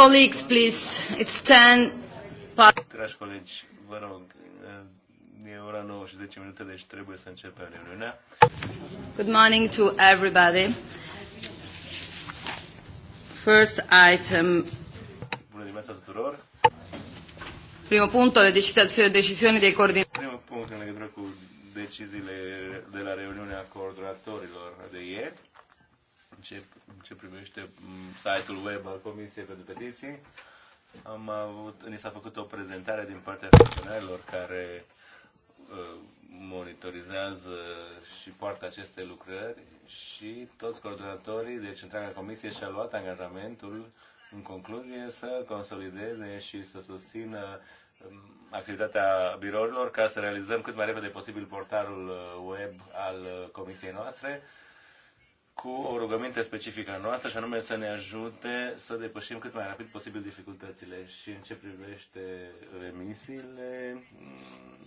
colleagues, please, it's 10 Dragi colegi, vă rog, e ora 9 și 10 minute, deci trebuie să începem reuniunea. Good morning to everybody. First item. Bună dimineața tuturor. Primo punto, le decisioni de coordinatori. Primul punct în legătură cu deciziile de la reuniunea coordonatorilor de ieri ce, ce privește mm, site-ul web al Comisiei pentru Petiții, am avut, ni s-a făcut o prezentare din partea funcționarilor care uh, monitorizează și poartă aceste lucrări și toți coordonatorii, deci întreaga comisie și-a luat angajamentul în concluzie să consolideze și să susțină um, activitatea birourilor ca să realizăm cât mai repede posibil portalul uh, web al uh, comisiei noastre cu o rugăminte specifică a noastră, și anume să ne ajute să depășim cât mai rapid posibil dificultățile. Și în ce privește remisiile, mm,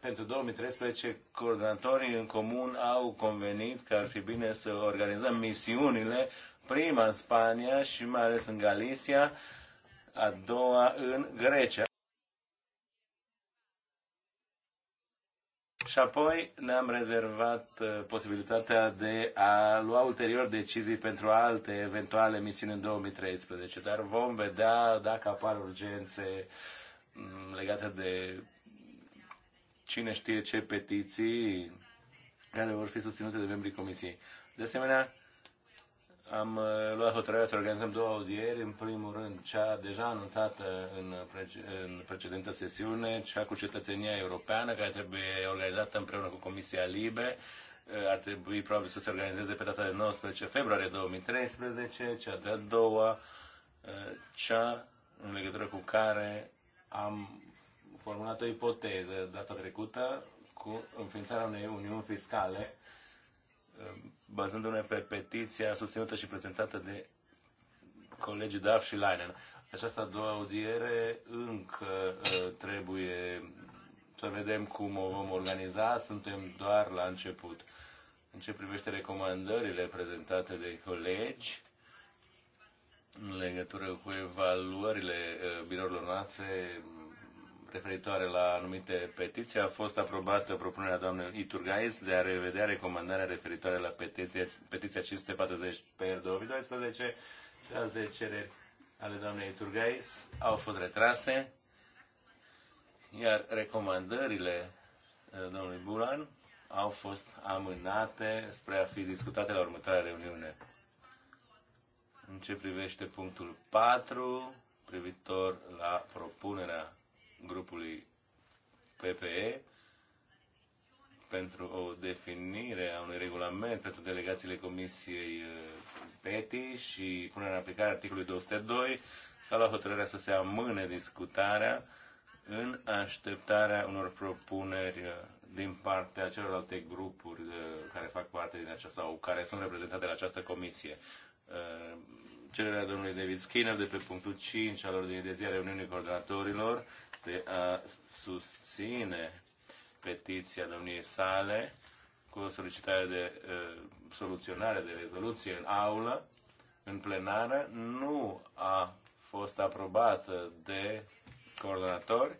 pentru 2013, coordonatorii în comun au convenit că ar fi bine să organizăm misiunile, prima în Spania și mai ales în Galicia, a doua în Grecia. Și apoi ne-am rezervat uh, posibilitatea de a lua ulterior decizii pentru alte eventuale misiuni în 2013, dar vom vedea dacă apar urgențe mm, legate de cine știe ce petiții care vor fi susținute de membrii comisiei. De asemenea, am uh, luat hotărârea să organizăm două audieri. În primul rând, cea deja anunțată în, pre- în precedentă sesiune, cea cu cetățenia europeană, care trebuie organizată împreună cu Comisia Libe. Uh, ar trebui probabil să se organizeze pe data de 19 februarie 2013, cea de-a doua, uh, cea în legătură cu care am formulat o ipoteză data trecută cu înființarea unei uniuni fiscale bazându-ne pe petiția susținută și prezentată de colegii Daf și Leinen. Această a doua audiere încă uh, trebuie să vedem cum o vom organiza, suntem doar la început. În ce privește recomandările prezentate de colegi, în legătură cu evaluările uh, birourilor noastre referitoare la anumite petiții a fost aprobată propunerea doamnei Iturgais de a revedea recomandarea referitoare la petiția, petiția 540 pe 2012. Celelalte cereri ale doamnei Iturgais au fost retrase, iar recomandările eh, domnului Bulan au fost amânate spre a fi discutate la următoarea reuniune. În ce privește punctul 4, privitor la propunerea grupului PPE pentru o definire a unui regulament pentru delegațiile Comisiei uh, PETI și punerea în aplicare articolului 202 s-a luat hotărârea să se amâne discutarea în așteptarea unor propuneri uh, din partea celorlalte grupuri uh, care fac parte din aceasta sau care sunt reprezentate la această comisie. Cererea domnului David Skinner de pe punctul 5 al ordinii de zi a reuniunii coordonatorilor de a susține petiția domniei sale cu o solicitare de uh, soluționare, de rezoluție în aulă, în plenară, nu a fost aprobată de coordonatori,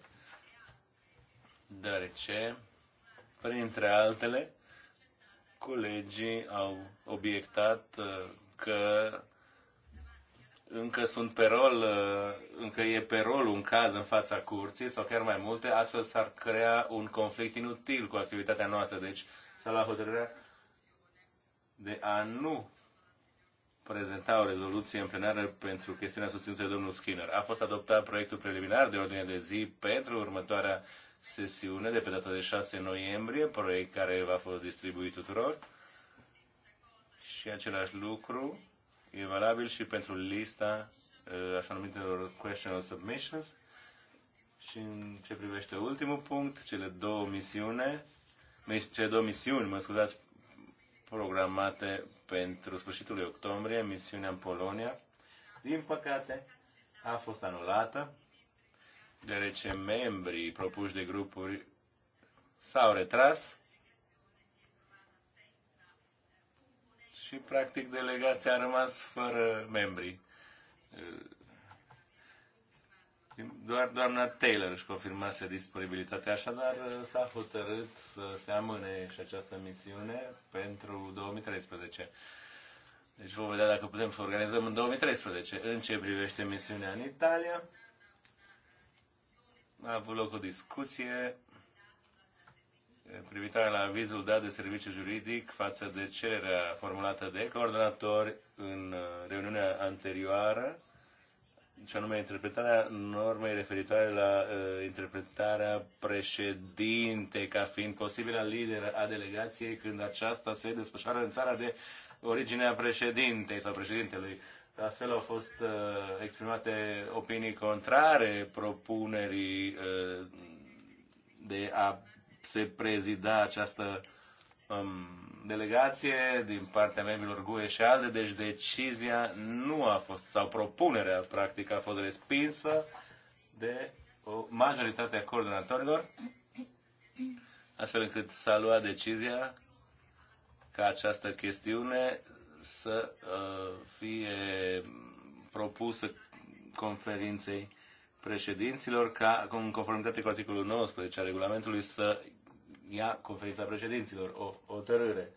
deoarece, printre altele, colegii au obiectat că încă sunt pe rol, uh, încă e pe rol un caz în fața curții sau chiar mai multe, astfel s-ar crea un conflict inutil cu activitatea noastră. Deci s-a luat hotărârea de a nu prezenta o rezoluție în plenară pentru chestiunea susținută de domnul Skinner. A fost adoptat proiectul preliminar de ordine de zi pentru următoarea sesiune de pe data de 6 noiembrie, proiect care va fost distribuit tuturor. Și același lucru e valabil și pentru lista uh, așa numitelor questional submissions. Și în ce privește ultimul punct, cele două misiune, cele două misiuni, mă scuzați, programate pentru sfârșitul lui octombrie, misiunea în Polonia, din păcate, a fost anulată, deoarece membrii propuși de grupuri s-au retras și practic delegația a rămas fără membri. Doar doamna Taylor își confirmase disponibilitatea, așadar s-a hotărât să se amâne și această misiune pentru 2013. Deci vom vedea dacă putem să organizăm în 2013. În ce privește misiunea în Italia, a avut loc o discuție privitoare la avizul dat de serviciu juridic față de cererea formulată de coordonatori în uh, reuniunea anterioară, și anume interpretarea normei referitoare la uh, interpretarea președinte ca fiind posibilă lider a delegației când aceasta se desfășoară în țara de originea președintei sau președintelui. Astfel au fost uh, exprimate opinii contrare propunerii uh, de a se prezida această um, delegație din partea membrilor GUE și ALDE, deci decizia nu a fost, sau propunerea practic a fost respinsă de o majoritate a coordonatorilor, astfel încât s-a luat decizia ca această chestiune să uh, fie propusă conferinței președinților ca, în conformitate cu articolul 19 a regulamentului, să ia conferința președinților o hotărâre.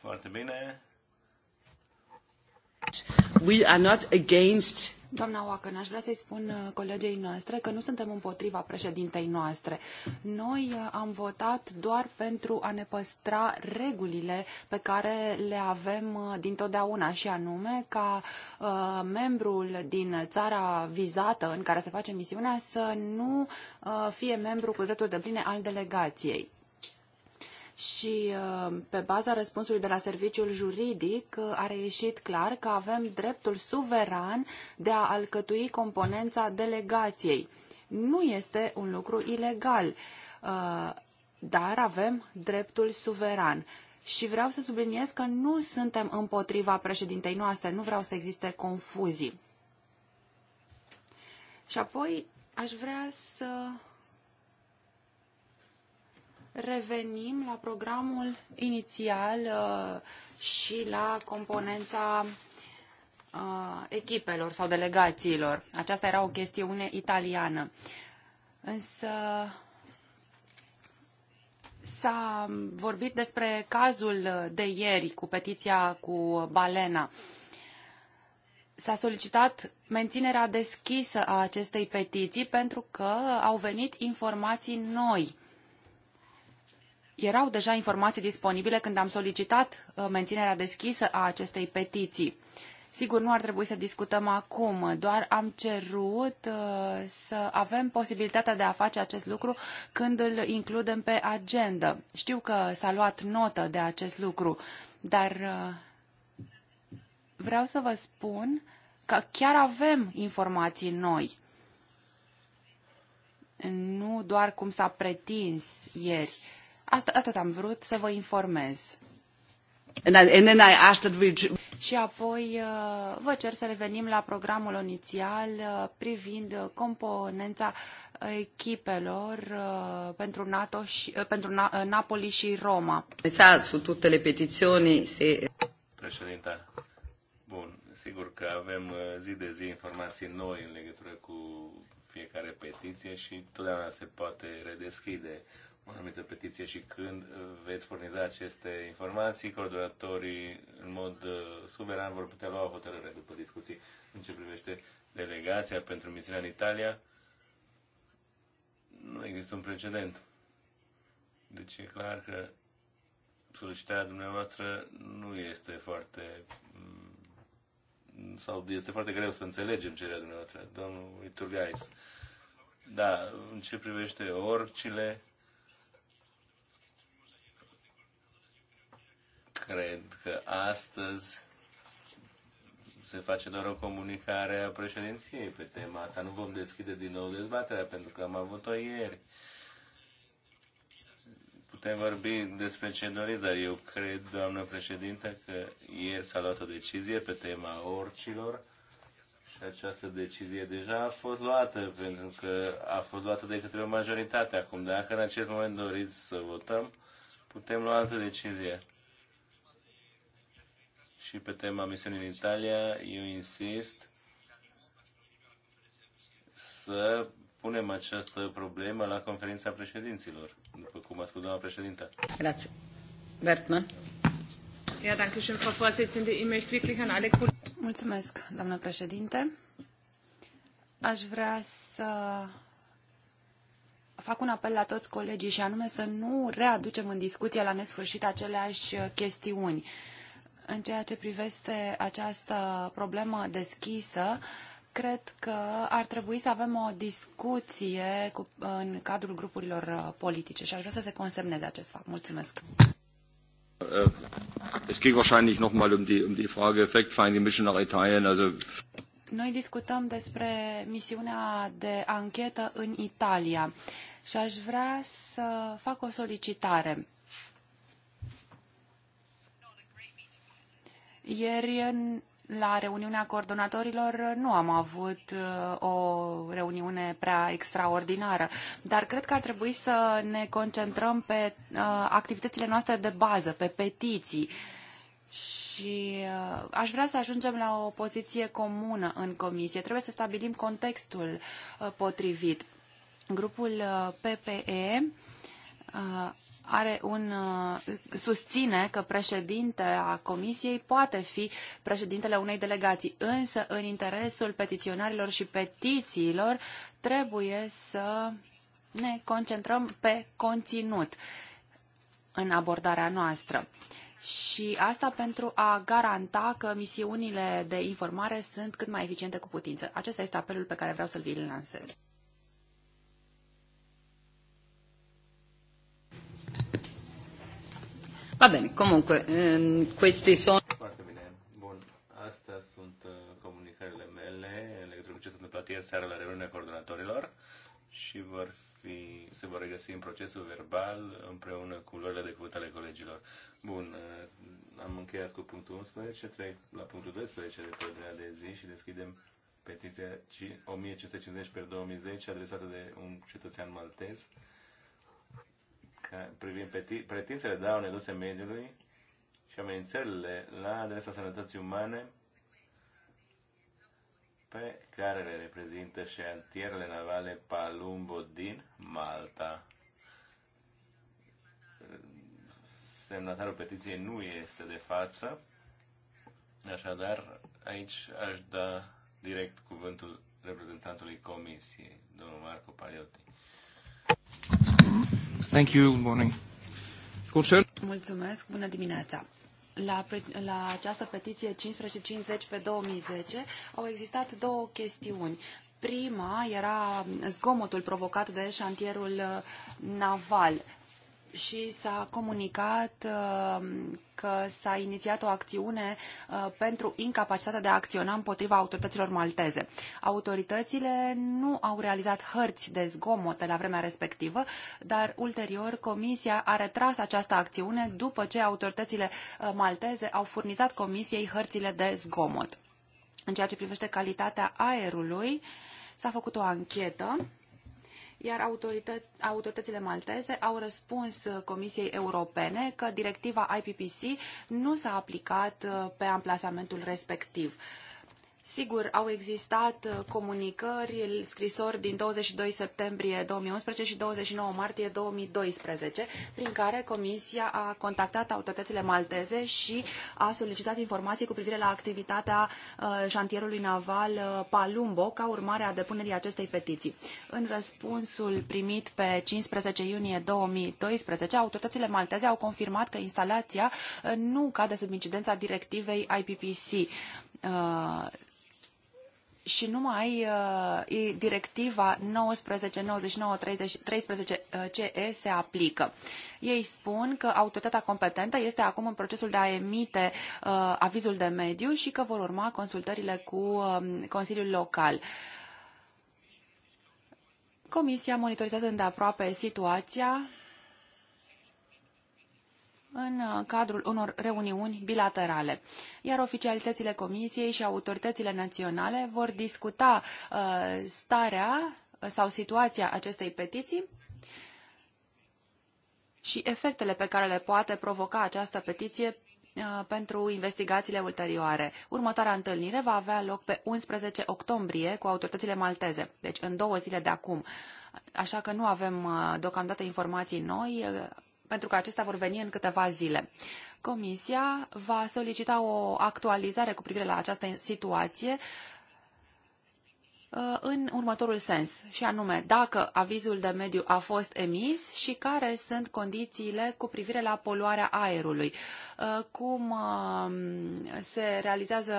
Foarte bine. We are not against Doamna Oacă, aș vrea să-i spun uh, colegei noastre că nu suntem împotriva președintei noastre. Noi uh, am votat doar pentru a ne păstra regulile pe care le avem uh, dintotdeauna și anume ca uh, membrul din țara vizată în care se face misiunea să nu uh, fie membru cu dreptul de pline al delegației și uh, pe baza răspunsului de la serviciul juridic uh, a reieșit clar că avem dreptul suveran de a alcătui componența delegației. Nu este un lucru ilegal, uh, dar avem dreptul suveran. Și vreau să subliniez că nu suntem împotriva președintei noastre, nu vreau să existe confuzii. Și apoi aș vrea să revenim la programul inițial uh, și la componența uh, echipelor sau delegațiilor. Aceasta era o chestiune italiană. Însă s-a vorbit despre cazul de ieri cu petiția cu balena. S-a solicitat menținerea deschisă a acestei petiții pentru că au venit informații noi erau deja informații disponibile când am solicitat uh, menținerea deschisă a acestei petiții. Sigur, nu ar trebui să discutăm acum, doar am cerut uh, să avem posibilitatea de a face acest lucru când îl includem pe agenda. Știu că s-a luat notă de acest lucru, dar uh, vreau să vă spun că chiar avem informații noi. Nu doar cum s-a pretins ieri. Asta, atât am vrut să vă informez. And, I, and then I asked that we... Și apoi uh, vă cer să revenim la programul inițial uh, privind componența echipelor uh, pentru, NATO și, pentru Na, Napoli și Roma. Sa su tutte le petizioni se... Președinte, bun, sigur că avem zi de zi informații noi în legătură cu fiecare petiție și totdeauna se poate redeschide o anumită petiție și când uh, veți furniza aceste informații, coordonatorii în mod uh, suveran vor putea lua o hotărâre după discuții în ce privește delegația pentru misiunea în Italia. Nu există un precedent. Deci e clar că solicitarea dumneavoastră nu este foarte mm, sau este foarte greu să înțelegem cererea dumneavoastră, domnul Iturgais. Da, în ce privește orcile, cred că astăzi se face doar o comunicare a președinției pe tema asta. Nu vom deschide din nou dezbaterea, pentru că am avut-o ieri. Putem vorbi despre ce doriți, dar eu cred, doamnă președinte că ieri s-a luat o decizie pe tema orcilor și această decizie deja a fost luată, pentru că a fost luată de către o majoritate acum. Dacă în acest moment doriți să votăm, putem lua altă decizie și pe tema misiunii în Italia, eu insist să punem această problemă la conferința președinților, după cum a spus doamna președintă. Grazie. Bertman. Ja, danke schön, Frau Vorsitzende. Ich möchte wirklich an alle Mulțumesc, doamna președinte. Aș vrea să fac un apel la toți colegii și anume să nu readucem în discuție la nesfârșit aceleași chestiuni. Uh, în ceea ce privește această problemă deschisă, cred că ar trebui să avem o discuție cu, în cadrul grupurilor uh, politice și aș vrea să se consemneze acest fapt. Mulțumesc. Äh, es geht wahrscheinlich nochmal um die, um die Frage Fact-Finding Mission nach Italien. Also Noi discutăm despre misiunea de anchetă în Italia și aș vrea să fac o solicitare. Ieri, la reuniunea coordonatorilor, nu am avut uh, o reuniune prea extraordinară, dar cred că ar trebui să ne concentrăm pe uh, activitățile noastre de bază, pe petiții. Și uh, aș vrea să ajungem la o poziție comună în comisie. Trebuie să stabilim contextul potrivit. Grupul PPE are un, uh, susține că președintele comisiei poate fi președintele unei delegații, însă în interesul petiționarilor și petițiilor trebuie să ne concentrăm pe conținut în abordarea noastră. Și asta pentru a garanta că misiunile de informare sunt cât mai eficiente cu putință. Acesta este apelul pe care vreau să-l vi lansez. Va bene, comunque, ehm, questi sono... Foarte bine, bun. Astea sunt uh, comunicările mele în legătură cu ce s-a întâmplat ieri seara la reuniunea coordonatorilor și vor fi, se vor regăsi în procesul verbal împreună cu luările de cuvânt ale colegilor. Bun, uh, am încheiat cu punctul 11, trec la punctul 12 de pe de zi și deschidem petiția 1550 pe 2010 adresată de un cetățean maltez privind pretințele daune duse mediului și amenințările la adresa sănătății umane pe care le reprezintă șantierele navale Palumbo din Malta. Semnatarul petiției nu este de față, așadar aici aș da direct cuvântul reprezentantului comisiei, domnul Marco Paliotti. Thank you. Good morning. Mulțumesc. Bună dimineața. La, la această petiție 1550 pe 2010 au existat două chestiuni. Prima era zgomotul provocat de șantierul uh, naval și s-a comunicat uh, că s-a inițiat o acțiune uh, pentru incapacitatea de a acționa împotriva autorităților malteze. Autoritățile nu au realizat hărți de zgomot la vremea respectivă, dar ulterior Comisia a retras această acțiune după ce autoritățile uh, malteze au furnizat Comisiei hărțile de zgomot. În ceea ce privește calitatea aerului, s-a făcut o anchetă iar autorită- autoritățile malteze au răspuns uh, Comisiei Europene că directiva IPPC nu s-a aplicat uh, pe amplasamentul respectiv. Sigur, au existat uh, comunicări, scrisori din 22 septembrie 2011 și 29 martie 2012, prin care Comisia a contactat autoritățile malteze și a solicitat informații cu privire la activitatea uh, șantierului naval uh, Palumbo ca urmare a depunerii acestei petiții. În răspunsul primit pe 15 iunie 2012, autoritățile malteze au confirmat că instalația nu cade sub incidența directivei IPPC și numai uh, directiva 1999-13 CE uh, se aplică. Ei spun că autoritatea competentă este acum în procesul de a emite uh, avizul de mediu și că vor urma consultările cu uh, Consiliul Local. Comisia monitorizează îndeaproape situația în uh, cadrul unor reuniuni bilaterale. Iar oficialitățile Comisiei și autoritățile naționale vor discuta uh, starea uh, sau situația acestei petiții și efectele pe care le poate provoca această petiție pentru investigațiile ulterioare. Următoarea întâlnire va avea loc pe 11 octombrie cu autoritățile malteze, deci în două zile de acum. Așa că nu avem deocamdată informații noi pentru că acestea vor veni în câteva zile. Comisia va solicita o actualizare cu privire la această situație Uh, în următorul sens, și anume dacă avizul de mediu a fost emis și care sunt condițiile cu privire la poluarea aerului, uh, cum uh, se realizează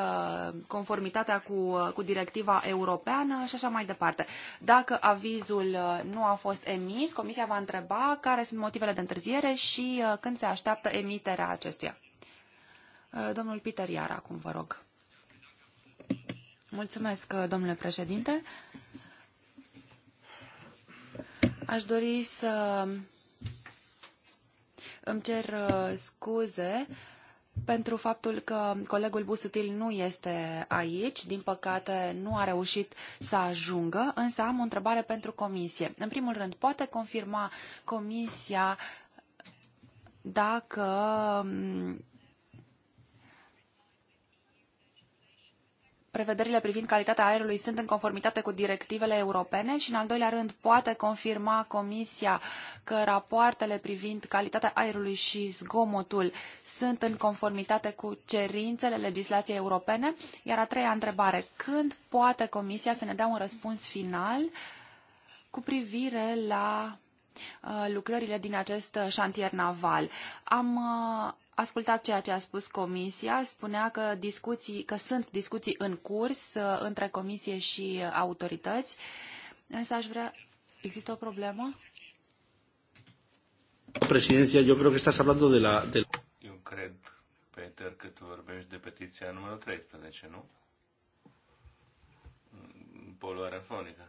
conformitatea cu, cu directiva europeană și așa mai departe. Dacă avizul nu a fost emis, Comisia va întreba care sunt motivele de întârziere și când se așteaptă emiterea acestuia. Domnul Peter Iar, acum vă rog. Mulțumesc, domnule președinte. Aș dori să îmi cer uh, scuze pentru faptul că colegul Busutil nu este aici, din păcate nu a reușit să ajungă, însă am o întrebare pentru comisie. În primul rând, poate confirma comisia dacă um, prevederile privind calitatea aerului sunt în conformitate cu directivele europene și, în al doilea rând, poate confirma Comisia că rapoartele privind calitatea aerului și zgomotul sunt în conformitate cu cerințele legislației europene? Iar a treia întrebare, când poate Comisia să ne dea un răspuns final cu privire la uh, lucrările din acest șantier naval. Am uh, ascultat ceea ce a spus comisia, spunea că, discuții, că sunt discuții în curs uh, între comisie și uh, autorități, însă aș vrea... Există o problemă? Presidenția, eu cred că hablando de la... De... Eu cred, Peter, că tu vorbești de petiția numărul 13, nu? Poluarea fonică.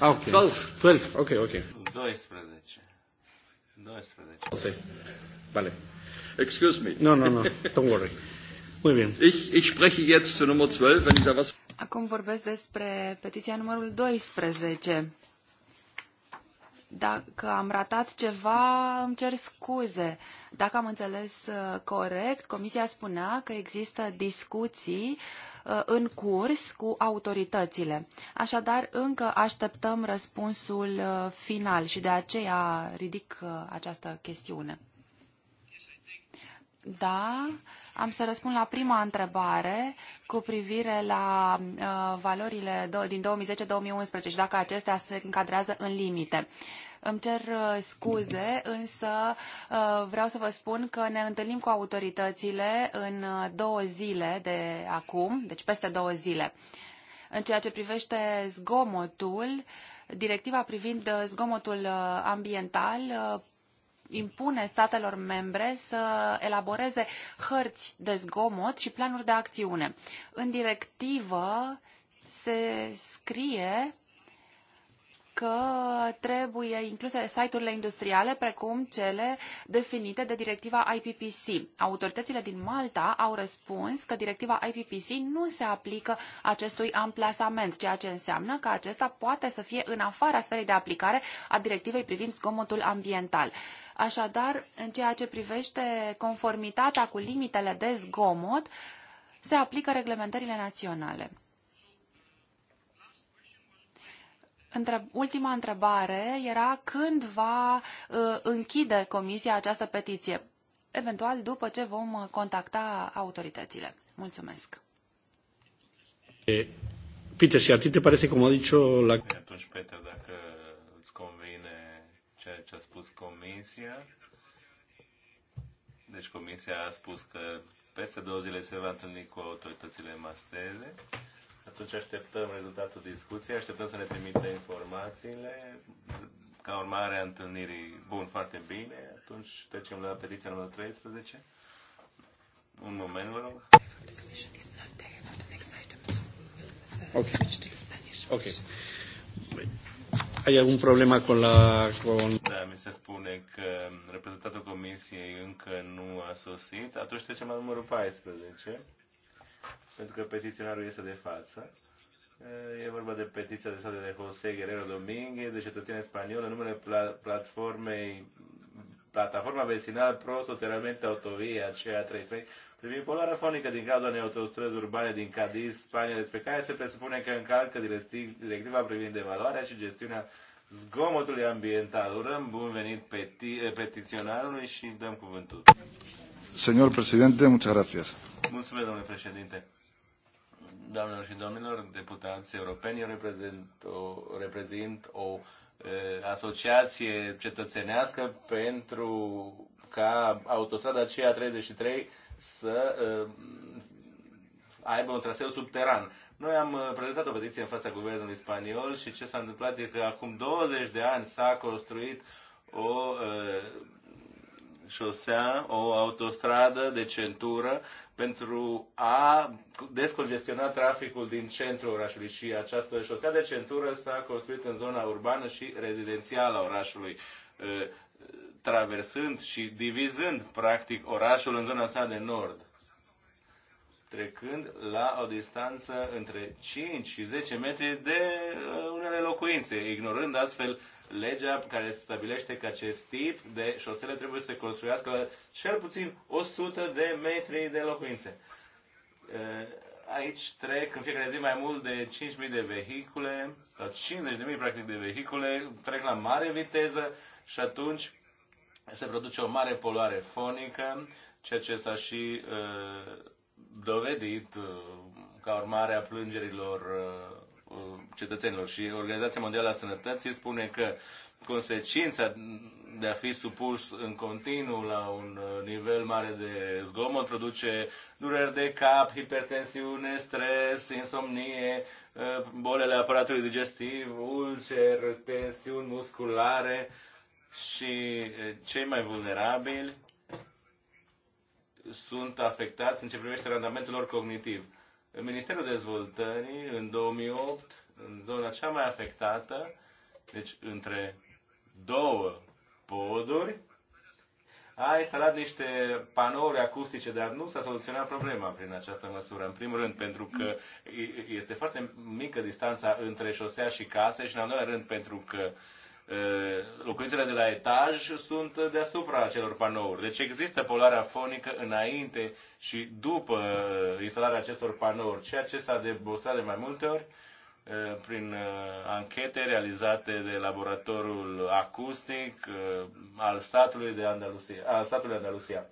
Ah, ok. 12. 12, ok, ok. 12. 12. Vale. Excuse me. No, no, no. Don't worry. Muy bien. Ich, ich spreche jetzt zu Nummer 12, wenn ich da was... Acum vorbesc despre petiția numărul 12. Dacă am ratat ceva, îmi cer scuze. Dacă am înțeles uh, corect, Comisia spunea că există discuții uh, în curs cu autoritățile. Așadar, încă așteptăm răspunsul uh, final și de aceea ridic această chestiune. Da, am să răspund la prima întrebare cu privire la uh, valorile do- din 2010-2011 și dacă acestea se încadrează în limite. Uh, îmi cer uh, scuze, însă uh, vreau să vă spun că ne întâlnim cu autoritățile în uh, două zile de acum, deci peste două zile. În ceea ce privește zgomotul, directiva privind zgomotul ambiental impune statelor membre să elaboreze hărți de zgomot și planuri de acțiune. În directivă se scrie că trebuie incluse site-urile industriale precum cele definite de directiva IPPC. Autoritățile din Malta au răspuns că directiva IPPC nu se aplică acestui amplasament, ceea ce înseamnă că acesta poate să fie în afara sferei de aplicare a directivei privind zgomotul ambiental. Așadar, în ceea ce privește conformitatea cu limitele de zgomot, se aplică reglementările naționale. întreb, ultima întrebare era când va uh, închide comisia această petiție, eventual după ce vom uh, contacta autoritățile. Mulțumesc. Peter, și a ti te pare cum a dicho la... Păi atunci, Peter, dacă îți convine ceea ce a spus comisia, deci comisia a spus că peste două zile se va întâlni cu autoritățile masteze, atunci așteptăm rezultatul discuției, așteptăm să ne trimite informațiile. Ca urmare a întâlnirii, bun, foarte bine. Atunci trecem la petiția numărul 13. Un moment, vă rog. Ok. Ai algún problema con la... Con... Da, mi se spune că reprezentantul comisiei încă nu a sosit. Atunci trecem la numărul 14 pentru că petiționarul este de față. E vorba de petiția de de José Guerrero Domínguez, de cetățenie spaniolă, numele pla- platformei Plataforma vecinală Pro Soteramente Autovia CA33, privind poluarea fonică din cadrul unei autostrăzi urbane din Cadiz, Spania, despre care se presupune că încalcă directiva privind evaluarea și gestiunea zgomotului ambiental. Urăm bun venit peti- petiționarului și dăm cuvântul. Señor presidente, muchas gracias. Mulțumesc, domnule președinte. Doamnelor și domnilor, deputați europeni, eu reprezint o, reprezint o e, asociație cetățenească pentru ca autostrada aceea 33 să e, aibă un traseu subteran. Noi am prezentat o petiție în fața guvernului spaniol și ce s-a întâmplat e că acum 20 de ani s-a construit o uh, șosea, o autostradă de centură pentru a descongestiona traficul din centrul orașului și această șosea de centură s-a construit în zona urbană și rezidențială a orașului traversând și divizând practic orașul în zona sa de nord trecând la o distanță între 5 și 10 metri de uh, unele locuințe, ignorând astfel legea care stabilește că acest tip de șosele trebuie să construiască la cel puțin 100 de metri de locuințe. Uh, aici trec în fiecare zi mai mult de 5.000 de vehicule, sau 50.000 practic de vehicule, trec la mare viteză și atunci se produce o mare poluare fonică, ceea ce s-a și uh, dovedit uh, ca urmare a plângerilor uh, uh, cetățenilor și Organizația Mondială a Sănătății spune că consecința de a fi supus în continuu la un nivel mare de zgomot produce dureri de cap, hipertensiune, stres, insomnie, bolele aparatului digestiv, ulcer, tensiuni musculare și cei mai vulnerabili sunt afectați în ce privește randamentul lor cognitiv. Ministerul Dezvoltării, în 2008, în zona cea mai afectată, deci între două poduri, a instalat niște panouri acustice, dar nu s-a soluționat problema prin această măsură. În primul rând, pentru că este foarte mică distanța între șosea și case și, în al doilea rând, pentru că uh, locuințele de la etaj sunt deasupra acelor panouri. Deci există poluarea fonică înainte și după instalarea acestor panouri, ceea ce s-a demonstrat de mai multe ori prin anchete realizate de laboratorul acustic al statului de Andalusia. Al statului Andalusia.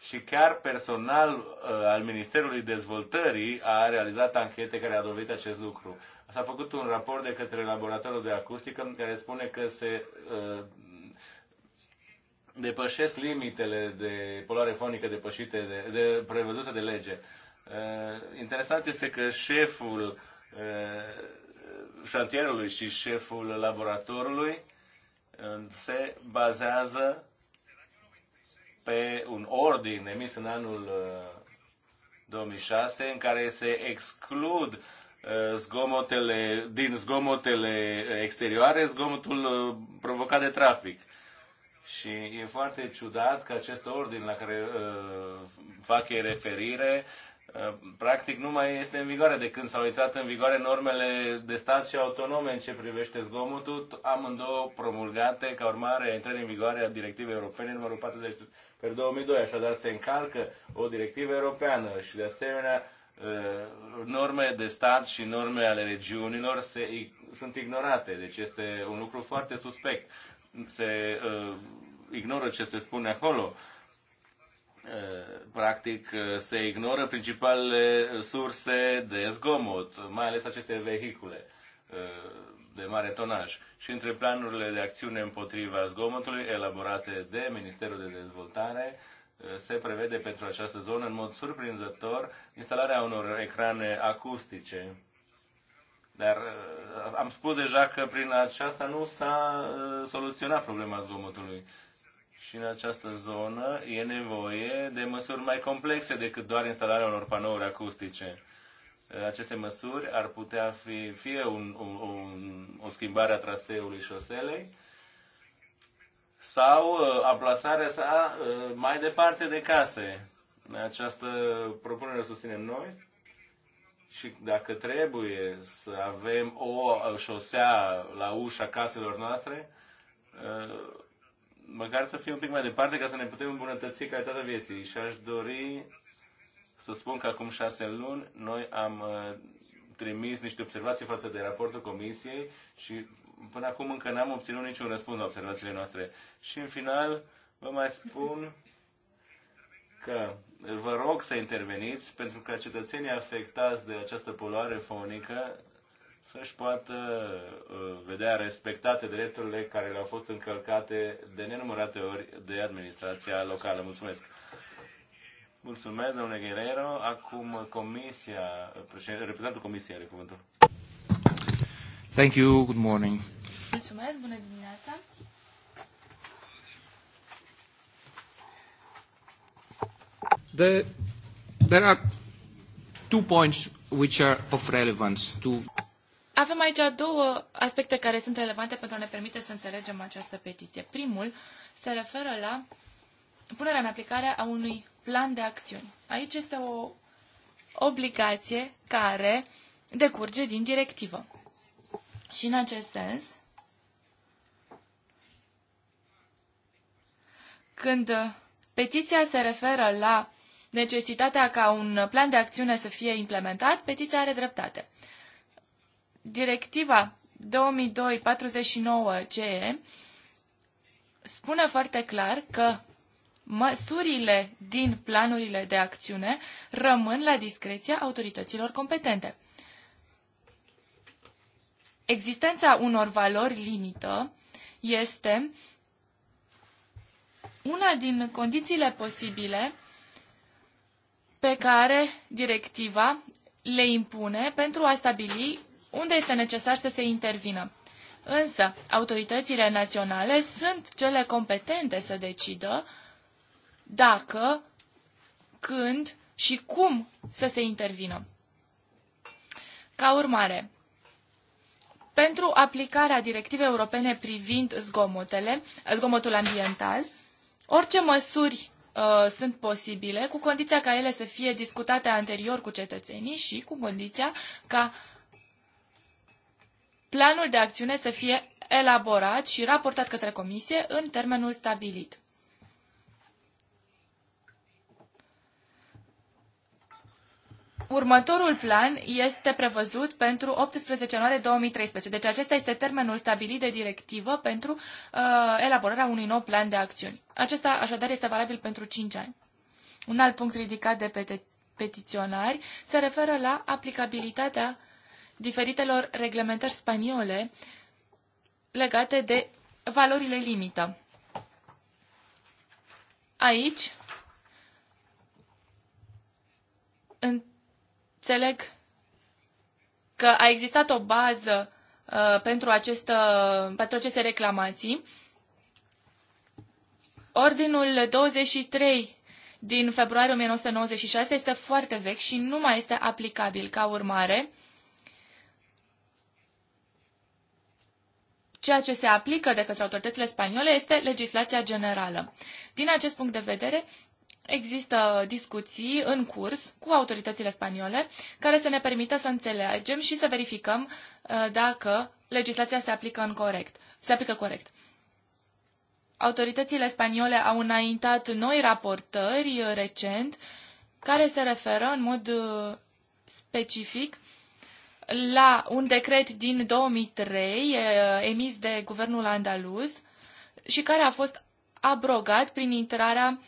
Și chiar personal al Ministerului Dezvoltării a realizat anchete care a dovedit acest lucru. S-a făcut un raport de către laboratorul de acustică care spune că se uh, depășesc limitele de poluare fonică depășite de, de, prevăzute de lege. Uh, interesant este că șeful uh, șantierului și șeful laboratorului se bazează pe un ordin emis în anul 2006 în care se exclud Eh, zgomotele, din zgomotele exterioare, zgomotul eh, provocat de trafic. Și e foarte ciudat că acest ordin la care uh, fac ei referire, uh, practic nu mai este în vigoare. De când s-au intrat în vigoare normele de stat și autonome în ce privește zgomotul, amândouă promulgate ca urmare a intrării în vigoare a directivei europene numărul 40 pe 2002. Așadar se încalcă o directivă europeană și de asemenea Eh, norme de stat și norme ale regiunilor se, sunt ignorate. Deci este un lucru foarte suspect. Se uh, ignoră ce se spune acolo. Uh, practic uh, se ignoră principalele surse de zgomot, mai ales aceste vehicule de mare tonaj. Și între planurile de acțiune împotriva zgomotului elaborate de Ministerul de Dezvoltare, se prevede pentru această zonă, în mod surprinzător, instalarea unor ecrane acustice. Dar uh, am spus deja că prin aceasta nu s-a uh, soluționat problema zgomotului. Și în această zonă e nevoie de măsuri mai complexe decât doar instalarea unor panouri acustice. Uh, aceste măsuri ar putea fi fie un, un, un, o schimbare a traseului șoselei, sau uh, amplasarea sa uh, mai departe de case. Această propunere o susținem noi și dacă trebuie să avem o uh, șosea la ușa caselor noastre, măcar să fie un pic mai departe ca să ne putem îmbunătăți calitatea vieții. Și aș dori să spun că acum șase luni noi am trimis niște observații față de raportul comisiei și până acum încă n-am obținut niciun răspuns la observațiile noastre. Și în final vă mai spun că vă rog să interveniți pentru ca cetățenii afectați de această poluare fonică să-și poată uh, vedea respectate drepturile care le-au fost încălcate de nenumărate ori de administrația locală. Mulțumesc! Mulțumesc, domnule Guerrero. Acum comisia, reprezentantul comisiei are cuvântul. Thank you. Good morning. Mulțumesc. Bună dimineața. The, there are two points which are of relevance to avem aici două aspecte care sunt relevante pentru a ne permite să înțelegem această petiție. Primul se referă la punerea în aplicare a unui plan de acțiuni. Aici este o obligație care decurge din directivă. Și în acest sens, când uh, petiția se referă la necesitatea ca un plan de acțiune să fie implementat, petiția are dreptate. Directiva 2002-49-CE spune foarte clar că măsurile din planurile de acțiune rămân la discreția autorităților competente existența unor valori limită este una din condițiile posibile pe care directiva le impune pentru a stabili unde este necesar să se intervină. Însă, autoritățile naționale sunt cele competente să decidă dacă, când și cum să se intervină. Ca urmare, pentru aplicarea directivei europene privind zgomotele, zgomotul ambiental, orice măsuri uh, sunt posibile, cu condiția ca ele să fie discutate anterior cu cetățenii și cu condiția ca planul de acțiune să fie elaborat și raportat către comisie în termenul stabilit. Următorul plan este prevăzut pentru 18 ianuarie 2013, deci acesta este termenul stabilit de directivă pentru uh, elaborarea unui nou plan de acțiuni. Acesta așadar este valabil pentru 5 ani. Un alt punct ridicat de pete- petiționari se referă la aplicabilitatea diferitelor reglementări spaniole legate de valorile limită. Aici, în Înțeleg că a existat o bază uh, pentru, acest, uh, pentru aceste reclamații. Ordinul 23 din februarie 1996 este foarte vechi și nu mai este aplicabil ca urmare. Ceea ce se aplică de către autoritățile spaniole este legislația generală. Din acest punct de vedere, există discuții în curs cu autoritățile spaniole care să ne permită să înțelegem și să verificăm uh, dacă legislația se aplică în corect, se aplică corect. Autoritățile spaniole au înaintat noi raportări uh, recent care se referă în mod uh, specific la un decret din 2003 emis de guvernul andaluz și care a fost abrogat prin intrarea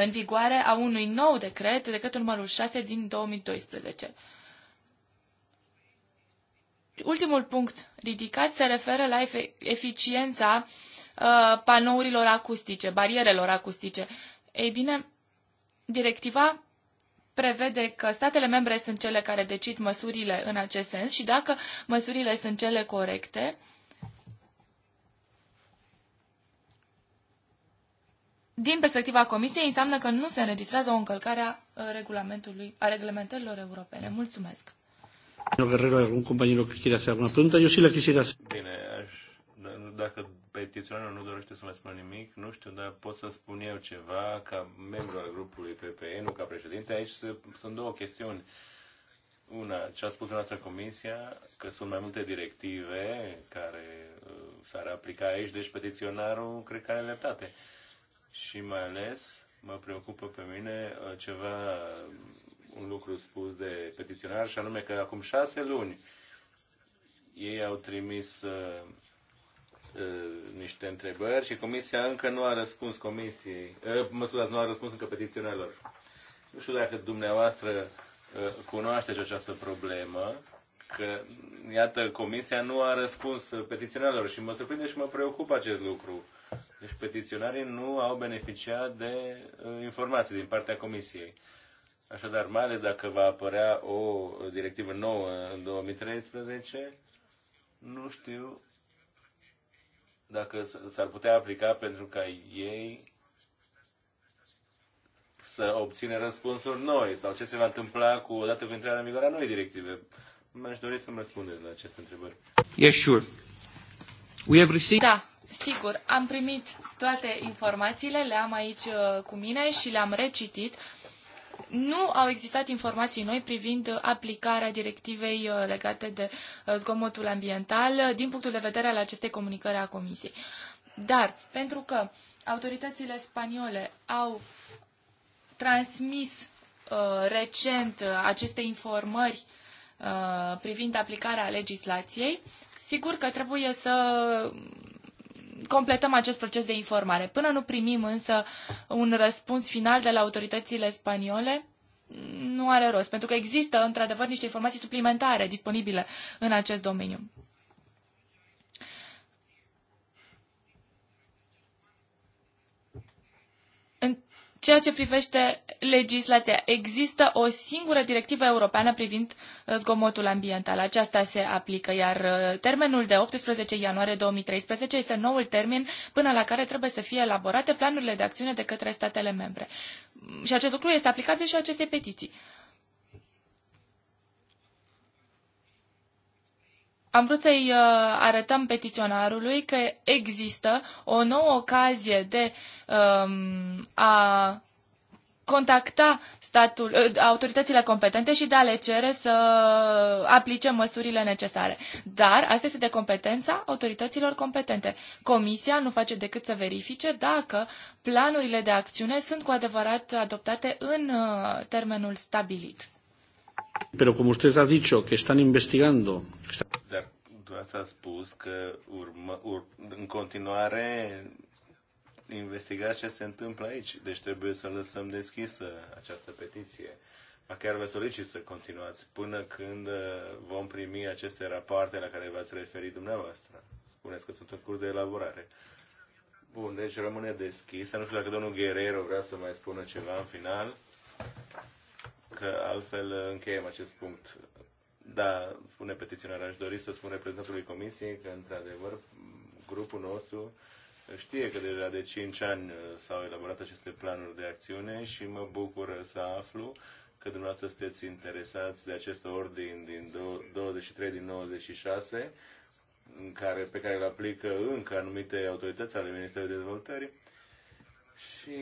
în vigoare a unui nou decret, decretul numărul 6 din 2012. Ultimul punct ridicat se referă la eficiența uh, panourilor acustice, barierelor acustice. Ei bine, directiva prevede că statele membre sunt cele care decid măsurile în acest sens și dacă măsurile sunt cele corecte, uh, din perspectiva Comisiei, înseamnă că nu se înregistrează o încălcare a, uh, regulamentului, a reglementărilor europene. Mulțumesc. Domnul Guerrero, algun companiu que quiera hacer alguna pregunta, eu și la quisiera Bine, aș, da, dacă petiționarul nu dorește să mai spună nimic, nu știu, dar pot să spun eu ceva ca membru al grupului PPE, nu ca președinte. Aici sunt două chestiuni. Una, ce a spus noastră comisia, că sunt mai multe directive care uh, s-ar aplica aici, deci petiționarul cred că are dreptate. Uh, și mai ales mă preocupă pe mine uh, ceva, un lucru spus de petiționar, și anume că acum șase luni ei au trimis uh, uh, niște întrebări și comisia încă nu a răspuns comisiei, mă scuzați, nu a răspuns încă petiționarilor. Nu știu dacă dumneavoastră cunoașteți această problemă, că, iată, comisia nu a răspuns petiționarilor și mă surprinde și mă preocupă acest lucru deci petiționarii nu au beneficiat de uh, informații din partea Comisiei. Așadar, mai ales dacă va apărea o directivă nouă în 2013, nu știu dacă s-ar putea aplica pentru ca ei să obțină răspunsuri noi sau ce se va întâmpla cu odată cu intrarea în vigoare a noi directive. Mi-aș dori să-mi răspundeți la aceste întrebări. Yes, sure. We have received... Da, Sigur, am primit toate informațiile, le-am aici uh, cu mine și le-am recitit. Nu au existat informații noi privind aplicarea directivei uh, legate de uh, zgomotul ambiental din punctul de vedere al acestei comunicări a Comisiei. Dar, pentru că autoritățile spaniole au transmis uh, recent aceste informări uh, privind aplicarea legislației, sigur că trebuie să completăm acest proces de informare. Până nu primim însă un răspuns final de la autoritățile spaniole, nu are rost, pentru că există într-adevăr niște informații suplimentare disponibile în acest domeniu. ceea ce privește legislația, există o singură directivă europeană privind uh, zgomotul ambiental. Aceasta se aplică, iar uh, termenul de 18 ianuarie 2013 este noul termen până la care trebuie să fie elaborate planurile de acțiune de către statele membre. Mm, și acest lucru este aplicabil și acestei petiții. am vrut să-i uh, arătăm petiționarului că există o nouă ocazie de um, a contacta statul, uh, autoritățile competente și de a le cere să aplice măsurile necesare. Dar asta este de competența autorităților competente. Comisia nu face decât să verifice dacă planurile de acțiune sunt cu adevărat adoptate în uh, termenul stabilit. Pero como usted ha dicho que están investigando... Dar, spus că urmă, ur, în continuare investigați ce se întâmplă aici. Deci trebuie să lăsăm deschisă această petiție. Dar chiar vă solicit să continuați până când uh, vom primi aceste rapoarte la care v-ați referit dumneavoastră. Spuneți că sunt în curs de elaborare. Bun, deci rămâne deschisă. Nu știu dacă domnul Guerrero vrea să mai spună ceva în final că altfel încheiem acest punct. Da, spune petiționarea, aș dori să spun reprezentantului Comisiei că, într-adevăr, grupul nostru știe că deja de 5 ani s-au elaborat aceste planuri de acțiune și mă bucur să aflu că dumneavoastră sunteți interesați de acest ordin din 23 din 96, în care, pe care îl aplică încă anumite autorități ale Ministerului de Dezvoltării și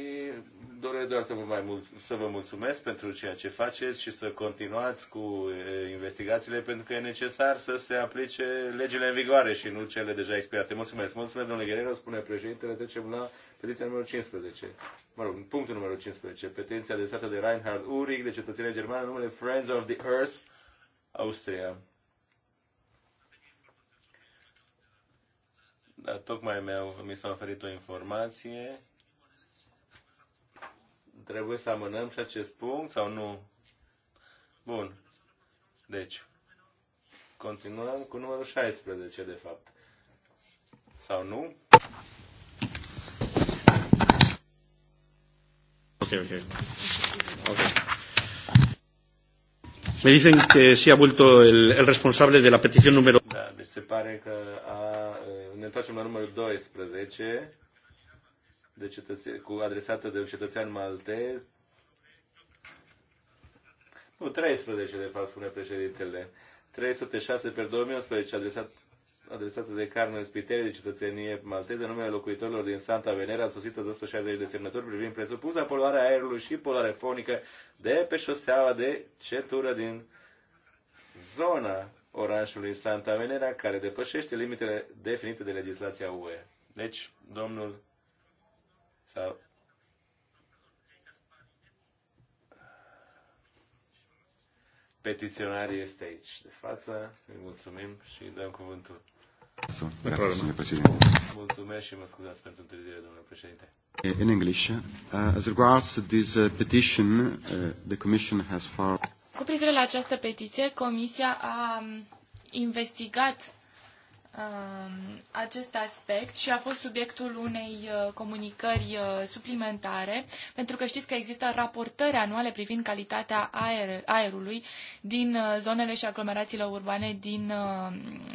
doresc doar să vă, mai mul- să vă mulțumesc pentru ceea ce faceți și să continuați cu investigațiile, pentru că e necesar să se aplice legile în vigoare și nu cele deja expirate. Mulțumesc. Mulțumesc, domnule Guerrero, spune președintele. Trecem la petiția numărul 15. Mă rog, punctul numărul 15. Petiția adresată de Reinhard Urich, de cetățenie germană, numele Friends of the Earth, Austria. Da, tocmai mi-au, mi s-a oferit o informație Trebuie să amânăm și acest punct sau nu? Bun. Deci, continuăm cu numărul 16, de fapt. Sau nu? Ok, ok. okay. Me dicen que sí ha vuelto el, el responsable de la petición número... Da, deci se pare că a, ne întoarcem la numărul 12 de cetățe- cu adresată de un cetățean maltez. Nu, 13 de fapt, spune președintele. 306 pe 2011 adresat, adresată de Carmen Spiteri de cetățenie malteză, numele locuitorilor din Santa Venera, sosită de 160 de semnături privind presupusa poluarea aerului și poluare fonică de pe șoseaua de centură din zona orașului Santa Venera, care depășește limitele definite de legislația UE. Deci, domnul sau petiționar este aici de față. Îi mulțumim și îi dăm cuvântul. In English, uh, as regards this uh, petition, uh, the Commission has far... Cu privire la această petiție, Comisia a um, investigat Um, acest aspect și a fost subiectul unei uh, comunicări uh, suplimentare, pentru că știți că există raportări anuale privind calitatea aer, aerului din uh, zonele și aglomerațiile urbane din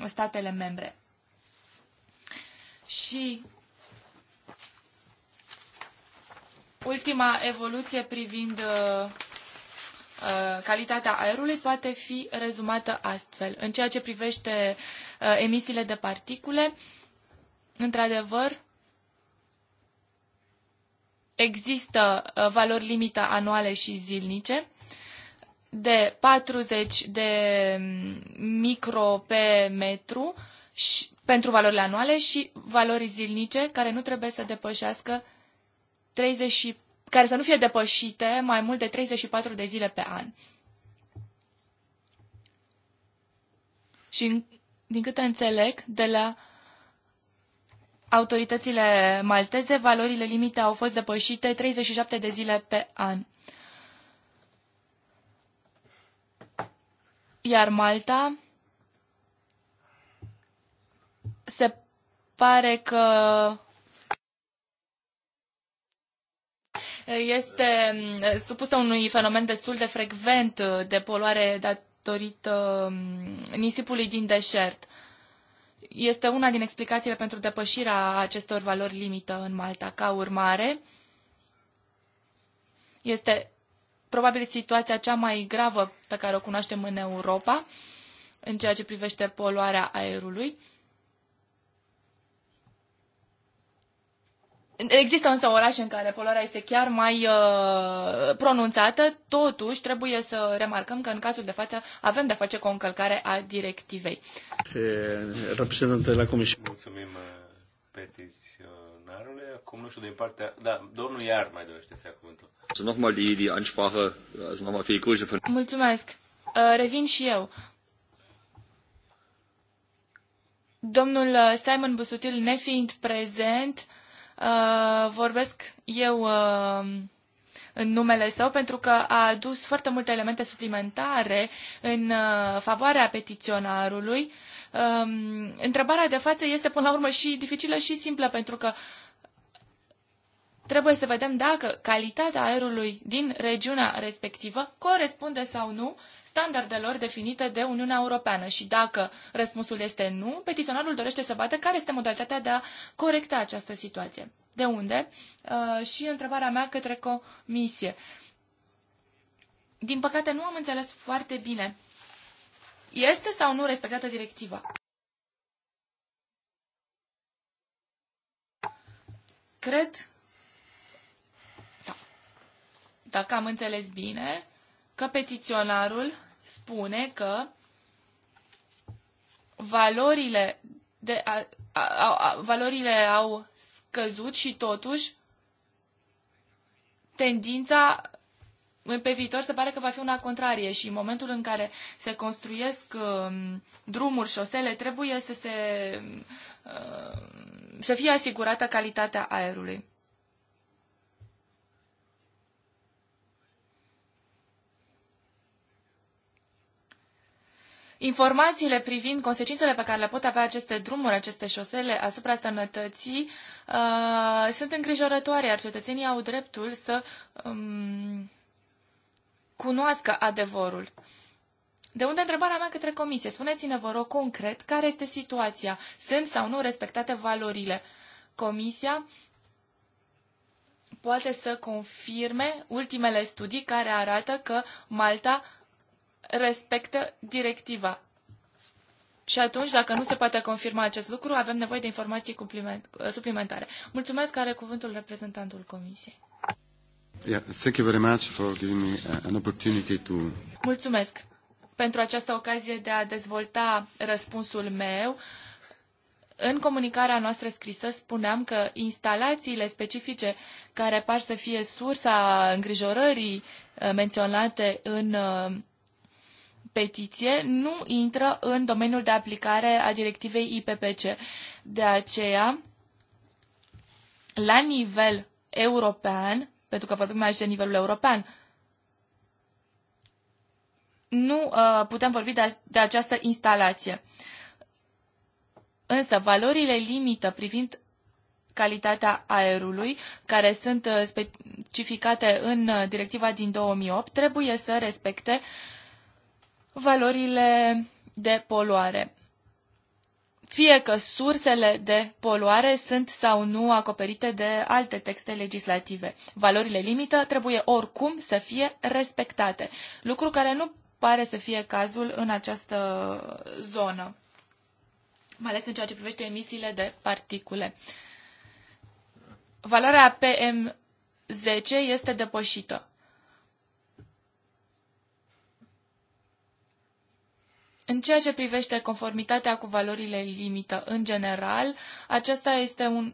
statele membre. Și ultima evoluție privind calitatea aerului poate fi rezumată astfel. În ceea ce privește Uh, emisiile de particule. Într-adevăr, există uh, valori limită anuale și zilnice de 40 de mm, micro pe metru și, pentru valorile anuale și valori zilnice care nu trebuie să depășească 30, care să nu fie depășite mai mult de 34 de zile pe an. Și din câte înțeleg, de la autoritățile malteze, valorile limite au fost depășite 37 de zile pe an. Iar Malta se pare că este supusă unui fenomen destul de frecvent de poluare dat datorită mm, nisipului din deșert. Este una din explicațiile pentru depășirea acestor valori limită în Malta. Ca urmare, este probabil situația cea mai gravă pe care o cunoaștem în Europa în ceea ce privește poluarea aerului. Există însă orașe în care poluarea este chiar mai uh, pronunțată, totuși trebuie să remarcăm că în cazul de față avem de a face cu o încălcare a directivei. Reprezentantele la Comisie. Mulțumim uh, petiționarule. Acum nu știu din partea... Da, domnul Iar mai dorește să ia cuvântul. Nochmal die, die Ansprache, also nochmal viel Mulțumesc. Uh, revin și eu. Domnul uh, Simon Busutil, nefiind prezent, Uh, vorbesc eu uh, în numele său pentru că a adus foarte multe elemente suplimentare în uh, favoarea petiționarului. Um, întrebarea de față este până la urmă și dificilă și simplă pentru că trebuie să vedem dacă calitatea aerului din regiunea respectivă corespunde sau nu standardelor definite de Uniunea Europeană. Și dacă răspunsul este nu, petiționarul dorește să vadă care este modalitatea de a corecta această situație. De unde? Uh, și întrebarea mea către comisie. Din păcate nu am înțeles foarte bine. Este sau nu respectată directiva? Cred dacă am înțeles bine, că petiționarul spune că valorile, de, a, a, a, valorile au scăzut și totuși tendința pe viitor se pare că va fi una contrarie și în momentul în care se construiesc um, drumuri, șosele, trebuie să se uh, să fie asigurată calitatea aerului. informațiile privind consecințele pe care le pot avea aceste drumuri, aceste șosele asupra sănătății uh, sunt îngrijorătoare, iar cetățenii au dreptul să um, cunoască adevărul. De unde întrebarea mea către comisie? Spuneți-ne, vă rog, concret, care este situația? Sunt sau nu respectate valorile? Comisia poate să confirme ultimele studii care arată că Malta respectă directiva. Și atunci, dacă nu se poate confirma acest lucru, avem nevoie de informații uh, suplimentare. Mulțumesc, care cuvântul reprezentantul Comisiei. Yeah, thank you very much for giving me uh, an opportunity to... Mulțumesc pentru această ocazie de a dezvolta răspunsul meu. În comunicarea noastră scrisă spuneam că instalațiile specifice care par să fie sursa îngrijorării uh, menționate în petiție nu intră în domeniul de aplicare a directivei IPPC. De aceea, la nivel european, pentru că vorbim aici de nivelul european, nu uh, putem vorbi de, de această instalație. Însă, valorile limită privind calitatea aerului, care sunt uh, specificate în uh, directiva din 2008, trebuie să respecte uh, valorile de poluare. Fie că sursele de poluare sunt sau nu acoperite de alte texte legislative. Valorile limită trebuie oricum să fie respectate, lucru care nu pare să fie cazul în această zonă, mai ales în ceea ce privește emisiile de particule. Valoarea PM10 este depășită. În ceea ce privește conformitatea cu valorile limită în general, acesta este un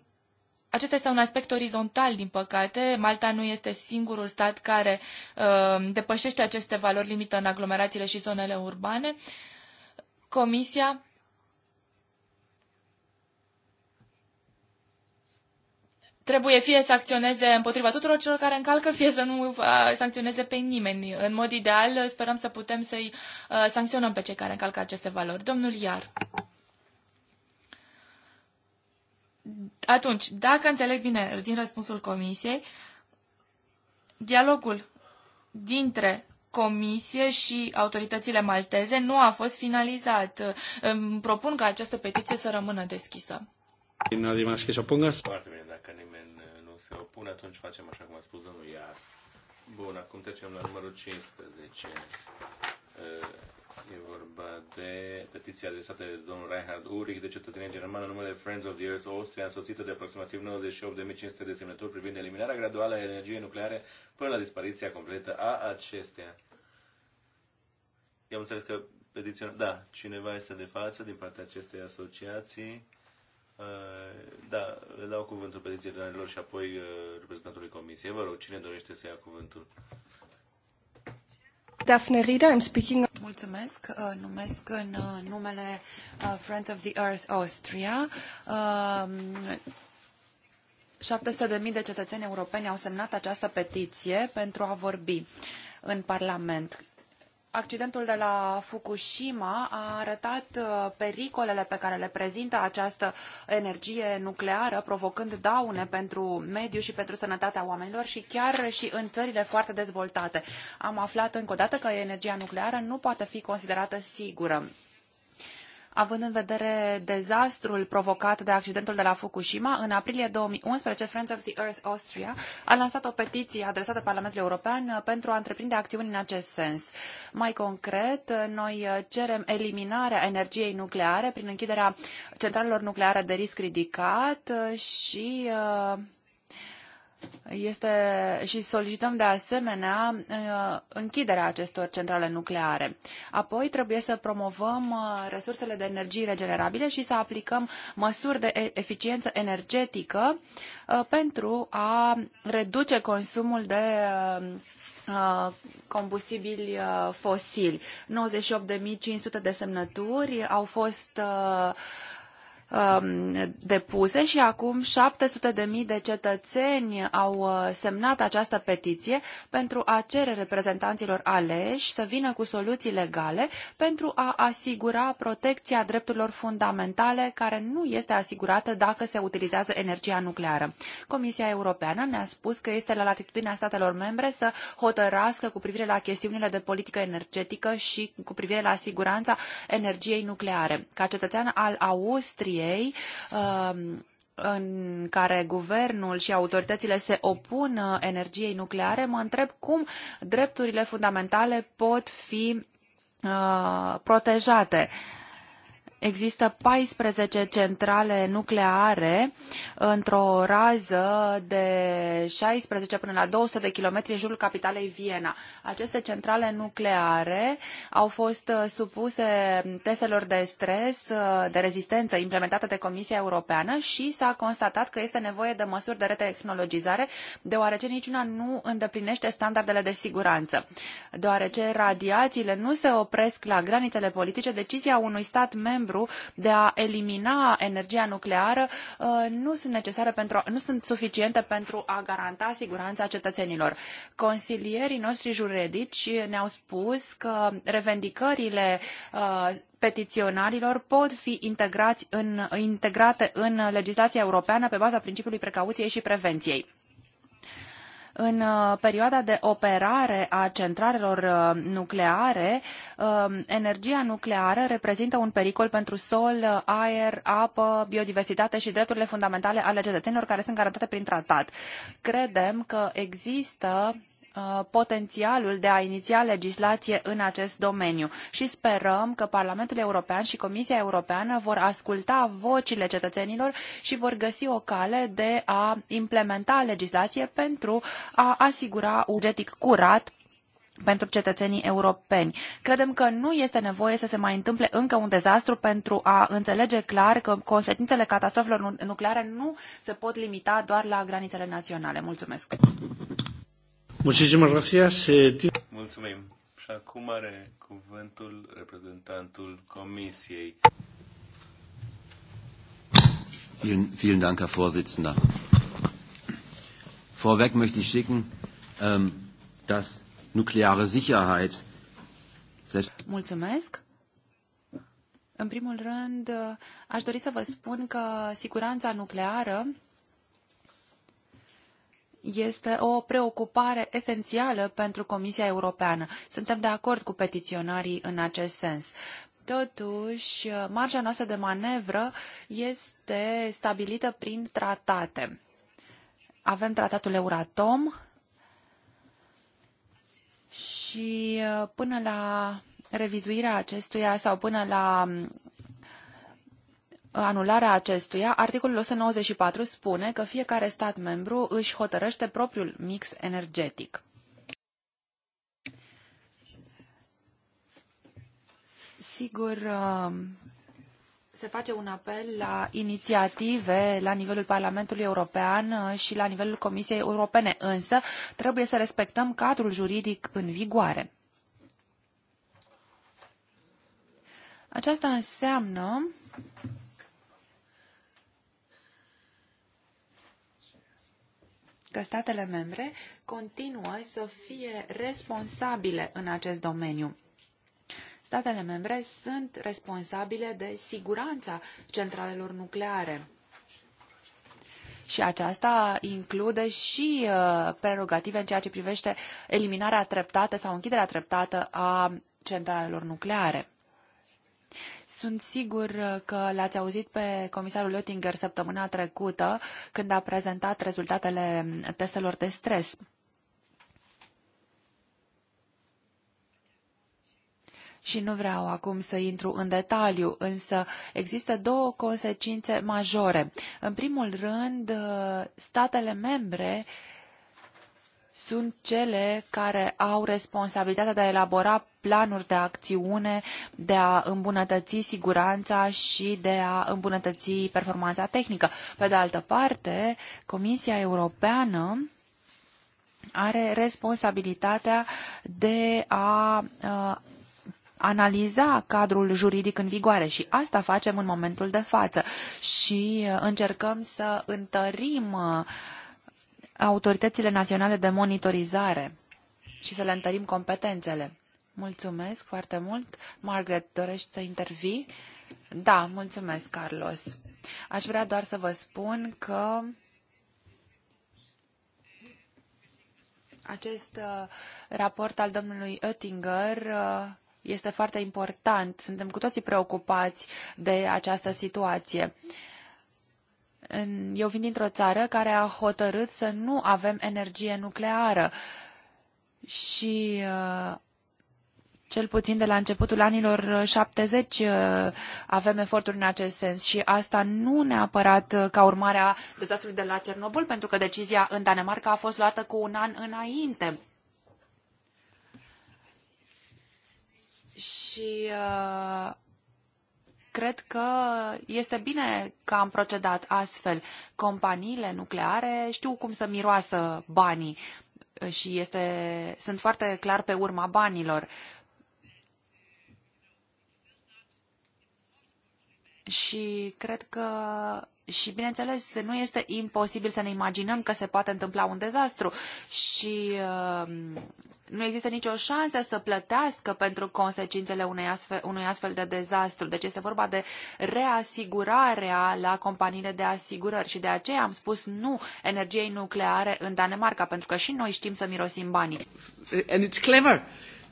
acesta este un aspect orizontal, din păcate. Malta nu este singurul stat care uh, depășește aceste valori limită în aglomerațiile și zonele urbane. Comisia trebuie fie să acționeze împotriva tuturor celor care încalcă, fie să nu uh, sancționeze pe nimeni. În mod ideal, sperăm să putem să-i uh, sancționăm pe cei care încalcă aceste valori. Domnul Iar. Atunci, dacă înțeleg bine din răspunsul comisiei, dialogul dintre comisie și autoritățile malteze nu a fost finalizat. Îmi propun ca această petiție să rămână deschisă. Nadie más que se oponga. Foarte bine, dacă nimeni uh, nu se opune, atunci facem așa cum a spus domnul Iar. Bun, acum trecem la numărul 15. Uh, e vorba de petiția adresată de domnul Reinhard Uric, de cetățenie germană numele Friends of the Earth Austria, însoțită de aproximativ 98.500 de semnături privind eliminarea graduală a energiei nucleare până la dispariția completă a acesteia. Eu am înțeles că petiția... Da, cineva este de față din partea acestei asociații. Uh, da, le dau cuvântul petiționarilor și apoi uh, reprezentantului comisiei. Vă rog, cine dorește să ia cuvântul? Daphne Rida, I'm speaking... Mulțumesc, uh, numesc în numele Friend of the Earth Austria. 700.000 de cetățeni europeni au semnat această petiție pentru a vorbi în Parlament. Accidentul de la Fukushima a arătat uh, pericolele pe care le prezintă această energie nucleară, provocând daune pentru mediu și pentru sănătatea oamenilor și chiar și în țările foarte dezvoltate. Am aflat încă o dată că energia nucleară nu poate fi considerată sigură. Având în vedere dezastrul provocat de accidentul de la Fukushima, în aprilie 2011, Friends of the Earth Austria a lansat o petiție adresată Parlamentului European pentru a întreprinde acțiuni în acest sens. Mai concret, noi cerem eliminarea energiei nucleare prin închiderea centralelor nucleare de risc ridicat și uh, este și solicităm de asemenea uh, închiderea acestor centrale nucleare. Apoi trebuie să promovăm uh, resursele de energie regenerabile și să aplicăm măsuri de eficiență energetică uh, pentru a reduce consumul de combustibili fosili. 98.500 de semnături au fost Um, depuse și acum 700.000 de cetățeni au uh, semnat această petiție pentru a cere reprezentanților aleși să vină cu soluții legale pentru a asigura protecția drepturilor fundamentale care nu este asigurată dacă se utilizează energia nucleară. Comisia Europeană ne-a spus că este la latitudinea statelor membre să hotărască cu privire la chestiunile de politică energetică și cu privire la siguranța energiei nucleare. Ca cetățean al Austriei, ei, um, în care guvernul și autoritățile se opun uh, energiei nucleare, mă întreb cum drepturile fundamentale pot fi uh, protejate. Există 14 centrale nucleare într-o rază de 16 până la 200 de kilometri în jurul capitalei Viena. Aceste centrale nucleare au fost supuse testelor de stres, de rezistență implementate de Comisia Europeană și s-a constatat că este nevoie de măsuri de retehnologizare, deoarece niciuna nu îndeplinește standardele de siguranță. Deoarece radiațiile nu se opresc la granițele politice, decizia unui stat membru membru de a elimina energia nucleară uh, nu sunt necesare pentru, nu sunt suficiente pentru a garanta siguranța cetățenilor. Consilierii noștri juridici ne-au spus că revendicările uh, petiționarilor pot fi în, integrate în legislația europeană pe baza principiului precauției și prevenției în uh, perioada de operare a centralelor uh, nucleare, um, energia nucleară reprezintă un pericol pentru sol, aer, apă, biodiversitate și drepturile fundamentale ale cetățenilor care sunt garantate prin tratat. Credem că există Uh, potențialul de a iniția legislație în acest domeniu și sperăm că Parlamentul European și Comisia Europeană vor asculta vocile cetățenilor și vor găsi o cale de a implementa legislație pentru a asigura un genetic curat pentru cetățenii europeni. Credem că nu este nevoie să se mai întâmple încă un dezastru pentru a înțelege clar că consecințele catastrofelor nucleare nu se pot limita doar la granițele naționale. Mulțumesc! Muchísimas gracias. Eh, Mulțumim. Și acum are cuvântul reprezentantul Comisiei. Vielen, vielen Dank, Herr Vorsitzender. Vorweg möchte ich schicken, ähm, dass nukleare Sicherheit. Mulțumesc. În primul rând, aș dori să vă spun că siguranța nucleară este o preocupare esențială pentru Comisia Europeană. Suntem de acord cu petiționarii în acest sens. Totuși, marja noastră de manevră este stabilită prin tratate. Avem tratatul Euratom și uh, până la revizuirea acestuia sau până la um, anularea acestuia, articolul 194 spune că fiecare stat membru își hotărăște propriul mix energetic. Sigur, uh, se face un apel la inițiative la nivelul Parlamentului European uh, și la nivelul Comisiei Europene, însă trebuie să respectăm cadrul juridic în vigoare. Aceasta înseamnă că statele membre continuă să fie responsabile în acest domeniu. Statele membre sunt responsabile de siguranța centralelor nucleare. Și aceasta include și uh, prerogative în ceea ce privește eliminarea treptată sau închiderea treptată a centralelor nucleare. Sunt sigur uh, că l-ați auzit pe comisarul Oettinger săptămâna trecută când a prezentat rezultatele mm, testelor de stres. și nu vreau acum să intru în detaliu, însă există două consecințe majore. În primul rând, uh, statele membre uh, sunt cele care au responsabilitatea de a elabora planuri de acțiune, de a îmbunătăți siguranța și de a îmbunătăți performanța tehnică. Pe de altă parte, Comisia Europeană are responsabilitatea de a uh, analiza cadrul juridic în vigoare și asta facem în momentul de față și uh, încercăm să întărim uh, autoritățile naționale de monitorizare și să le întărim competențele. Mulțumesc foarte mult. Margaret, dorești să intervii? Da, mulțumesc, Carlos. Aș vrea doar să vă spun că acest uh, raport al domnului Oettinger uh, este foarte important. Suntem cu toții preocupați de această situație. Uh, în, eu vin dintr-o țară care a hotărât să nu avem energie nucleară și uh, cel puțin de la începutul anilor 70 uh, uh, avem eforturi în acest sens și asta nu neapărat ca urmare a dezastrului de la Cernobâl, pentru că decizia în Danemarca a fost luată cu un an înainte. Și cred că este bine că am procedat astfel. Companiile nucleare știu cum să miroasă banii și este, sunt foarte clar pe urma banilor. Și cred că și, bineînțeles, nu este imposibil să ne imaginăm că se poate întâmpla un dezastru și uh, nu există nicio șansă să plătească pentru consecințele unei astfel, unui astfel de dezastru. Deci este vorba de reasigurarea la companiile de asigurări și de aceea am spus nu energiei nucleare în Danemarca, pentru că și noi știm să mirosim banii. And it's clever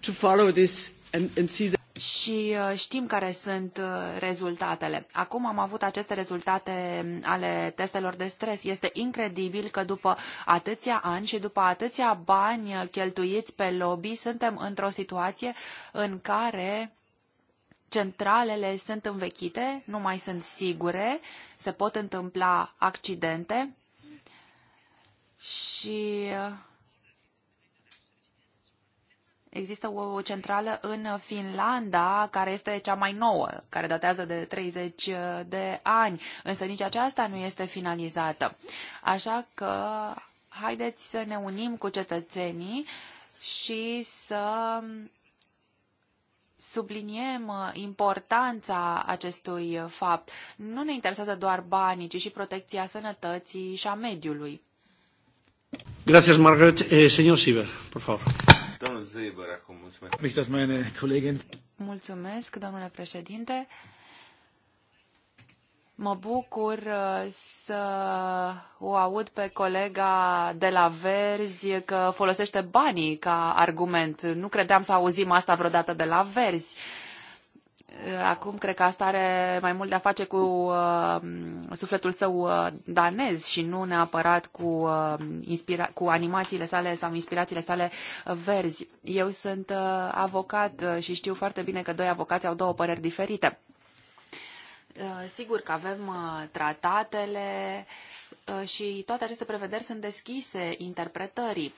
to follow this and, and see și uh, știm care sunt uh, rezultatele. Acum am avut aceste rezultate mm, ale testelor de stres. Este incredibil că după atâția ani și după atâția bani uh, cheltuiți pe lobby, suntem într-o situație în care centralele sunt învechite, nu mai sunt sigure, se pot întâmpla accidente și Există o centrală în Finlanda, care este cea mai nouă, care datează de 30 uh, de ani, însă nici aceasta nu este finalizată. Așa că haideți să ne unim cu cetățenii și să subliniem uh, importanța acestui fapt. Nu ne interesează doar banii, ci și protecția sănătății și a mediului. Gracias, Margaret. Eh, señor Sieber, por favor. Domnul Sieber, acum mulțumesc. Mulțumesc, domnule președinte. Mă bucur uh, să o aud pe colega de la Verzi că folosește banii ca argument. Nu credeam să auzim asta vreodată de la Verzi. Uh, Acum cred că asta are mai mult de a face cu uh, sufletul său uh, danez și nu neapărat cu, uh, cu animațiile sale sau inspirațiile sale verzi. Eu sunt uh, avocat uh, și știu foarte bine că doi avocați au două păreri diferite. Uh, sigur că avem uh, tratatele și toate aceste prevederi sunt deschise interpretării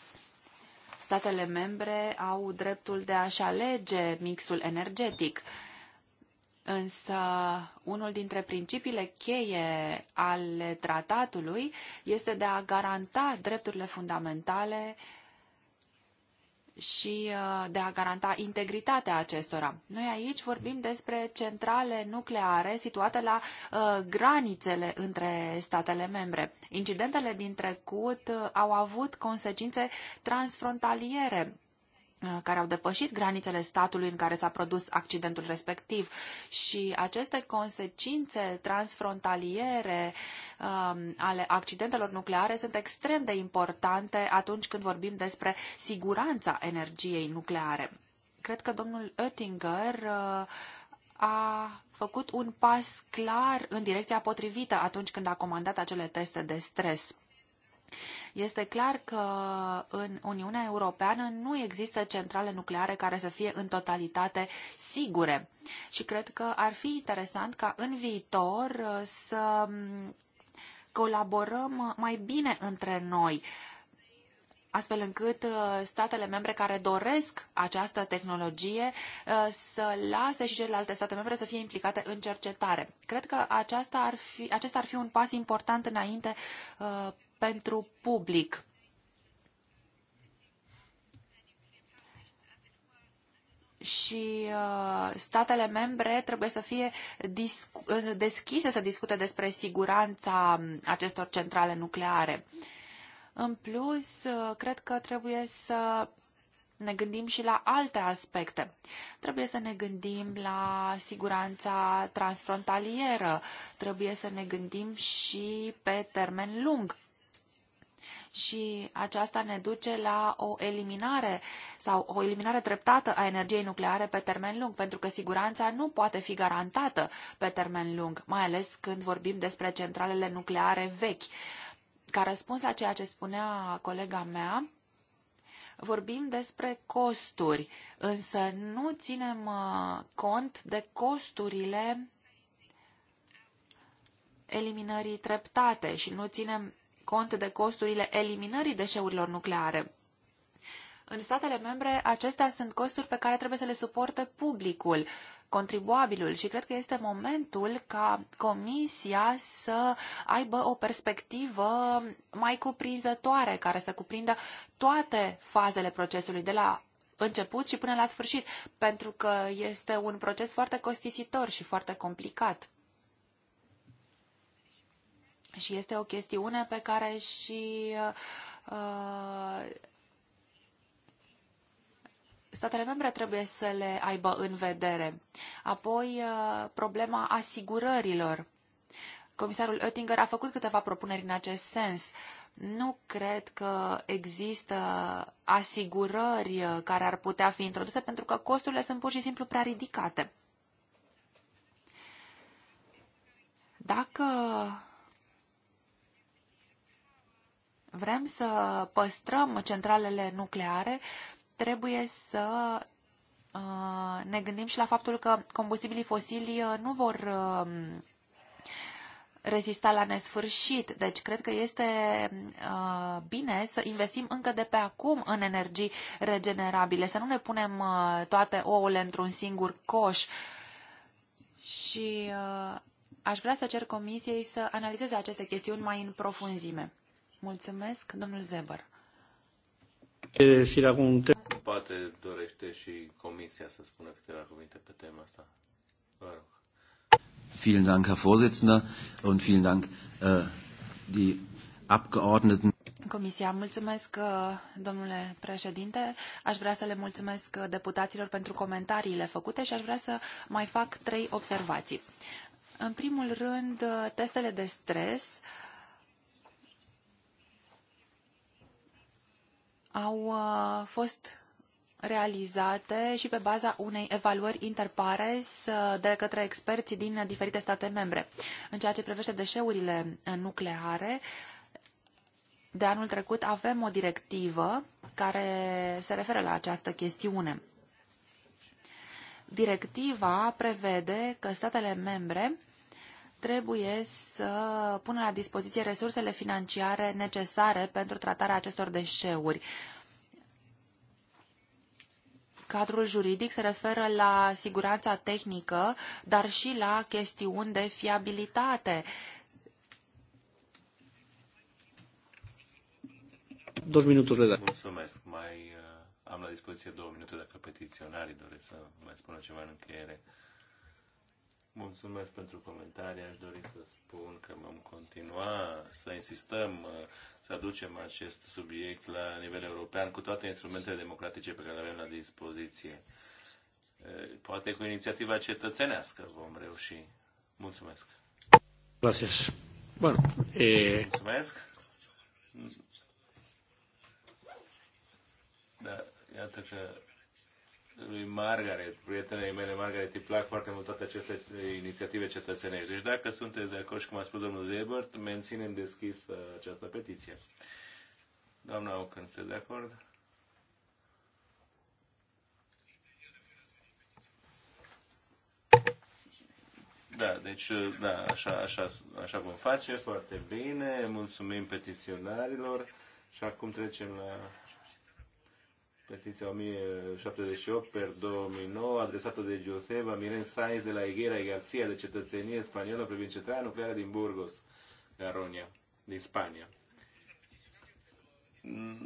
statele membre au dreptul de a-și alege mixul energetic. Însă unul dintre principiile cheie ale tratatului este de a garanta drepturile fundamentale și uh, de a garanta integritatea acestora. Noi aici vorbim despre centrale nucleare situate la uh, granițele între statele membre. Incidentele din trecut uh, au avut consecințe transfrontaliere Uh, care au depășit granițele statului în care s-a produs accidentul respectiv și aceste consecințe transfrontaliere um, ale accidentelor nucleare sunt extrem de importante atunci când vorbim despre siguranța energiei nucleare. Cred că domnul Oettinger uh, a făcut un pas clar în direcția potrivită atunci când a comandat acele teste de stres este clar că în Uniunea Europeană nu există centrale nucleare care să fie în totalitate sigure și cred că ar fi interesant ca în viitor uh, să mm, colaborăm mai bine între noi astfel încât uh, statele membre care doresc această tehnologie uh, să lase și celelalte state membre să fie implicate în cercetare. Cred că aceasta ar fi, acesta ar fi un pas important înainte pentru public. și uh, statele membre trebuie să fie uh, deschise să discute despre siguranța um, acestor centrale nucleare. În plus, uh, cred că trebuie să ne gândim și la alte aspecte. Trebuie să ne gândim la siguranța transfrontalieră, trebuie să ne gândim și pe termen lung și aceasta ne duce la o eliminare sau o eliminare treptată a energiei nucleare pe termen lung, pentru că siguranța nu poate fi garantată pe termen lung, mai ales când vorbim despre centralele nucleare vechi. Ca răspuns la ceea ce spunea colega mea, vorbim despre costuri, însă nu ținem uh, cont de costurile eliminării treptate și nu ținem cont de costurile eliminării deșeurilor nucleare. În statele membre, acestea sunt costuri pe care trebuie să le suporte publicul, contribuabilul și cred că este momentul ca Comisia să aibă o perspectivă mai cuprinzătoare, care să cuprindă toate fazele procesului, de la început și până la sfârșit, pentru că este un proces foarte costisitor și foarte complicat. Și este o chestiune pe care și uh, uh, statele membre trebuie să le aibă în vedere. Apoi, uh, problema asigurărilor. Comisarul Oettinger a făcut câteva propuneri în acest sens. Nu cred că există asigurări uh, care ar putea fi introduse pentru că costurile sunt pur și simplu prea ridicate. Dacă vrem să păstrăm centralele nucleare, trebuie să uh, ne gândim și la faptul că combustibilii fosili uh, nu vor um, rezista la nesfârșit. Deci cred că este uh, bine să investim încă de pe acum în energii regenerabile, să nu ne punem uh, toate ouăle într-un singur coș. Și uh, aș vrea să cer comisiei să analizeze aceste chestiuni mai în profunzime. Mulțumesc, domnul Zeber. Poate dorește și comisia să spună câteva cuvinte pe tema asta. Vă rog. Vielen Dank, Herr Vorsitzender, und vielen Dank äh, die Abgeordneten. Comisia, mulțumesc, uh, domnule președinte. Aș vrea să le mulțumesc uh, deputaților pentru comentariile făcute și aș vrea să mai fac trei observații. În primul rând, uh, testele de stres uh, au uh, fost realizate și pe baza unei evaluări interpares uh, de către experți din diferite state membre. În ceea ce privește deșeurile uh, nucleare, de anul trecut avem o directivă care se referă la această chestiune. Directiva prevede că statele membre trebuie să pună la dispoziție resursele financiare necesare pentru tratarea acestor deșeuri. Cadrul juridic se referă la siguranța tehnică, dar și la chestiuni de fiabilitate. Două minute de Mulțumesc. Mai uh, am la dispoziție două minute dacă petiționarii doresc să mai spună ceva în încheiere. Mulțumesc pentru comentarii. Aș dori să spun că vom continua să insistăm uh, să aducem acest subiect la nivel european cu toate instrumentele democratice pe care le avem la dispoziție. Uh, poate cu inițiativa cetățenească vom reuși. Mulțumesc. Gracias. Bueno, eh... Mulțumesc. Da, iată că lui Margaret, prietenei mele Margaret, îi plac foarte mult toate aceste inițiative cetățenești. Deci dacă sunteți de acord și cum a spus domnul Zebert, menținem deschis uh, această petiție. Doamna Ocan, sunteți de acord? Da, deci, uh, da, așa, așa, așa vom face, foarte bine, mulțumim petiționarilor și acum trecem la petiția 1078 per 2009, adresată de Joseba Miren Sainz de la Higuera y García, de cetățenie spaniolă privind cetarea nucleară din Burgos, Garonia, din Spania.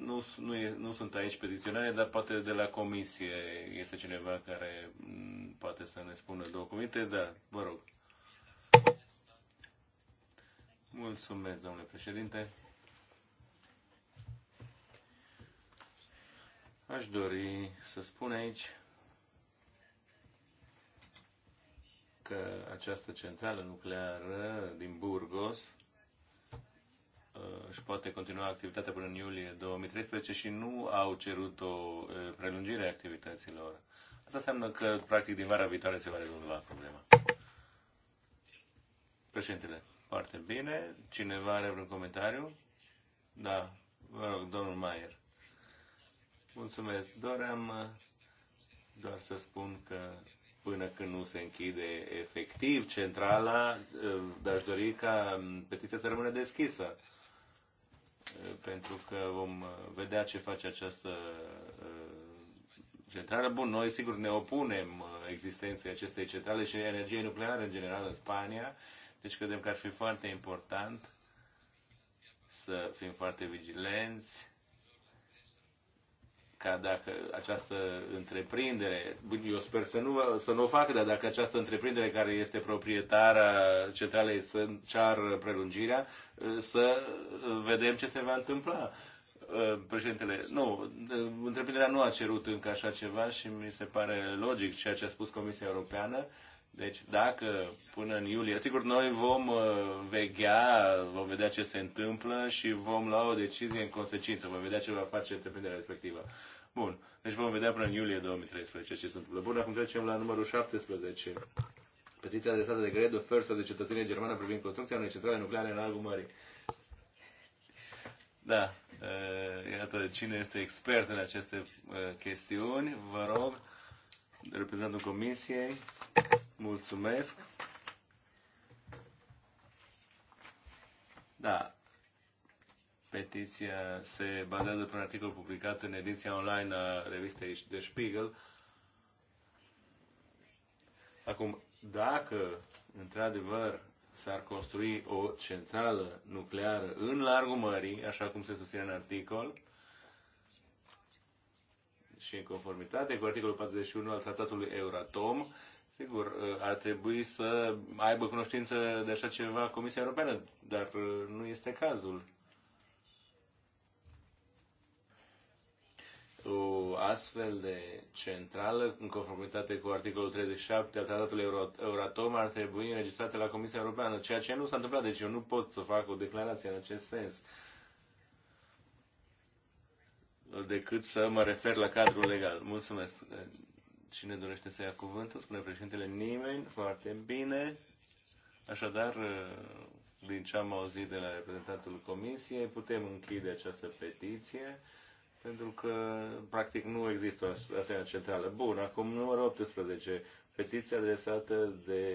Nu, nu, e, nu sunt aici petiționare, dar poate de la comisie este cineva care mm, poate să ne spună două cuvinte, da, vă rog. Mulțumesc, domnule președinte. Aș dori să spun aici că această centrală nucleară din Burgos uh, își poate continua activitatea până în iulie 2013 și nu au cerut o uh, prelungire a activităților. Asta înseamnă că, practic, din vara viitoare se va rezolva problema. Președintele, foarte bine. Cineva are vreun comentariu? Da, vă rog, domnul Maier. Mulțumesc. am uh, doar să spun că până când nu se închide efectiv centrala, dar uh, aș dori ca um, petiția să rămână deschisă. Uh, pentru că vom vedea ce face această centrală. Bun, noi sigur ne opunem existenței acestei centrale și energiei nucleare în general în Spania, deci credem că ar fi foarte important să fim foarte vigilenți ca dacă această întreprindere, eu sper să nu, să nu o facă, dar dacă această întreprindere care este proprietara centralei să cear prelungirea, să vedem ce se va întâmpla. Președintele, nu, întreprinderea nu a cerut încă așa ceva și mi se pare logic ceea ce a spus Comisia Europeană. Deci dacă până în iulie, sigur noi vom uh, vegea, vom vedea ce se întâmplă și vom lua o decizie în consecință, vom vedea ce va face întreprinderea respectivă. Bun. Deci vom vedea până în iulie 2013 ce se întâmplă. Bun, acum trecem la numărul 17. Petiția adresată de Gredo Förster de cetățenie germană privind construcția unei centrale nucleare în Largul Mării. Da, iată cine este expert în aceste chestiuni, vă rog, reprezentantul Comisiei, mulțumesc. Da, Petiția se bazează pe un articol publicat în ediția online a revistei de Spiegel. Acum, dacă într-adevăr s-ar construi o centrală nucleară în largul mării, așa cum se susține în articol, și în conformitate cu articolul 41 al tratatului Euratom, sigur, ar trebui să aibă cunoștință de așa ceva Comisia Europeană, dar nu este cazul. pentru astfel de centrală, în conformitate cu articolul 37 al tratatului Euratom, ar trebui înregistrate la Comisia Europeană, ceea ce nu s-a întâmplat, deci eu nu pot să fac o declarație în acest sens decât să mă refer la cadrul legal. Mulțumesc. Cine dorește să ia cuvântul? Spune președintele nimeni. Foarte bine. Așadar, din ce am auzit de la reprezentantul Comisiei, putem închide această petiție pentru că practic nu există o asemenea centrală. Bun, acum numărul 18, petiția adresată de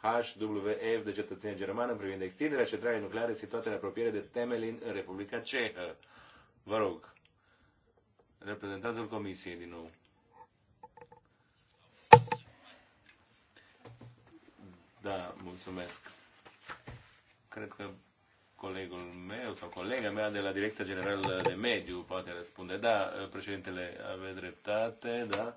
HWF de cetățenie germană privind extinderea centralei nucleare situate în apropiere de Temelin în Republica Cehă. Vă rog, reprezentantul Comisiei din nou. Da, mulțumesc. Cred că colegul meu sau colega mea de la Direcția Generală de Mediu poate răspunde. Da, președintele, aveți dreptate, da.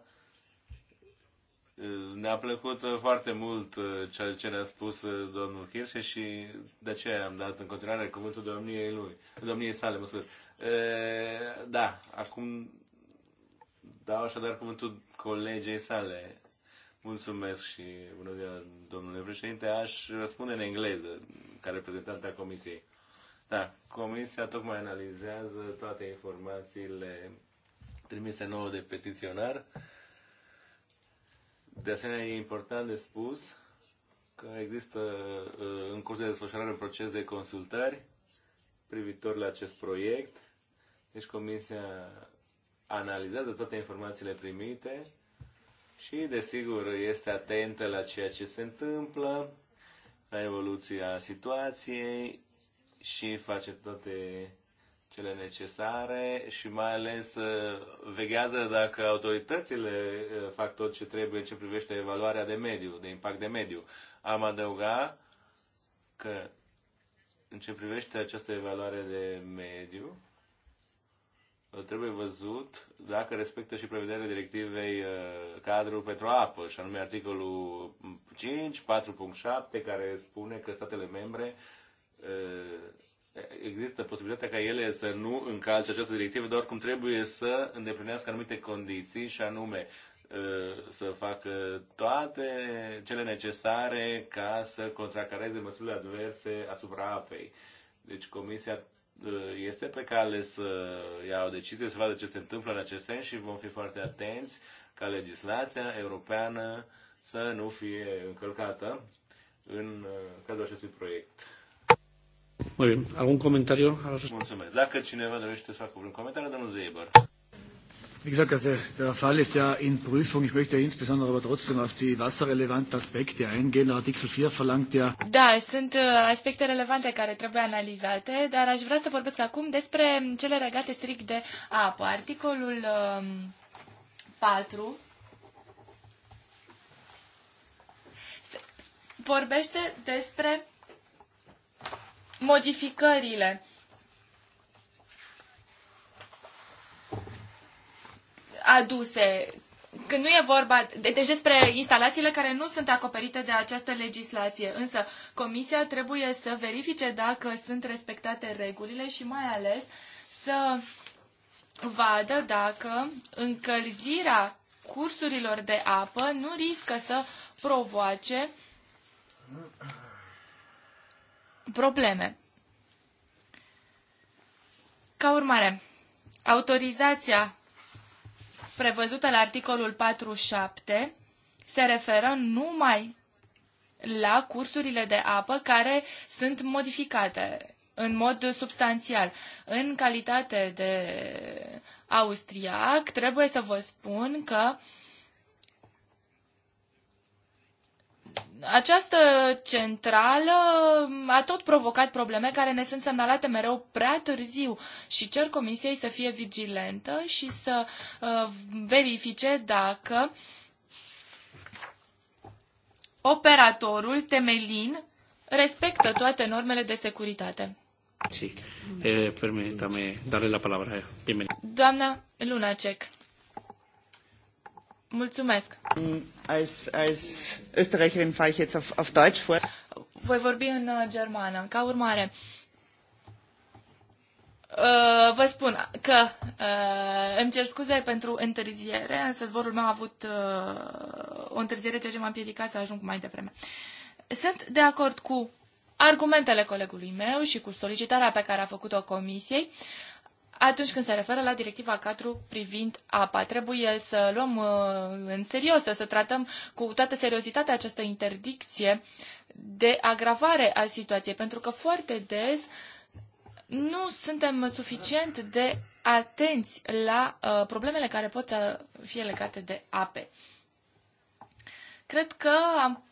Ne-a plăcut foarte mult uh, ceea ce ne-a spus uh, domnul Kirșe și de aceea am dat în continuare cuvântul domniei lui, domniei sale, mă scuze. Uh, da, acum dau așadar cuvântul colegei sale. Mulțumesc și bună ziua, domnule președinte. Aș răspunde în engleză, ca reprezentant al Comisiei. Da, Comisia tocmai analizează toate informațiile trimise nouă de petiționar. De asemenea, e important de spus că există uh, în curs de desfășurare un proces de consultări privitor la acest proiect. Deci Comisia analizează toate informațiile primite și, desigur, este atentă la ceea ce se întâmplă, la evoluția situației și face toate cele necesare și mai ales uh, veghează dacă autoritățile uh, fac tot ce trebuie ce privește evaluarea de mediu, de impact de mediu. Am adăugat că în ce privește această evaluare de mediu, uh, trebuie văzut dacă respectă și prevederile directivei cadru pentru apă, și anume articolul 5, 4.7, care spune că statele membre Uh, există posibilitatea ca ele să nu încalce această directivă, dar oricum trebuie să îndeplinească anumite condiții și anume uh, să facă toate cele necesare ca să contracareze măsurile adverse asupra apei. Deci Comisia uh, este pe cale să ia o decizie, să vadă ce se întâmplă în acest sens și vom fi foarte atenți ca legislația europeană să nu fie încălcată în cadrul acestui proiect. Muy bien. ¿Algún comentario? Mulțumesc. Dacă cineva dorește să facă un comentariu, domnul Zeber. Wie gesagt, also der Fall ist ja in Prüfung. Ich möchte insbesondere aber trotzdem auf die wasserrelevanten Aspekte eingehen. Artikel 4 verlangt ja... Da, sind uh, Aspekte relevante care trebuie analizate, dar aș vrea să vorbesc acum despre cele legate strict de apă. Articolul um, 4 vorbește despre modificările. aduse. Când nu e vorba, de, de, deci despre instalațiile care nu sunt acoperite de această legislație, însă Comisia trebuie să verifice dacă sunt respectate regulile și mai ales să vadă dacă încălzirea cursurilor de apă nu riscă să provoace probleme. Ca urmare, autorizația prevăzută la articolul 47 se referă numai la cursurile de apă care sunt modificate în mod substanțial. În calitate de austriac, trebuie să vă spun că uh, această centrală a tot provocat probleme care ne sunt semnalate mereu prea târziu și cer comisiei să fie vigilentă și să uh, verifice dacă operatorul Temelin respectă toate normele de securitate. Sí. Eh, permítame darle la palabra. Bienvenida. Doamna Lunacek. Mulțumesc. Als, als Österreicherin fahre ich jetzt auf, auf Deutsch vor. Voi vorbi în uh, germană. Ca urmare, Uh, vă spun că uh, îmi cer scuze pentru întârziere, însă zborul meu a avut uh, o întârziere, ceea ce m-a împiedicat să ajung mai devreme. Sunt de acord cu argumentele colegului meu și cu solicitarea pe care a făcut-o comisiei. Uh, atunci când se referă la directiva 4 privind apa. Trebuie să luăm uh, în serios, să tratăm cu toată seriozitatea această interdicție de agravare a situației, pentru că foarte des nu suntem suficient de atenți la uh, problemele care pot fi legate de ape. Cred că am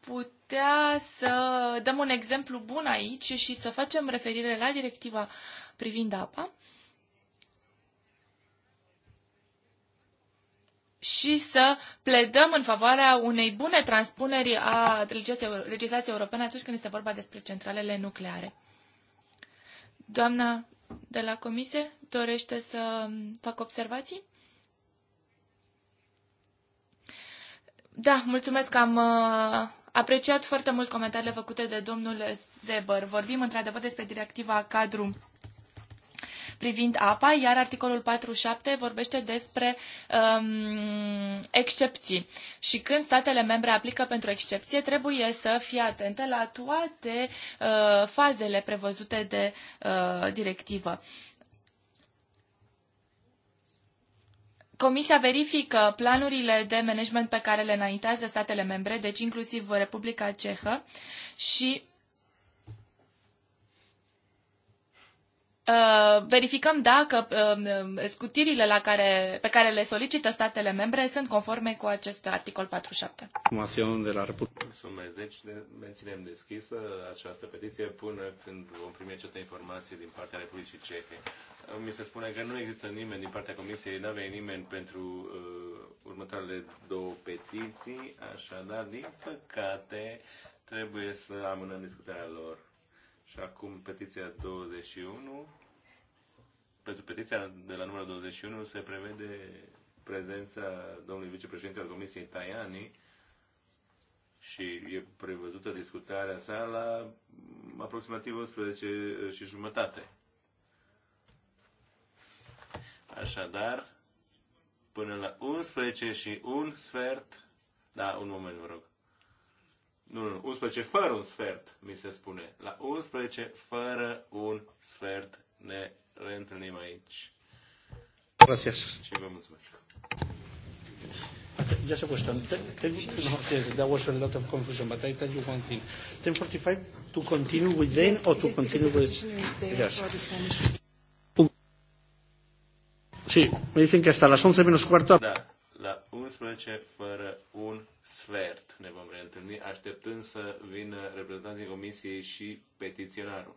putea să dăm un exemplu bun aici și să facem referire la directiva uh, privind apa și să pledăm în favoarea unei bune transpuneri a legislației europene atunci când este vorba despre centralele nucleare. Doamna de la comisie dorește să fac observații? Da, mulțumesc că am uh, apreciat foarte mult comentariile făcute de domnul Zeber. Vorbim într-adevăr despre directiva cadru privind apa, iar articolul 47 vorbește despre um, excepții. Și când statele membre aplică pentru excepție, trebuie să fie atente la toate uh, fazele prevăzute de uh, directivă. Comisia verifică planurile de management pe care le înaintează statele membre, deci inclusiv Republica Cehă, și Uh, verificăm dacă uh, scutirile la care, pe care le solicită statele membre sunt conforme cu acest articol 47. De la Mulțumesc. Deci menținem ținem deschisă această petiție până când vom primi aceste informații din partea Republicii Cehe. Uh, mi se spune că nu există nimeni din partea Comisiei, nu avea nimeni pentru uh, următoarele două petiții, așadar, din păcate, trebuie să amânăm discutarea lor. Și acum petiția 21. Pentru petiția de la numărul 21 se prevede prezența domnului vicepreședinte al Comisiei Tajani și e prevăzută discutarea sa la aproximativ 11 și jumătate. Așadar, până la 11 și un sfert, da, un moment, vă rog, nu, nu, 11 fără un sfert, mi se spune. La 11 fără un sfert ne reîntâlnim aici. Gracias. Și vă mulțumesc. Just a question. Ten, no, yes, that was a lot of confusion, but I tell you one thing. 10.45, to continue with them yes, or to continue with... Yes. Sí, me dicen que hasta las 11 menos cuarto... Da la 11 fără un sfert ne vom reîntâlni, așteptând să vină reprezentanții Comisiei și petiționarul.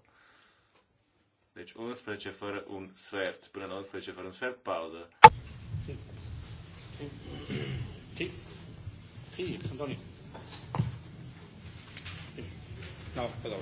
Deci 11 fără un sfert. Până la 11 fără un sfert, pauză. Sì. Sì. Sì. Antonio. Sì. No, aspetta,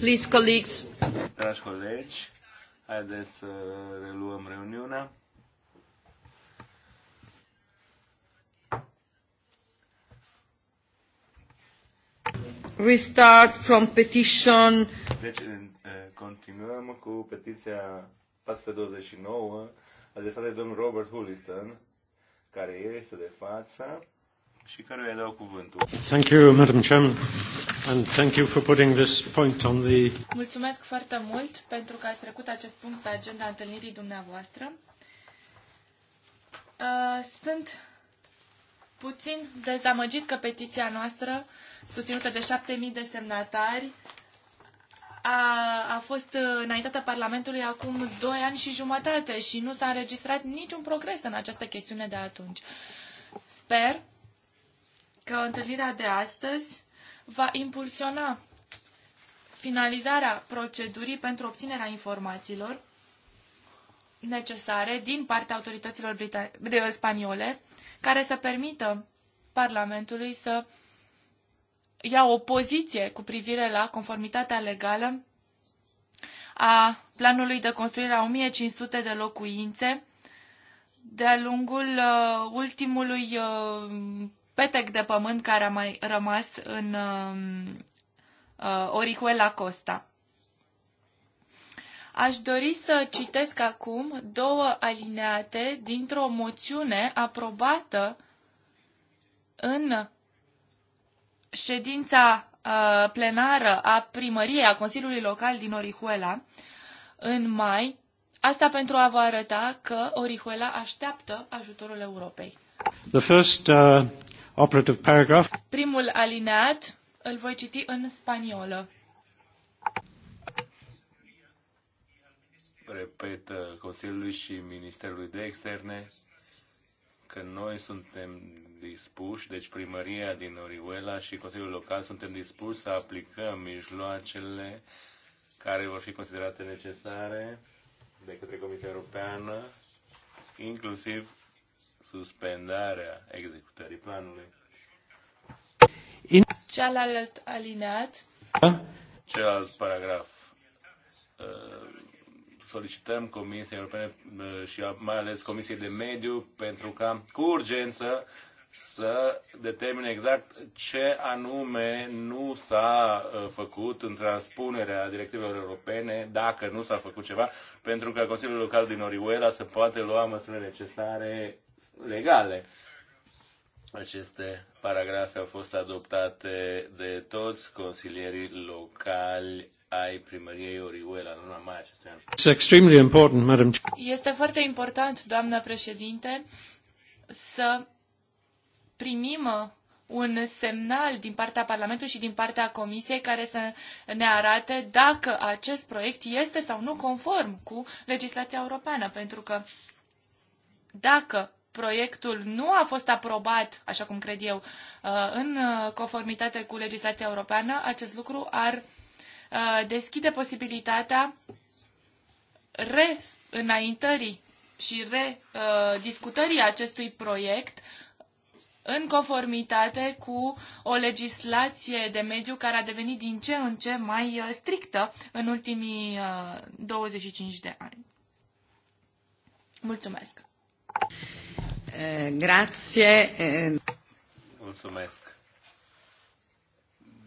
Please, colleagues. Dragi colegi, haideți să reluăm reuniunea. Restart from petition. Deci, eh, continuăm cu petiția 429 adresată de domnul Robert Hulliston, care este de față și care îi dau cuvântul. Thank you, Madam Chairman. And thank you for putting this point on the... Mulțumesc foarte mult pentru că ați trecut acest punct pe agenda întâlnirii dumneavoastră. Uh, sunt puțin dezamăgit că petiția noastră, susținută de 7.000 de semnatari, a, a fost înaintată Parlamentului acum 2 ani și jumătate și nu s-a înregistrat niciun progres în această chestiune de atunci. Sper că întâlnirea de astăzi va impulsiona finalizarea procedurii pentru obținerea informațiilor necesare din partea autorităților brita- spaniole care să permită Parlamentului să ia o poziție cu privire la conformitatea legală a planului de construire a 1500 de locuințe de-a lungul uh, ultimului uh, petec de pământ care a mai rămas în um, uh, Orihuela Costa. Aș dori să citesc acum două alineate dintr-o moțiune aprobată în ședința uh, plenară a primăriei a Consiliului Local din Orihuela în mai, asta pentru a vă arăta că Orihuela așteaptă ajutorul Europei. The first uh, operative paragraph. Primul alineat îl voi citi în spaniolă. Repet Consiliului și Ministerului de Externe că noi suntem dispuși, deci primăria din Orihuela și Consiliul Local suntem dispuși să aplicăm mijloacele care vor fi considerate necesare de către Comisia Europeană, inclusiv suspendarea executării planului. In... Celălalt alineat. Celălalt paragraf. Uh, solicităm Comisiei Europene uh, și mai ales Comisiei de Mediu pentru ca cu urgență să determine exact ce anume nu s-a uh, făcut în transpunerea directivelor europene, dacă nu s-a făcut ceva, pentru ca Consiliul Local din Orihuela să poate lua măsurile necesare legale. Aceste paragrafe au fost adoptate de toți consilierii locali ai primăriei Orihuela nu numai mai acestui an. important, Este foarte important, doamnă președinte, să primim un semnal din partea Parlamentului și din partea Comisiei care să ne arate dacă acest proiect este sau nu conform cu legislația europeană, pentru că dacă proiectul nu a fost aprobat, așa cum cred eu, uh, în uh, conformitate cu legislația europeană, acest lucru ar uh, deschide posibilitatea reînaintării și rediscutării acestui proiect în conformitate cu o legislație de mediu care a devenit din ce în ce mai strictă în ultimii 25 de ani. Mulțumesc! Eh, grazie. Eh. Mulțumesc.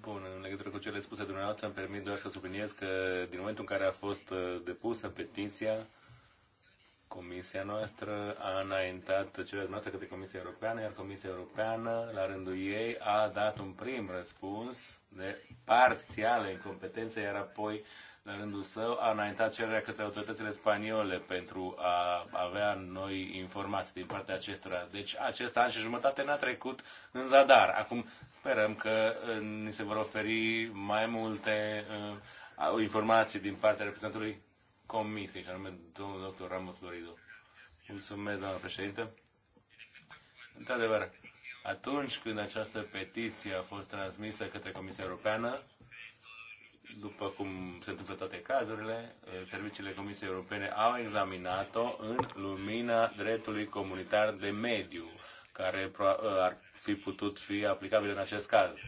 Bun, în legătură cu cele spuse dumneavoastră, îmi permit doar să subliniez că din momentul în care a fost eh, depusă petiția, Comisia noastră a înaintat cele noastre către Comisia Europeană, iar Comisia Europeană, la rândul ei, a dat un prim răspuns de parțială incompetență, iar apoi la rândul său, a înaintat cererea către autoritățile spaniole pentru a avea noi informații din partea acestora. Deci acest an și jumătate n-a trecut în zadar. Acum sperăm că uh, ni se vor oferi mai multe uh, informații din partea reprezentantului comisiei, și anume domnul dr. Ramos Florido. Mulțumesc, doamnă președinte. Într-adevăr, atunci când această petiție a fost transmisă către Comisia Europeană, după cum se întâmplă toate cazurile, eh, serviciile Comisiei Europene au examinat-o în lumina dreptului comunitar de mediu, care eh, ar fi putut fi aplicabil în acest caz, eh,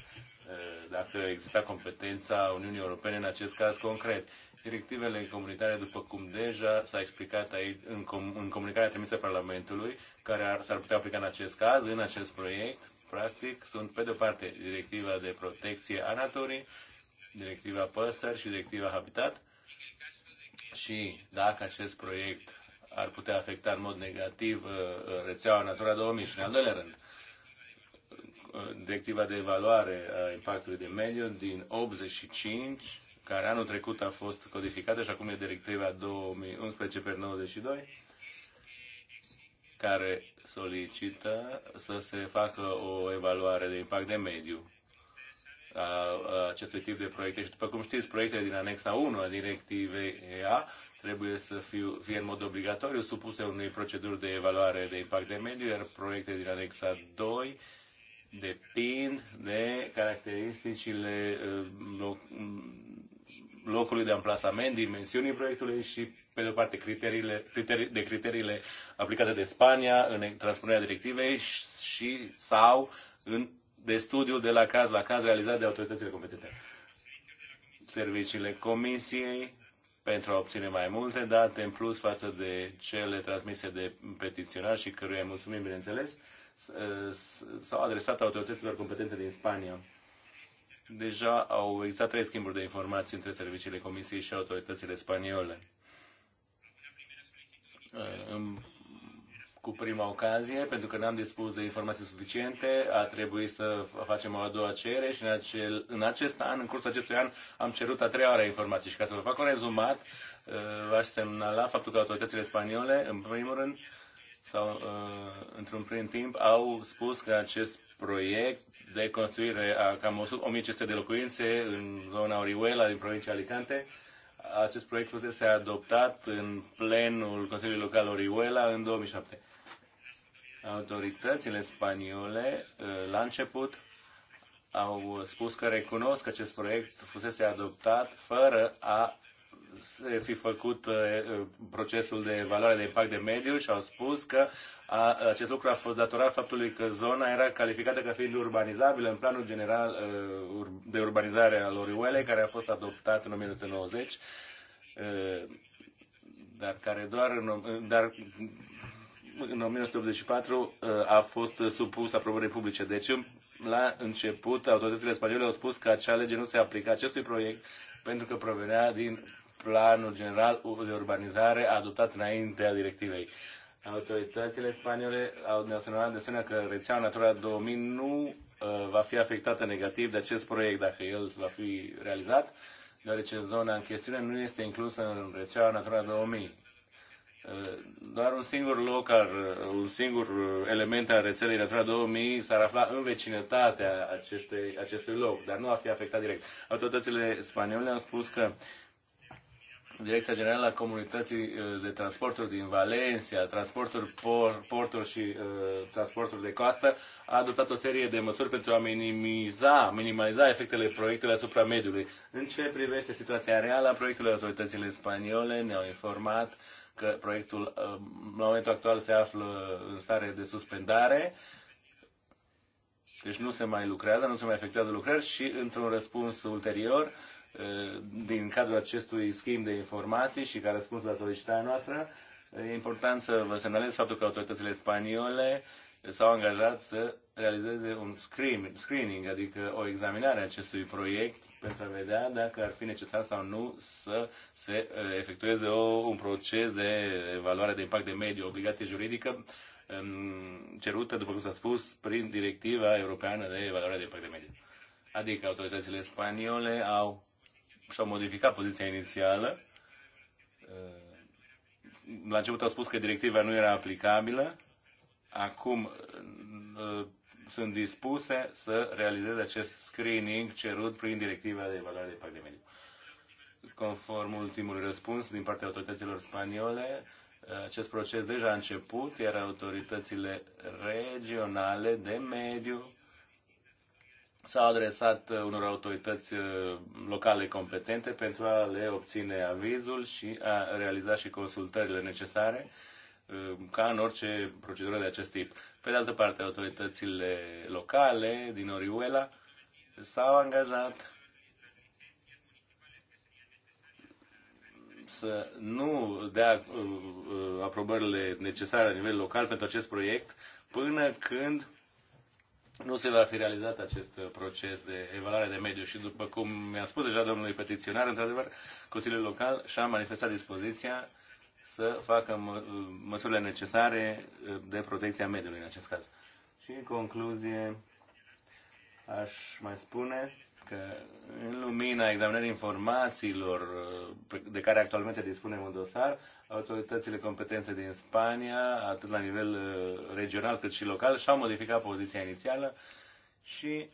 dacă exista competența Uniunii Europene în acest caz concret. Directivele comunitare, după cum deja s-a explicat aici în, com- în comunicarea trimisă Parlamentului, care ar, s-ar putea aplica în acest caz, în acest proiect, practic, sunt, pe de-o parte, directiva de protecție a naturii directiva păsări și directiva habitat și dacă acest proiect ar putea afecta în mod negativ uh, rețeaua Natura 2000 și în al doilea rând uh, directiva de evaluare a impactului de mediu din 85 care anul trecut a fost codificată și acum e directiva 2011 pe 92 care solicită să se facă o evaluare de impact de mediu a acestui tip de proiecte. Și după cum știți, proiectele din anexa 1 a directivei EA trebuie să fiu, fie în mod obligatoriu supuse unei proceduri de evaluare de impact de mediu, iar proiectele din anexa 2 depind de caracteristicile loc, locului de amplasament, dimensiunii proiectului și, pe de o parte, criteriile, criteri, de criteriile aplicate de Spania în transpunerea directivei și sau în de studiul de la caz la caz realizat de autoritățile competente. Serviciile Comisiei pentru a obține mai multe date în plus față de cele transmise de petiționar și căruia îi mulțumim, bineînțeles, s-au adresat autorităților competente din Spania. Deja au existat trei schimburi de informații între serviciile Comisiei și autoritățile spaniole. În cu prima ocazie, pentru că n-am dispus de informații suficiente, a trebuit să facem o a doua cerere și în, acel, în acest an, în cursul acestui an, am cerut a treia oară informații. Și ca să vă fac un rezumat, uh, v-aș semnala faptul că autoritățile spaniole, în primul rând, sau uh, într-un prim timp, au spus că acest proiect de construire a cam 1500 de locuințe în zona Orihuela din provincia Alicante, acest proiect fusese adoptat în plenul Consiliului Local Orihuela în 2007 autoritățile spaniole uh, la început au spus că recunosc că acest proiect fusese adoptat fără a fi făcut uh, procesul de evaluare de impact de mediu și au spus că a, acest lucru a fost datorat faptului că zona era calificată ca fiind urbanizabilă în planul general uh, de urbanizare al Oriuelei, care a fost adoptat în 1990, dar care doar, în, dar în 1984 uh, a fost supus aprobării publice. Deci, la început, autoritățile spaniole au spus că acea lege nu se aplica acestui proiect pentru că provenea din planul general de urbanizare adoptat înainte a directivei. Autoritățile spaniole au menționat de asemenea că rețeaua Natura 2000 nu uh, va fi afectată negativ de acest proiect dacă el va fi realizat, deoarece zona în chestiune nu este inclusă în rețeaua Natura 2000. Eh, doar un singur loc, ar, eh, un singur eh, element al rețelei Natura 2000 s-ar afla în vecinătatea acestei, acestui loc, dar nu ar fi afectat direct. Autoritățile spaniole au spus că Direcția Generală a Comunității de Transporturi din Valencia, Transporturi por, Porturi și uh, Transporturi de Coastă, a adoptat o serie de măsuri pentru a minimiza, minimaliza efectele proiectului asupra mediului. În ce privește situația reală a proiectului, autoritățile spaniole ne-au informat că proiectul la uh, momentul actual se află în stare de suspendare, deci nu se mai lucrează, nu se mai efectuează lucrări și într-un răspuns ulterior, uh, din cadrul acestui schimb de informații și ca răspuns la solicitarea noastră, e important să vă semnalez faptul că autoritățile spaniole s-au angajat să realizeze un screening, adică o examinare a acestui proiect pentru a vedea dacă ar fi necesar sau nu să se uh, efectueze o, un proces de evaluare de impact de mediu, obligație juridică um, cerută, după cum s-a spus, prin directiva europeană de evaluare de impact de mediu. Adică autoritățile spaniole au și-au modificat poziția inițială. Uh, La început au spus că directiva nu era aplicabilă, acum sunt dispuse să realizeze acest screening cerut prin directiva de evaluare de impact de mediu. Conform ultimului răspuns din partea autorităților spaniole, acest proces deja a început, iar autoritățile regionale de mediu s-au adresat unor autorități uh, locale competente pentru a le obține avizul și a realiza și consultările necesare Ehm, ca în orice procedură de acest tip. Pe de altă parte, autoritățile locale din Oriuela s-au angajat să nu dea uh, uh, aprobările necesare la nivel local pentru acest proiect până când nu se va fi realizat acest uh, proces de evaluare de mediu și după cum mi-a spus deja domnului petiționar, într-adevăr, Consiliul Local și-a manifestat dispoziția să facă mă, uh, măsurile necesare uh, de protecția mediului în acest caz. Și în concluzie aș mai spune că în lumina examinării informațiilor uh, de care actualmente dispunem în dosar, autoritățile competente din Spania, atât la nivel regional cât și local, și-au modificat poziția inițială și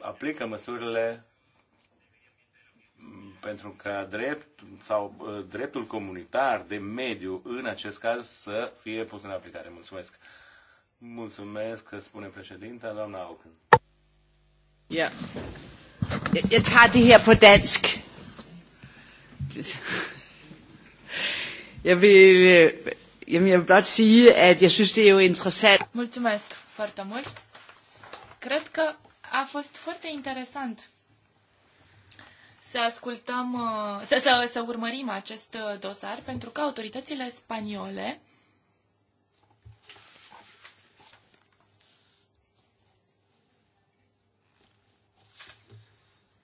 aplică măsurile pentru ca drept sau uh, dreptul comunitar de mediu în acest caz să fie pus în aplicare. Mulțumesc. Mulțumesc, spune președinta, doamna Auken. Ja. Jeg tager det her på dansk. Jeg vil, øh, jamen jeg vil blot sige, at jeg synes, det er jo interessant. Mulțumesc foarte mult. Cred că a fost foarte interesant să ascultăm, uh, să, să, să urmărim acest uh, dosar, pentru că autoritățile spaniole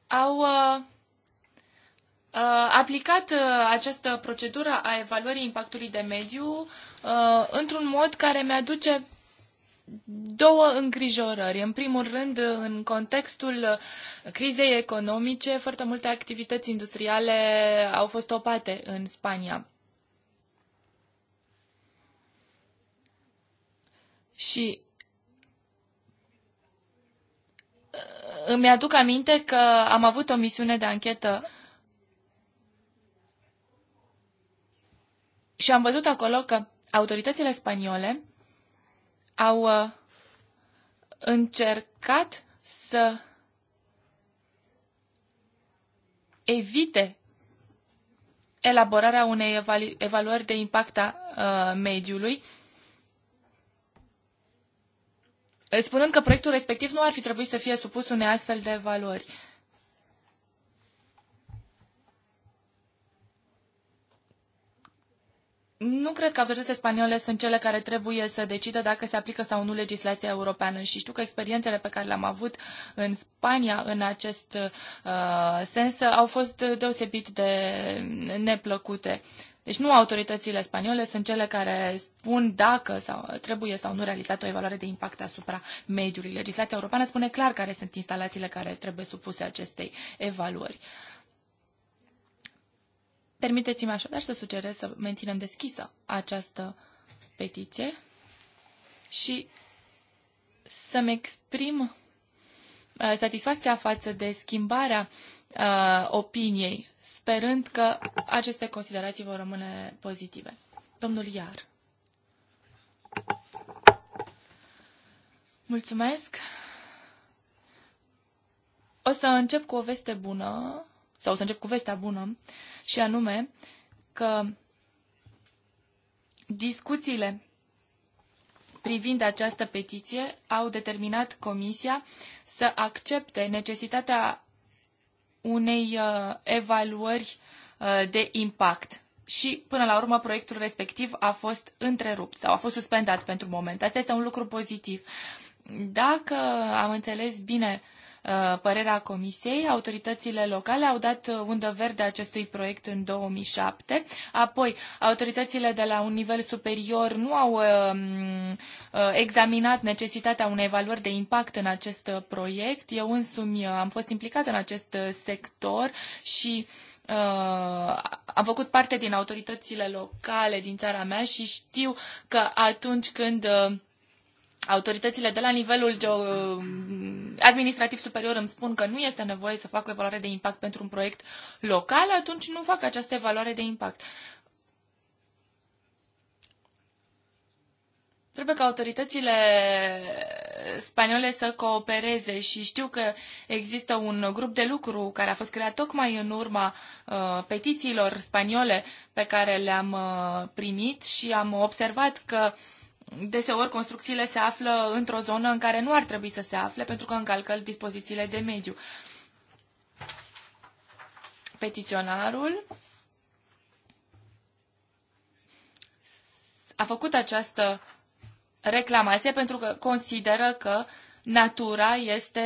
au uh, uh, aplicat uh, această procedură a evaluării impactului de mediu uh, într-un mod care mi-aduce două îngrijorări. În primul rând, în contextul crizei economice, foarte multe activități industriale au fost opate în Spania. Și uh, îmi aduc aminte că am avut o misiune de anchetă și am văzut acolo că autoritățile spaniole au uh, încercat să evite elaborarea unei evalu evaluări de impact a uh, mediului, spunând că proiectul respectiv nu ar fi trebuit să fie supus unei astfel de evaluări. nu cred că autoritățile spaniole sunt cele care trebuie să decidă dacă se aplică sau nu legislația europeană și știu că experiențele pe care le-am avut în Spania în acest uh, sens au fost deosebit de neplăcute. Deci nu autoritățile spaniole sunt cele care spun dacă sau trebuie sau nu realizată o evaluare de impact asupra mediului. Legislația europeană spune clar care sunt instalațiile care trebuie supuse acestei evaluări. Uh, Permiteți-mi așadar să sugerez să menținem deschisă această petiție și să-mi exprim uh, satisfacția față de schimbarea uh, opiniei, sperând că aceste considerații vor rămâne pozitive. Domnul Iar. Mulțumesc. O să încep cu o veste bună sau să încep cu vestea bună, și anume că discuțiile privind această petiție au determinat Comisia să accepte necesitatea unei uh, evaluări uh, de impact. Și, până la urmă, proiectul respectiv a fost întrerupt sau a fost suspendat pentru moment. Asta este un lucru pozitiv. Dacă am înțeles bine uh, Uh, părerea comisiei, autoritățile locale au dat undă verde acestui proiect în 2007. Apoi, autoritățile de la un nivel superior nu au um, uh, examinat necesitatea unei evaluări de impact în acest proiect. Eu însumi uh, am fost implicat în acest sector și Uh, am făcut parte din autoritățile locale din țara mea și știu că atunci când uh, autoritățile de la nivelul administrativ superior îmi spun că nu este nevoie să fac o evaluare de impact pentru un proiect local, atunci nu fac această evaluare de impact. Trebuie ca autoritățile spaniole să coopereze și știu că există un grup de lucru care a fost creat tocmai în urma uh, petițiilor spaniole pe care le-am uh, primit și am observat că uh, deseori construcțiile se află într-o zonă în care nu ar trebui să se afle pentru că încalcă dispozițiile de mediu. Petiționarul a făcut această reclamație pentru că consideră că uh, natura este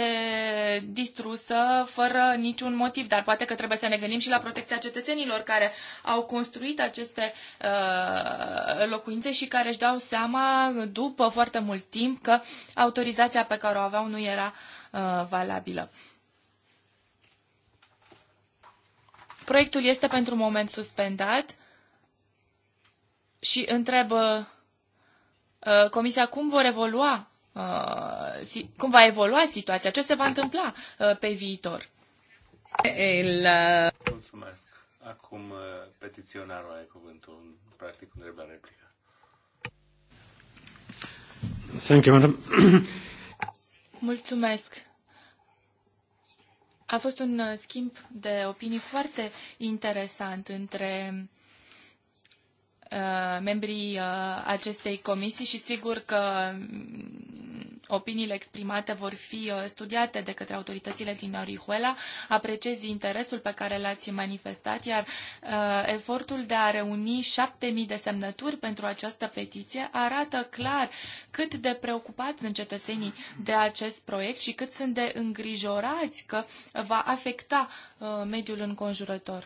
distrusă fără niciun motiv, dar poate că trebuie să ne gândim și la protecția cetățenilor care au construit aceste uh, locuințe și care își dau seama după foarte mult timp că autorizația pe care o aveau nu era uh, valabilă. Proiectul este pentru moment suspendat și întreb uh, Comisia cum vor evolua Uh, cum va evolua situația, ce se va întâmpla uh, pe viitor. El... Uh, Mulțumesc. Acum petiționarul are cuvântul, practic, un drept replică. Thank you, madam. Mulțumesc. A fost un schimb de opinii foarte interesant între Uh, membrii uh, acestei comisii și sigur că mm, opiniile exprimate vor fi uh, studiate de către autoritățile din Orihuela. Apreciez interesul pe care l-ați manifestat, iar efortul de a reuni șapte mii de semnături pentru această petiție arată clar cât de preocupați sunt cetățenii de acest proiect și cât sunt de îngrijorați că va afecta mediul înconjurător.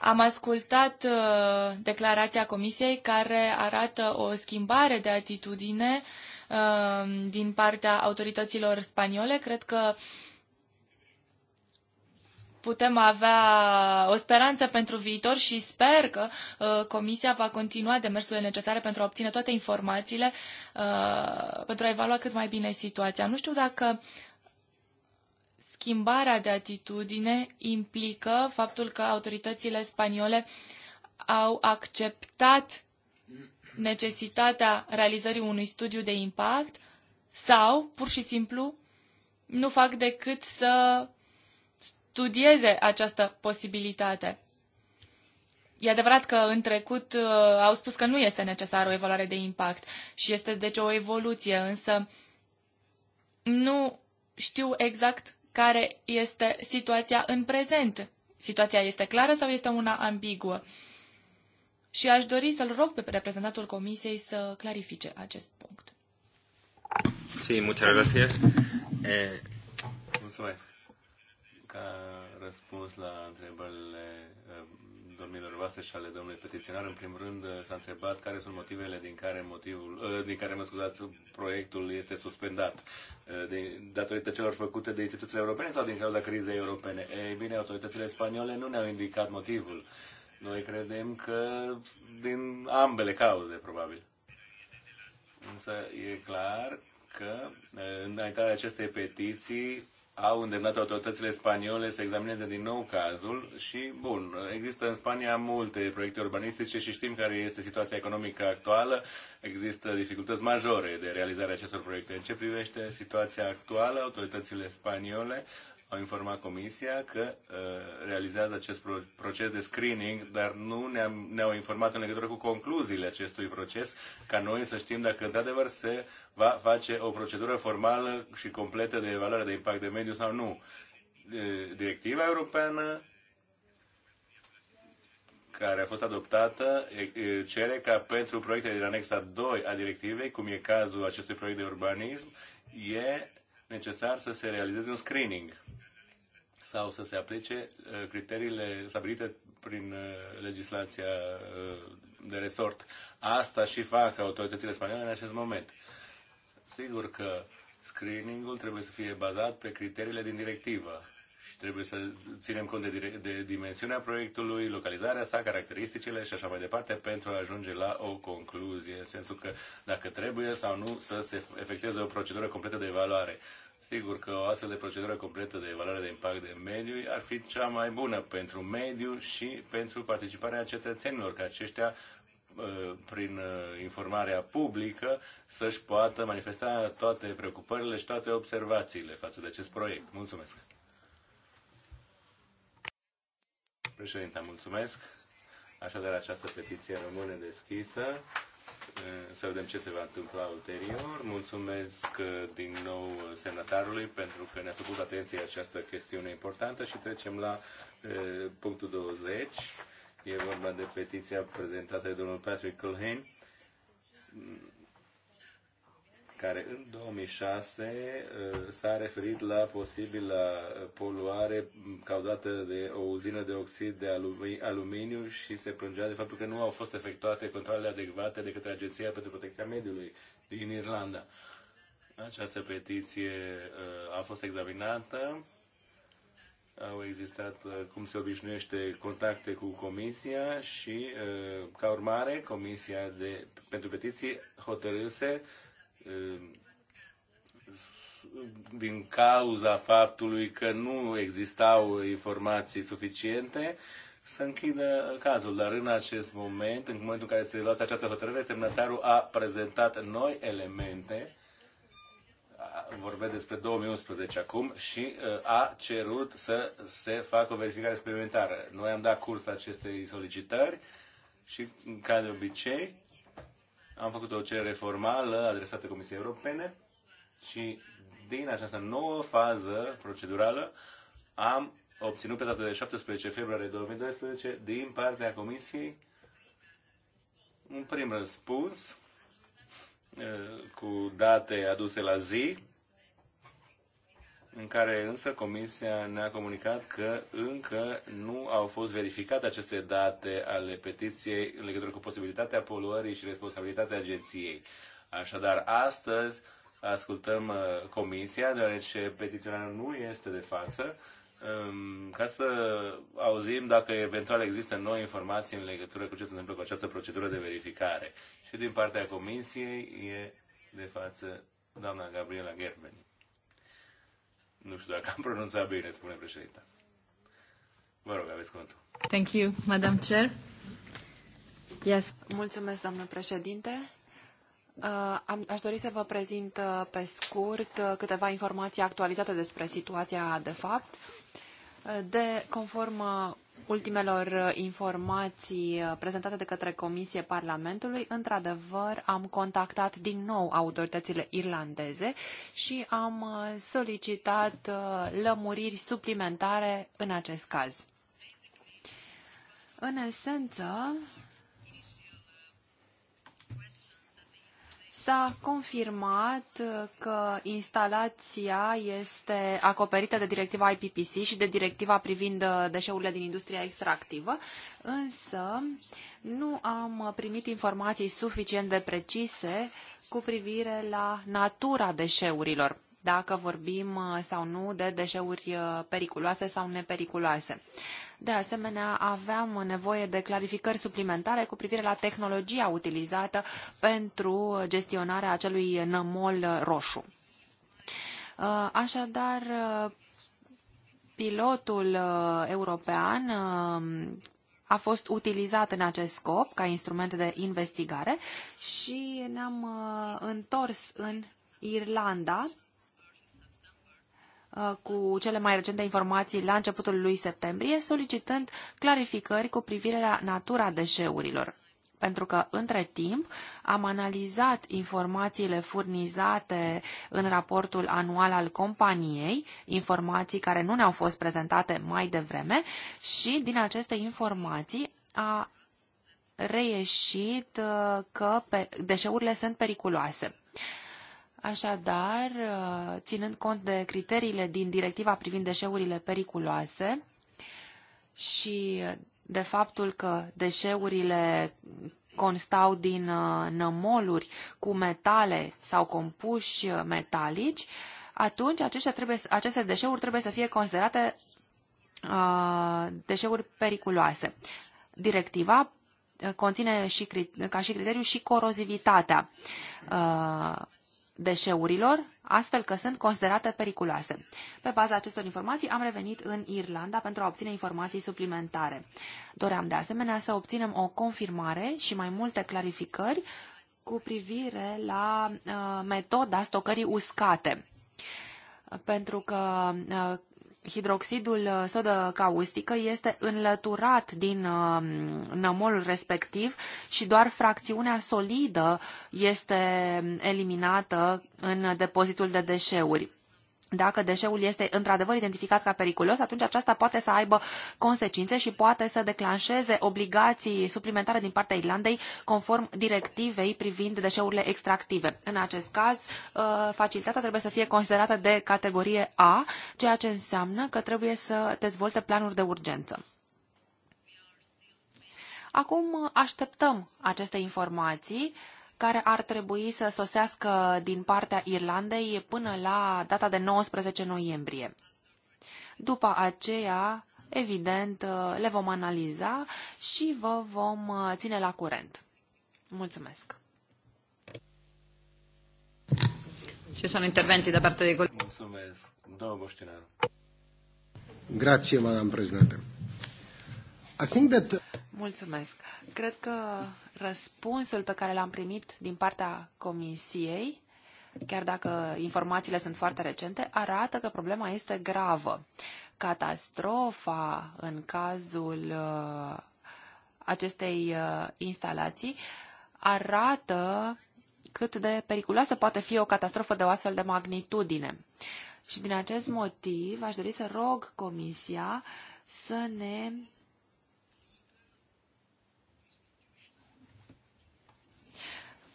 Am ascultat uh, declarația Comisiei care arată o schimbare de atitudine uh, din partea autorităților spaniole. Cred că putem avea o speranță pentru viitor și sper că uh, Comisia va continua demersurile necesare pentru a obține toate informațiile, uh, pentru a evalua cât mai bine situația. Nu știu dacă schimbarea de atitudine implică faptul că autoritățile spaniole au acceptat necesitatea realizării unui studiu de impact sau, pur și simplu, nu fac decât să studieze această posibilitate. E adevărat că în trecut uh, au spus că nu este necesară o evaluare de impact și este deci o evoluție, însă nu știu exact care este situația în prezent. Situația este clară sau este una ambiguă? Și aș dori să-l rog pe reprezentantul Comisiei să clarifice acest punct. Sí, muchas gracias. Eh... Mulțumesc. Ca răspuns la întrebările domnilor voastre și ale domnului petiționar. În primul rând eh, s-a întrebat care sunt motivele din care, motivul, eh, din care mă scuzați, proiectul este suspendat. Eh, datorită celor făcute de instituțiile europene sau din cauza crizei europene? Ei bine, autoritățile spaniole nu ne-au indicat motivul. Noi credem că din ambele cauze, probabil. Însă e clar că înaintarea acestei petiții au îndemnat autoritățile spaniole să examineze din nou cazul și, bun, există în Spania multe proiecte urbanistice și știm care este situația economică actuală. Există dificultăți majore de realizare acestor proiecte. În ce privește situația actuală, autoritățile spaniole au informat Comisia că uh, realizează acest pro- proces de screening, dar nu ne-am, ne-au informat în legătură cu concluziile acestui proces, ca noi să știm dacă într-adevăr se va face o procedură formală și completă de evaluare de impact de mediu sau nu. Directiva europeană care a fost adoptată cere ca pentru proiectele din anexa 2 a directivei, cum e cazul acestui proiect de urbanism, e necesar să se realizeze un screening sau să se aplice uh, criteriile stabilite prin uh, legislația uh, de resort. Asta și fac autoritățile spaniole în acest moment. Sigur că screeningul trebuie să fie bazat pe criteriile din directivă și trebuie să ținem cont de, de dimensiunea proiectului, localizarea sa, caracteristicile și așa mai departe pentru a ajunge la o concluzie, în sensul că dacă trebuie sau nu să se efectueze o procedură completă de evaluare. Sigur că o astfel de procedură completă de evaluare de impact de mediu ar fi cea mai bună pentru mediu și pentru participarea cetățenilor, ca aceștia uh, prin uh, informarea publică să-și poată manifesta toate preocupările și toate observațiile față de acest proiect. Mulțumesc! Președinte, mulțumesc! Așadar, această petiție rămâne deschisă. Eh, să vedem ce se va întâmpla ulterior. Mulțumesc eh, din nou eh, senatarului pentru că ne-a făcut atenție această chestiune importantă și trecem la punctul 20. E vorba de petiția prezentată de domnul Patrick Culhane care în 2006 uh, s-a referit la posibilă poluare cauzată de o uzină de oxid de aluminiu și se plângea de faptul că nu au fost efectuate controlele adecvate de către Agenția pentru Protecția Mediului din Irlanda. Această petiție uh, a fost examinată, au existat, uh, cum se obișnuiește, contacte cu Comisia și, ca urmare, Comisia de, pentru Petiții hotărâse Ă, din cauza faptului că nu existau informații suficiente, să închidă cazul. Dar în acest moment, în momentul în care se luase această hotărâre, semnătarul a prezentat noi elemente, vorbesc despre 2011 acum, și ă, a cerut să se facă o verificare experimentară. Noi am dat curs acestei solicitări și, ca de obicei, am făcut o cerere formală adresată Comisiei Europene și din această nouă fază procedurală am obținut pe data de 17 februarie 2012 din partea Comisiei un prim răspuns eh, cu date aduse la zi în care însă Comisia ne-a comunicat că încă nu au fost verificate aceste date ale petiției în legătură cu posibilitatea poluării și responsabilitatea agenției. Așadar, astăzi ascultăm uh, Comisia, deoarece petiția nu este de față, um, ca să auzim dacă eventual există noi informații în legătură cu ce se întâmplă cu această procedură de verificare. Și din partea Comisiei e de față doamna Gabriela Gerbeni. Nu știu dacă am pronunțat bine, spune președinta. Vă rog, aveți cuvântul. Thank you, Madam Chair. Yes. Mulțumesc, doamnă președinte. Uh, aș dori să vă prezint uh, pe scurt uh, câteva informații actualizate despre situația de fapt. De conform ultimelor uh, informații uh, prezentate de către Comisie Parlamentului, într-adevăr, am contactat din nou autoritățile irlandeze și am uh, solicitat lămuriri suplimentare în acest caz. În esență, S-a confirmat uh, că instalația este acoperită de directiva IPPC și de directiva privind uh, deșeurile din industria extractivă, însă nu am primit informații suficient de precise cu privire la natura deșeurilor dacă vorbim uh, sau nu de deșeuri uh, periculoase sau nepericuloase. De asemenea, aveam nevoie de clarificări suplimentare cu privire la tehnologia utilizată pentru gestionarea acelui nămol roșu. Uh, așadar, pilotul european a fost utilizat în acest scop ca instrument de investigare și ne-am întors în Irlanda Uh, cu cele mai recente informații la începutul lui septembrie, solicitând clarificări cu privire la natura deșeurilor. Pentru că, între timp, am analizat informațiile furnizate în raportul anual al companiei, informații care nu ne-au fost prezentate mai devreme și din aceste informații a reieșit uh, că deșeurile sunt periculoase. Așadar, uh, ținând cont de criteriile din directiva privind deșeurile periculoase și de faptul că deșeurile constau din uh, nămoluri cu metale sau compuși uh, metalici, atunci acestea trebuie, aceste deșeuri trebuie să fie considerate deșeuri periculoase. Directiva conține și, ca și criteriu și corozivitatea deșeurilor, astfel că sunt considerate periculoase. Pe baza acestor informații am revenit în Irlanda pentru a obține informații suplimentare. Doream de asemenea să obținem o confirmare și mai multe clarificări cu privire la uh, metoda stocării uscate pentru că uh, hidroxidul uh, sodă caustică este înlăturat din uh, nămolul respectiv și doar fracțiunea solidă este eliminată în depozitul de deșeuri dacă deșeul este într-adevăr identificat ca periculos, atunci aceasta poate să aibă consecințe și poate să declanșeze obligații suplimentare din partea Irlandei conform directivei privind deșeurile extractive. În acest caz, uh, facilitatea trebuie să fie considerată de categorie A, ceea ce înseamnă că trebuie să dezvolte planuri de urgență. Acum așteptăm aceste informații care ar trebui să sosească din partea Irlandei până la data de 19 noiembrie. După aceea, evident, le vom analiza și vă vom uh, ține la curent. Mulțumesc! Ci sono interventi da parte dei colleghi. Mulțumesc. Domnul Boștinaru. Grazie, madame președinte. I think that... Mulțumesc. Cred că răspunsul pe care l-am primit din partea Comisiei, chiar dacă informațiile sunt foarte recente, arată că problema este gravă. Catastrofa în cazul uh, acestei uh, instalații arată cât de periculoasă poate fi o catastrofă de o astfel de magnitudine. Și din acest motiv aș dori să rog Comisia să ne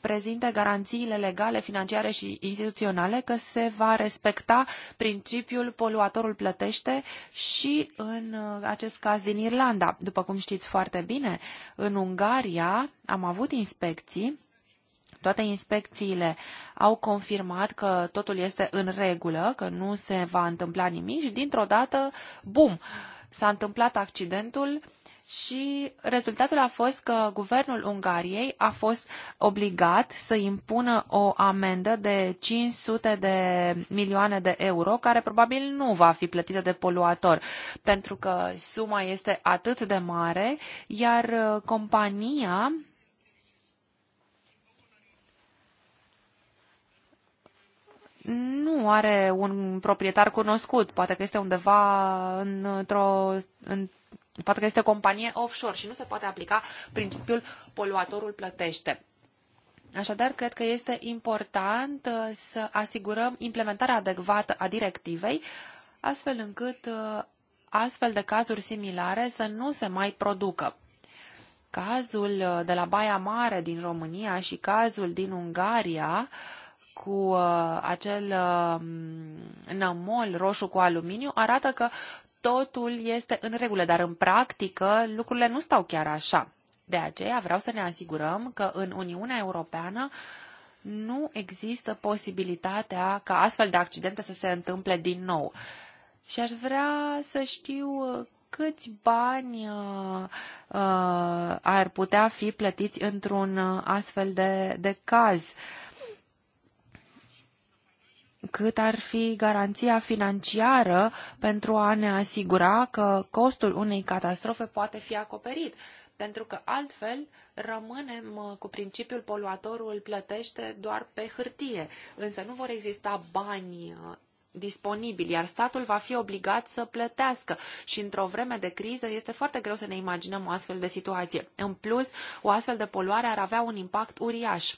prezinte garanțiile legale, financiare și instituționale că se va respecta principiul poluatorul plătește și în uh, acest caz din Irlanda. După cum știți foarte bine, în Ungaria am avut inspecții toate inspecțiile au confirmat că totul este în regulă, că nu se va întâmpla nimic și dintr-o dată, bum, s-a întâmplat accidentul și rezultatul a fost că guvernul Ungariei a fost obligat să impună o amendă de 500 de milioane de euro, care probabil nu va fi plătită de poluator, pentru că suma este atât de mare, iar uh, compania nu are un proprietar cunoscut, poate că este undeva într-o, în, poate că este companie offshore și nu se poate aplica principiul poluatorul plătește. Așadar, cred că este important uh, să asigurăm implementarea adecvată a directivei, astfel încât uh, astfel de cazuri similare să nu se mai producă. Cazul uh, de la Baia Mare din România și cazul din Ungaria cu acel nămol roșu cu aluminiu arată că totul este în regulă, dar în practică lucrurile nu stau chiar așa. De aceea vreau să ne asigurăm că în Uniunea Europeană nu există posibilitatea ca astfel de accidente să se întâmple din nou. Și aș vrea să știu câți bani uh, uh, ar putea fi plătiți într-un uh, astfel de, de caz. Uh, cât ar fi garanția financiară pentru a ne asigura că costul unei catastrofe poate fi acoperit. Pentru că altfel rămânem uh, cu principiul poluatorul plătește doar pe hârtie, însă nu vor exista bani uh, disponibili, iar statul va fi obligat să plătească. Și într-o vreme de criză este foarte greu să ne imaginăm o astfel de situație. În plus, o astfel de poluare ar avea un impact uriaș.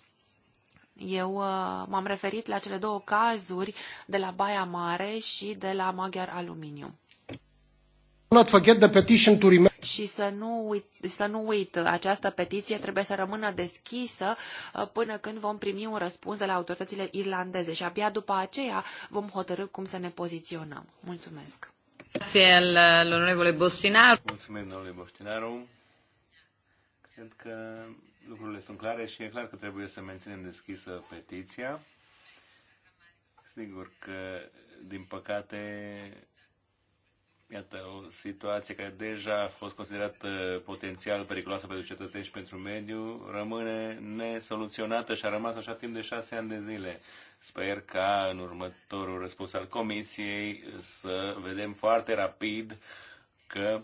Eu uh, m-am referit la cele două cazuri de la Baia Mare și de la Maghiar Aluminiu. Not forget the petition to remain. Și să nu, uit, să nu uit, această petiție trebuie să rămână deschisă uh, până când vom primi un răspuns de la autoritățile irlandeze și abia după aceea vom hotărâ cum să ne poziționăm. Mulțumesc. Grazie l'onorevole Bostinaru. domnule Bostinaru. Cred că lucrurile sunt clare și e clar că trebuie să menținem deschisă petiția. Sigur că, din păcate, iată, o situație care deja a fost considerată potențial periculoasă pentru cetățeni și pentru mediu, rămâne nesoluționată și a rămas așa timp de șase ani de zile. Sper ca în următorul răspuns al Comisiei să vedem foarte rapid că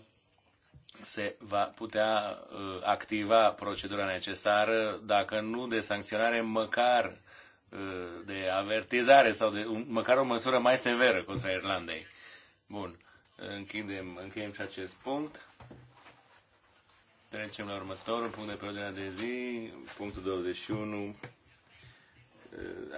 se va putea uh, activa procedura necesară, dacă nu de sancționare, măcar uh, de avertizare sau de un, măcar o măsură mai severă contra Irlandei. Bun. Închidem, încheiem și acest punct. Trecem la următorul punct de pe ordinea de zi, punctul 21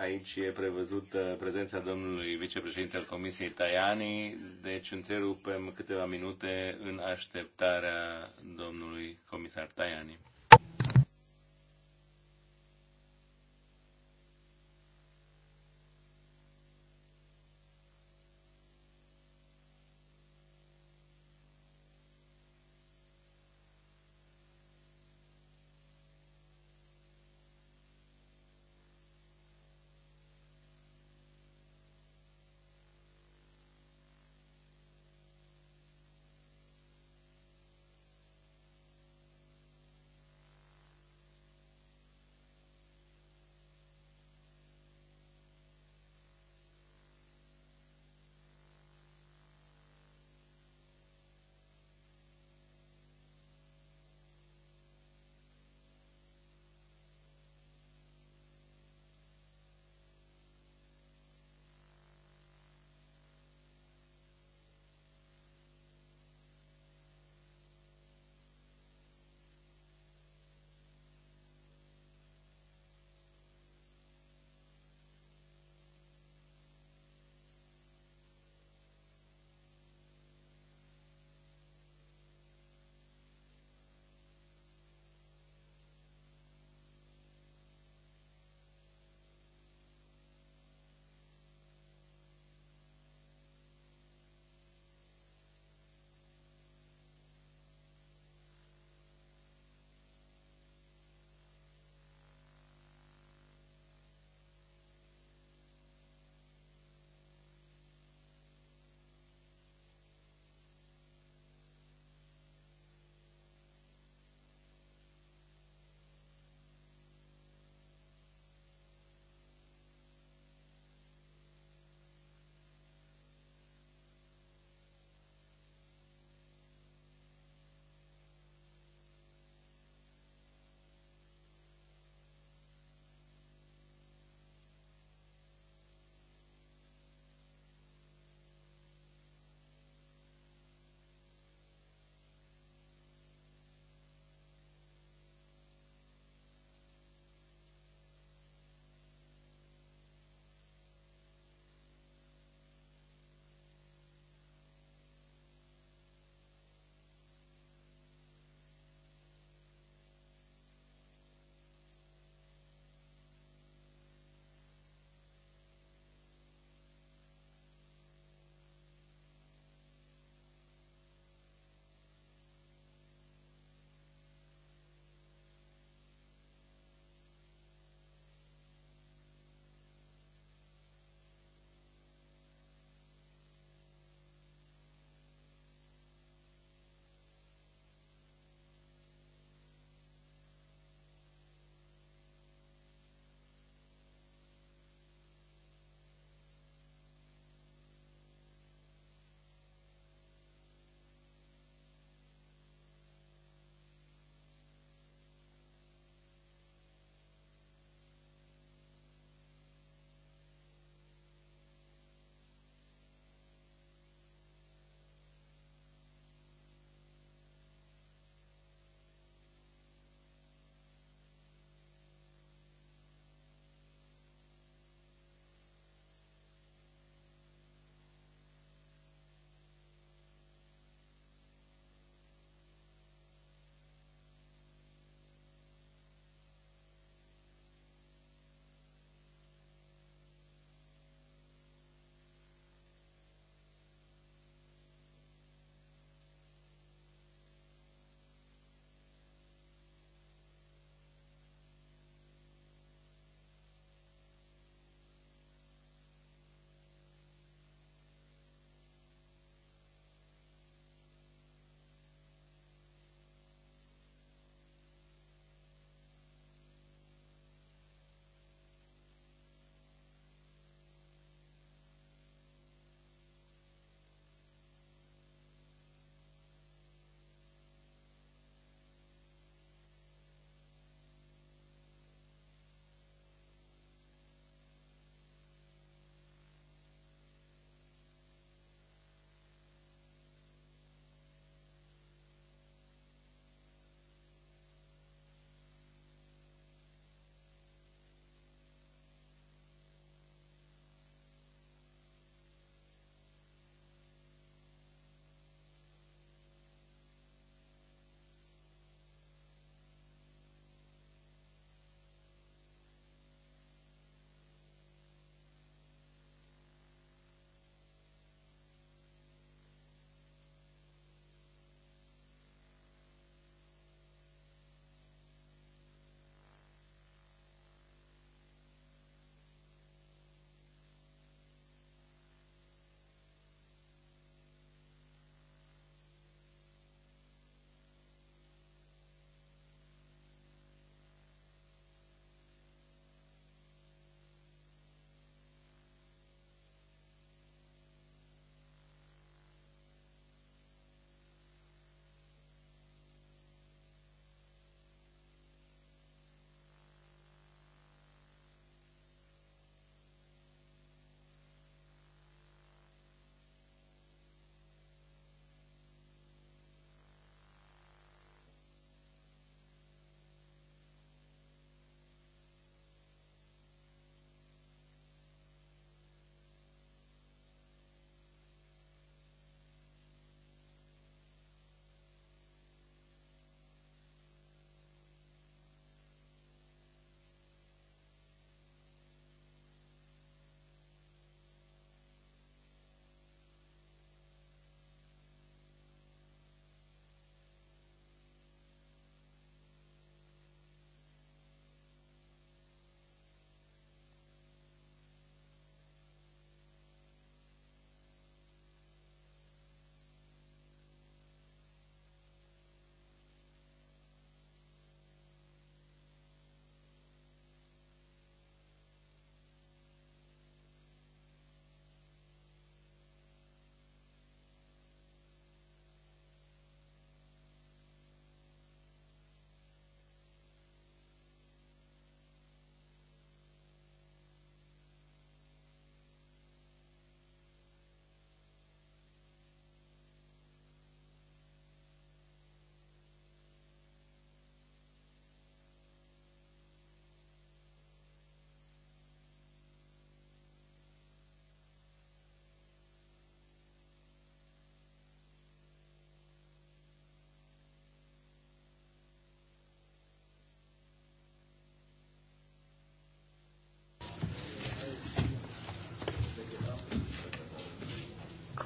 aici e prevăzută prezența domnului vicepreședinte al Comisiei Tajani, deci întrerupem câteva minute în așteptarea domnului comisar Tajani.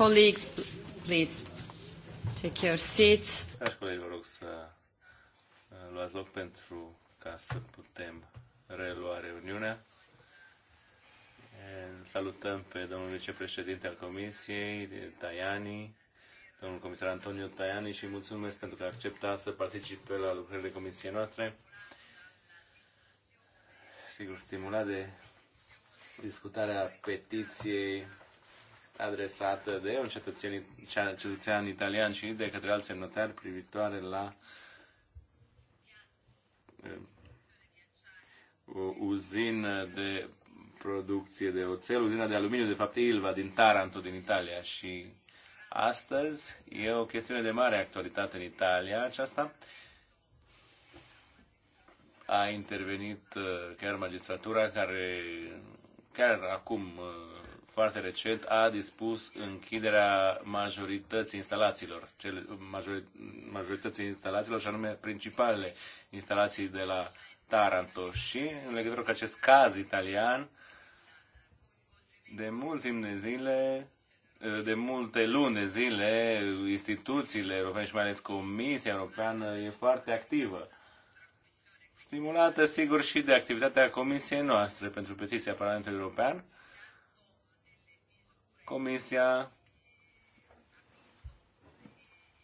Colleagues, please take your seats. Dragi colegi, vă rog să uh, luați loc pentru ca să putem relua reuniunea. Eh, salutăm pe domnul vicepreședinte al Comisiei, Tajani, domnul comisar Antonio Tajani și mulțumesc pentru că a acceptat să participe la lucrările comisiei noastre. Sigur, stimulat de discutarea petiției adresată de un cetățean, cetățean italian și de către alți semnătari privitoare la o uh, uzină de producție de oțel, uzina de aluminiu, de fapt Ilva, din Taranto, din Italia. Și astăzi e o chestiune de mare actualitate în Italia aceasta. A intervenit uh, chiar magistratura care chiar acum uh, foarte recent a dispus închiderea majorității instalațiilor, cele, majorității instalațiilor și anume principalele instalații de la Taranto și în legătură cu acest caz italian de mult timp de zile de multe luni de zile, instituțiile europene și mai ales Comisia Europeană e foarte activă stimulată, sigur, și de activitatea Comisiei noastre pentru petiția Parlamentului European, Comisia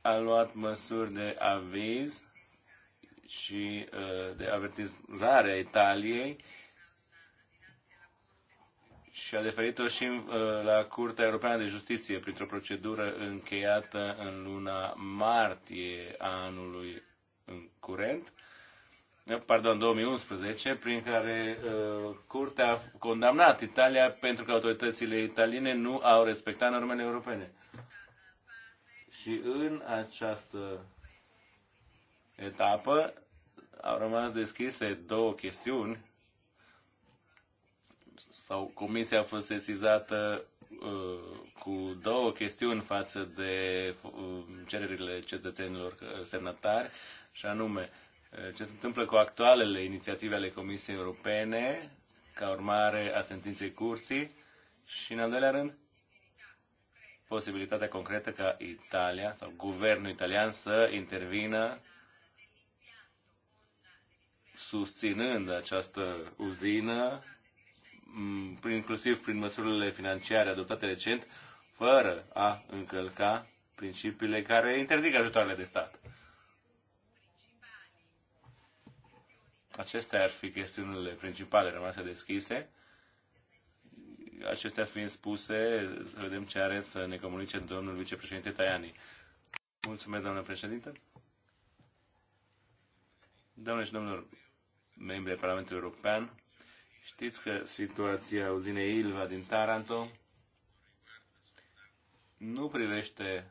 a luat măsuri de aviz și uh, de avertizare a Italiei și a deferit-o și uh, la Curtea Europeană de Justiție printr-o procedură încheiată în luna martie anului în curent Eh, pardon, 2011, prin care uh, curtea a condamnat Italia pentru că autoritățile italiene nu au respectat normele europene. Și în această etapă au rămas deschise două chestiuni sau comisia a fost sesizată uh, cu două chestiuni față de uh, cererile cetățenilor semnatari, și anume ce se întâmplă cu actualele inițiative ale Comisiei Europene, ca urmare a sentinței curții, și, în al doilea rând, posibilitatea concretă ca Italia sau guvernul italian să intervină susținând această uzină, prin, inclusiv prin măsurile financiare adoptate recent, fără a încălca principiile care interzic ajutoarele de stat. Acestea ar fi chestiunile principale rămase deschise. Acestea fiind spuse, să vedem ce are să ne comunice domnul vicepreședinte Tajani. Mulțumesc, domnule președinte. Doamne și domnilor, membri ai Parlamentului European, știți că situația uzinei Ilva din Taranto nu privește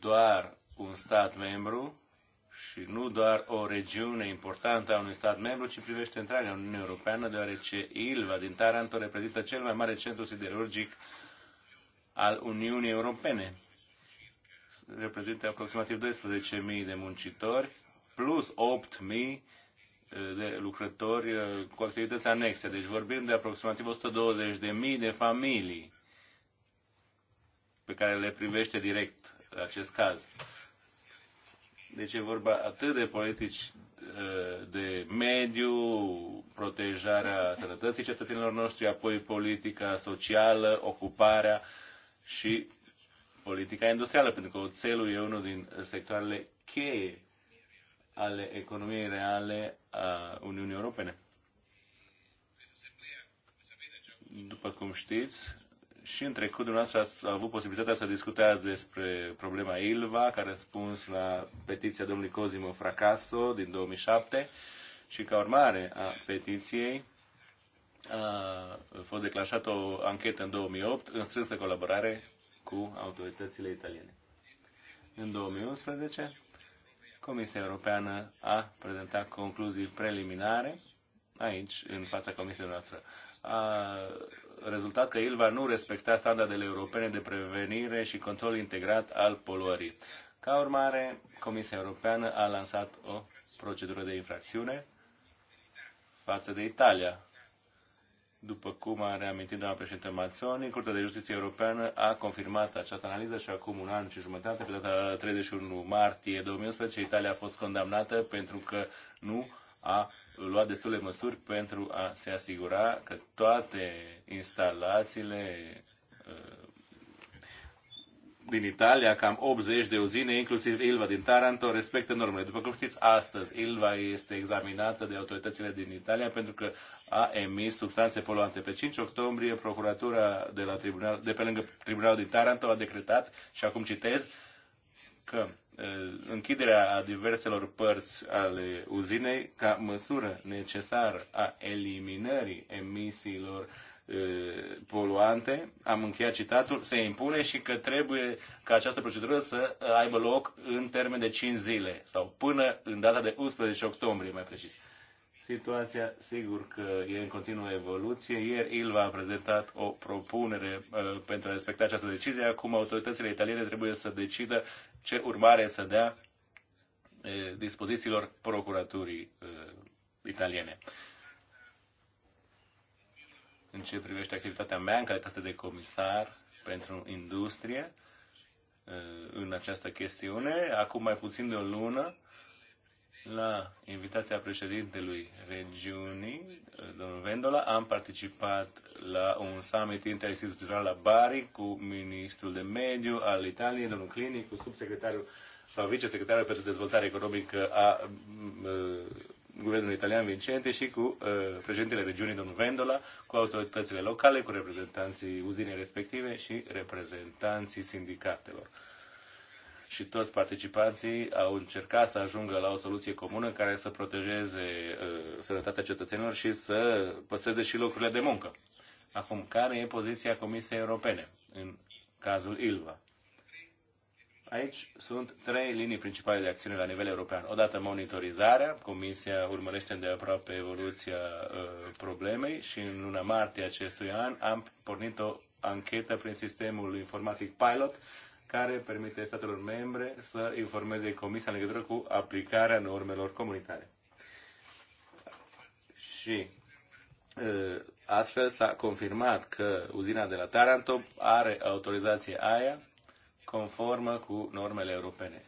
doar un stat membru, și nu doar o regiune importantă a unui stat membru, ci privește întreaga Uniune Europeană, deoarece Ilva din Taranto reprezintă cel mai mare centru siderurgic al Uniunii Europene. Reprezintă aproximativ 12.000 de muncitori, plus 8.000 eh, de lucrători eh, cu activități anexe. Deci vorbim de aproximativ 120.000 de familii pe care le privește direct acest caz. Deci e vorba atât de politici ă, de mediu, protejarea sănătății cetățenilor noștri, apoi politica socială, ocuparea și politica industrială, pentru că oțelul e unul din sectoarele cheie ale economiei reale a Uniunii Europene. După cum știți, și în trecut dumneavoastră ați avut posibilitatea să discutați despre problema Ilva, care a răspuns la petiția domnului Cosimo Fracasso din 2007 și ca urmare a petiției a fost declanșată o anchetă în 2008 în strânsă colaborare cu autoritățile italiene. În 2011, Comisia Europeană a prezentat concluzii preliminare aici, în fața Comisiei noastre. A rezultat că Ilva nu respecta standardele europene de prevenire și control integrat al poluării. Ca urmare, Comisia Europeană a lansat o procedură de infracțiune față de Italia. După cum a reamintit doamna președintă Mazzoni, Curtea de Justiție Europeană a confirmat această analiză și acum un an și jumătate, pe data 31 martie 2011, Italia a fost condamnată pentru că nu a luat destule măsuri pentru a se asigura că toate instalațiile uh, din Italia, cam 80 de uzine, inclusiv Ilva din Taranto, respectă normele. După cum știți, astăzi Ilva este examinată de autoritățile din Italia pentru că a emis substanțe poluante. Pe 5 octombrie, procuratura de, la tribunal, de pe lângă tribunalul din Taranto a decretat, și acum citez, că Eh, închiderea a diverselor părți ale uzinei ca măsură necesară a eliminării emisiilor eh, poluante, am încheiat citatul, se impune și că trebuie ca această procedură să aibă loc în termen de 5 zile sau până în data de 11 octombrie, mai precis. Situația, sigur că e în continuă evoluție. Ieri ILVA a prezentat o propunere uh, pentru a respecta această decizie. Acum autoritățile italiene trebuie să decidă ce urmare să dea uh, dispozițiilor procuraturii uh, italiene. În ce privește activitatea mea în calitate de comisar pentru industrie uh, în această chestiune, acum mai puțin de o lună, uh, la invitația președintelui regiunii, domnul Vendola, am participat la un summit interinstituțional la Bari cu ministrul de mediu al Italiei, domnul Clini, cu subsecretarul sau vicesecretarul pentru dezvoltare economică a uh, guvernului italian Vincente și cu uh, președintele regiunii domnul Vendola, cu autoritățile locale, cu reprezentanții uzinei respective și reprezentanții sindicatelor și toți participanții au încercat să ajungă la o soluție comună care să protejeze uh, sănătatea cetățenilor și să păstreze și locurile de muncă. Acum, care e poziția Comisiei Europene în cazul ILVA? Aici sunt trei linii principale de acțiune la nivel european. Odată monitorizarea, Comisia urmărește de aproape evoluția uh, problemei și în luna martie acestui an am pornit o anchetă prin sistemul informatic Pilot care permite statelor membre să informeze Comisia în legătură cu aplicarea normelor comunitare. Și astfel s-a confirmat că uzina de la Taranto are autorizație aia conformă cu normele europene.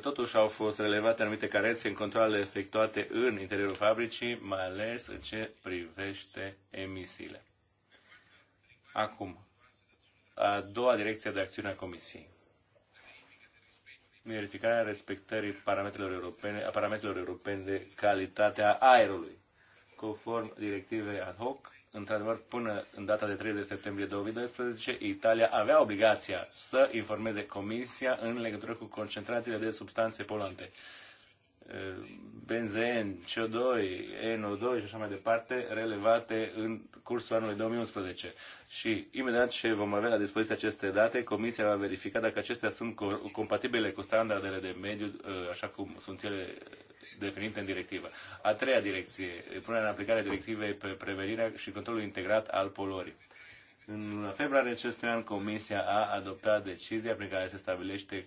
Totuși au fost relevate anumite carențe în controlele efectuate în interiorul fabricii, mai ales în ce privește emisiile. Acum, a doua direcție de acțiune a Comisiei. Verificarea respectării parametrilor europene, a parametrilor europene de calitate a aerului, conform directivei ad hoc într-adevăr, până în data de 30 septembrie 2012, Italia avea obligația să informeze Comisia în legătură cu concentrațiile de substanțe polante benzen, CO2, NO2 și așa mai departe, relevate în cursul anului 2011. Și imediat ce vom avea la dispoziție aceste date, Comisia va verifica dacă acestea sunt compatibile cu standardele de mediu, uh, așa cum sunt ele definite în directivă. A treia direcție, punerea în aplicare directivei pe prevenirea și controlul integrat al polorii. În februarie acestui an, Comisia a adoptat decizia prin care se stabilește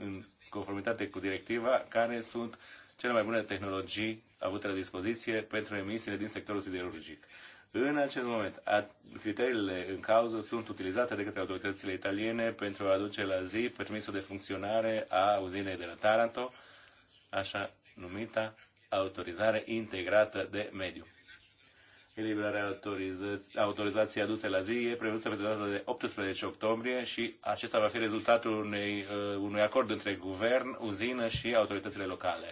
în conformitate cu directiva, care sunt cele mai bune tehnologii avute la dispoziție pentru emisiile din sectorul siderurgic. În acest moment, criteriile în cauză sunt utilizate de către autoritățile italiene pentru a aduce la zi permisul de funcționare a uzinei de la Taranto, așa numita autorizare integrată de mediu. Eliberarea autorizației autorizații aduse la zi e prevăzută pentru data de 18 octombrie și acesta va fi rezultatul unei, uh, unui acord între guvern, uzină și autoritățile locale.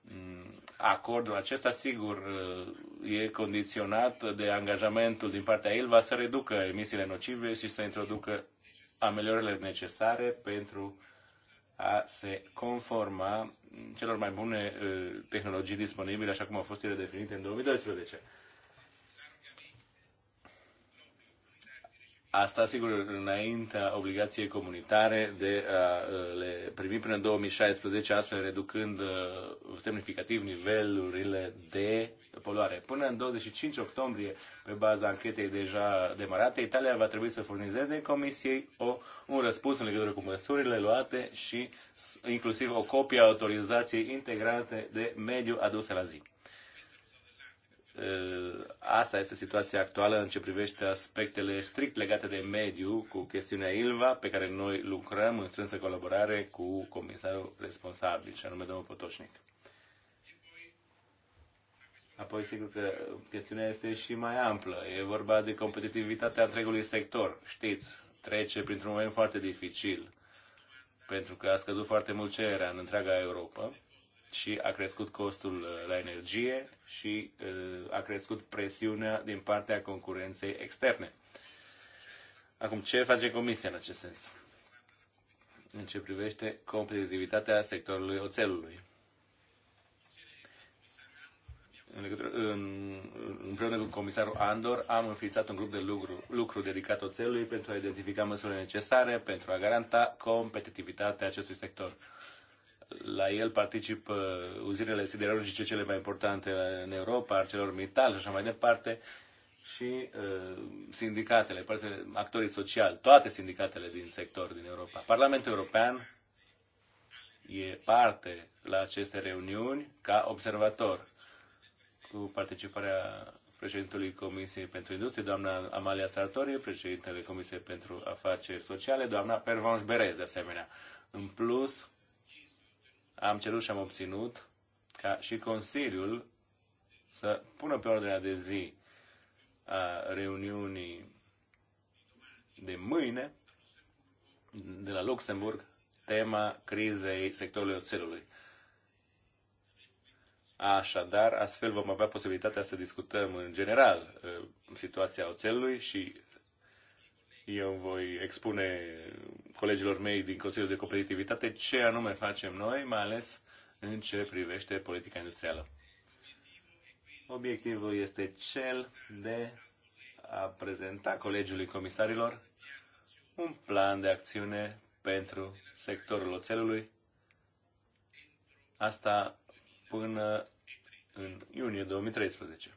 Mm, acordul acesta, sigur, uh, e condiționat de angajamentul din partea ILVA să reducă emisiile nocive și să introducă ameliorările necesare pentru a se conforma celor mai bune uh, tehnologii disponibile, așa cum au fost ele definite în 2012. Asta, sigur, înaintea obligației comunitare de a le primi până în 2016, astfel reducând semnificativ nivelurile de poluare. Până în 25 octombrie, pe baza anchetei deja demarate, Italia va trebui să furnizeze Comisiei o, un răspuns în legătură cu măsurile luate și inclusiv o copie a autorizației integrate de mediu aduse la zi. Eh, asta este situația actuală în ce privește aspectele strict legate de mediu cu chestiunea ILVA, pe care noi lucrăm în strânsă colaborare cu comisarul responsabil, și anume domnul Potoșnic. Apoi, sigur că chestiunea este și mai amplă. E vorba de competitivitatea întregului sector. Știți, trece printr-un moment foarte dificil, pentru că a scăzut foarte mult cererea în întreaga Europa și a crescut costul uh, la energie și uh, a crescut presiunea din partea concurenței externe. Acum, ce face Comisia în acest sens? În ce privește competitivitatea sectorului oțelului? În în, împreună cu comisarul Andor am înființat un grup de lucru, lucru dedicat oțelului pentru a identifica măsurile necesare pentru a garanta competitivitatea acestui sector. La el participă uh, uzinele siderurgice cele mai importante în Europa, ArcelorMittal și așa mai departe, și uh, sindicatele, actorii sociali, toate sindicatele din sector din Europa. Parlamentul European e parte la aceste reuniuni ca observator cu participarea președintului Comisiei pentru Industrie, doamna Amalia Sartorie, președintele Comisiei pentru Afaceri Sociale, doamna Pervanș Berez, de asemenea. În plus, am cerut și am obținut ca și Consiliul să pună pe ordinea de zi a reuniunii de mâine de la Luxemburg tema crizei sectorului oțelului. Așadar, astfel vom avea posibilitatea să discutăm în general uh, situația oțelului și eu voi expune colegilor mei din Consiliul de Competitivitate ce anume facem noi, mai ales în ce privește politica industrială. Obiectivul este cel de a prezenta colegiului comisarilor un plan de acțiune pentru sectorul oțelului. Asta până în iunie 2013.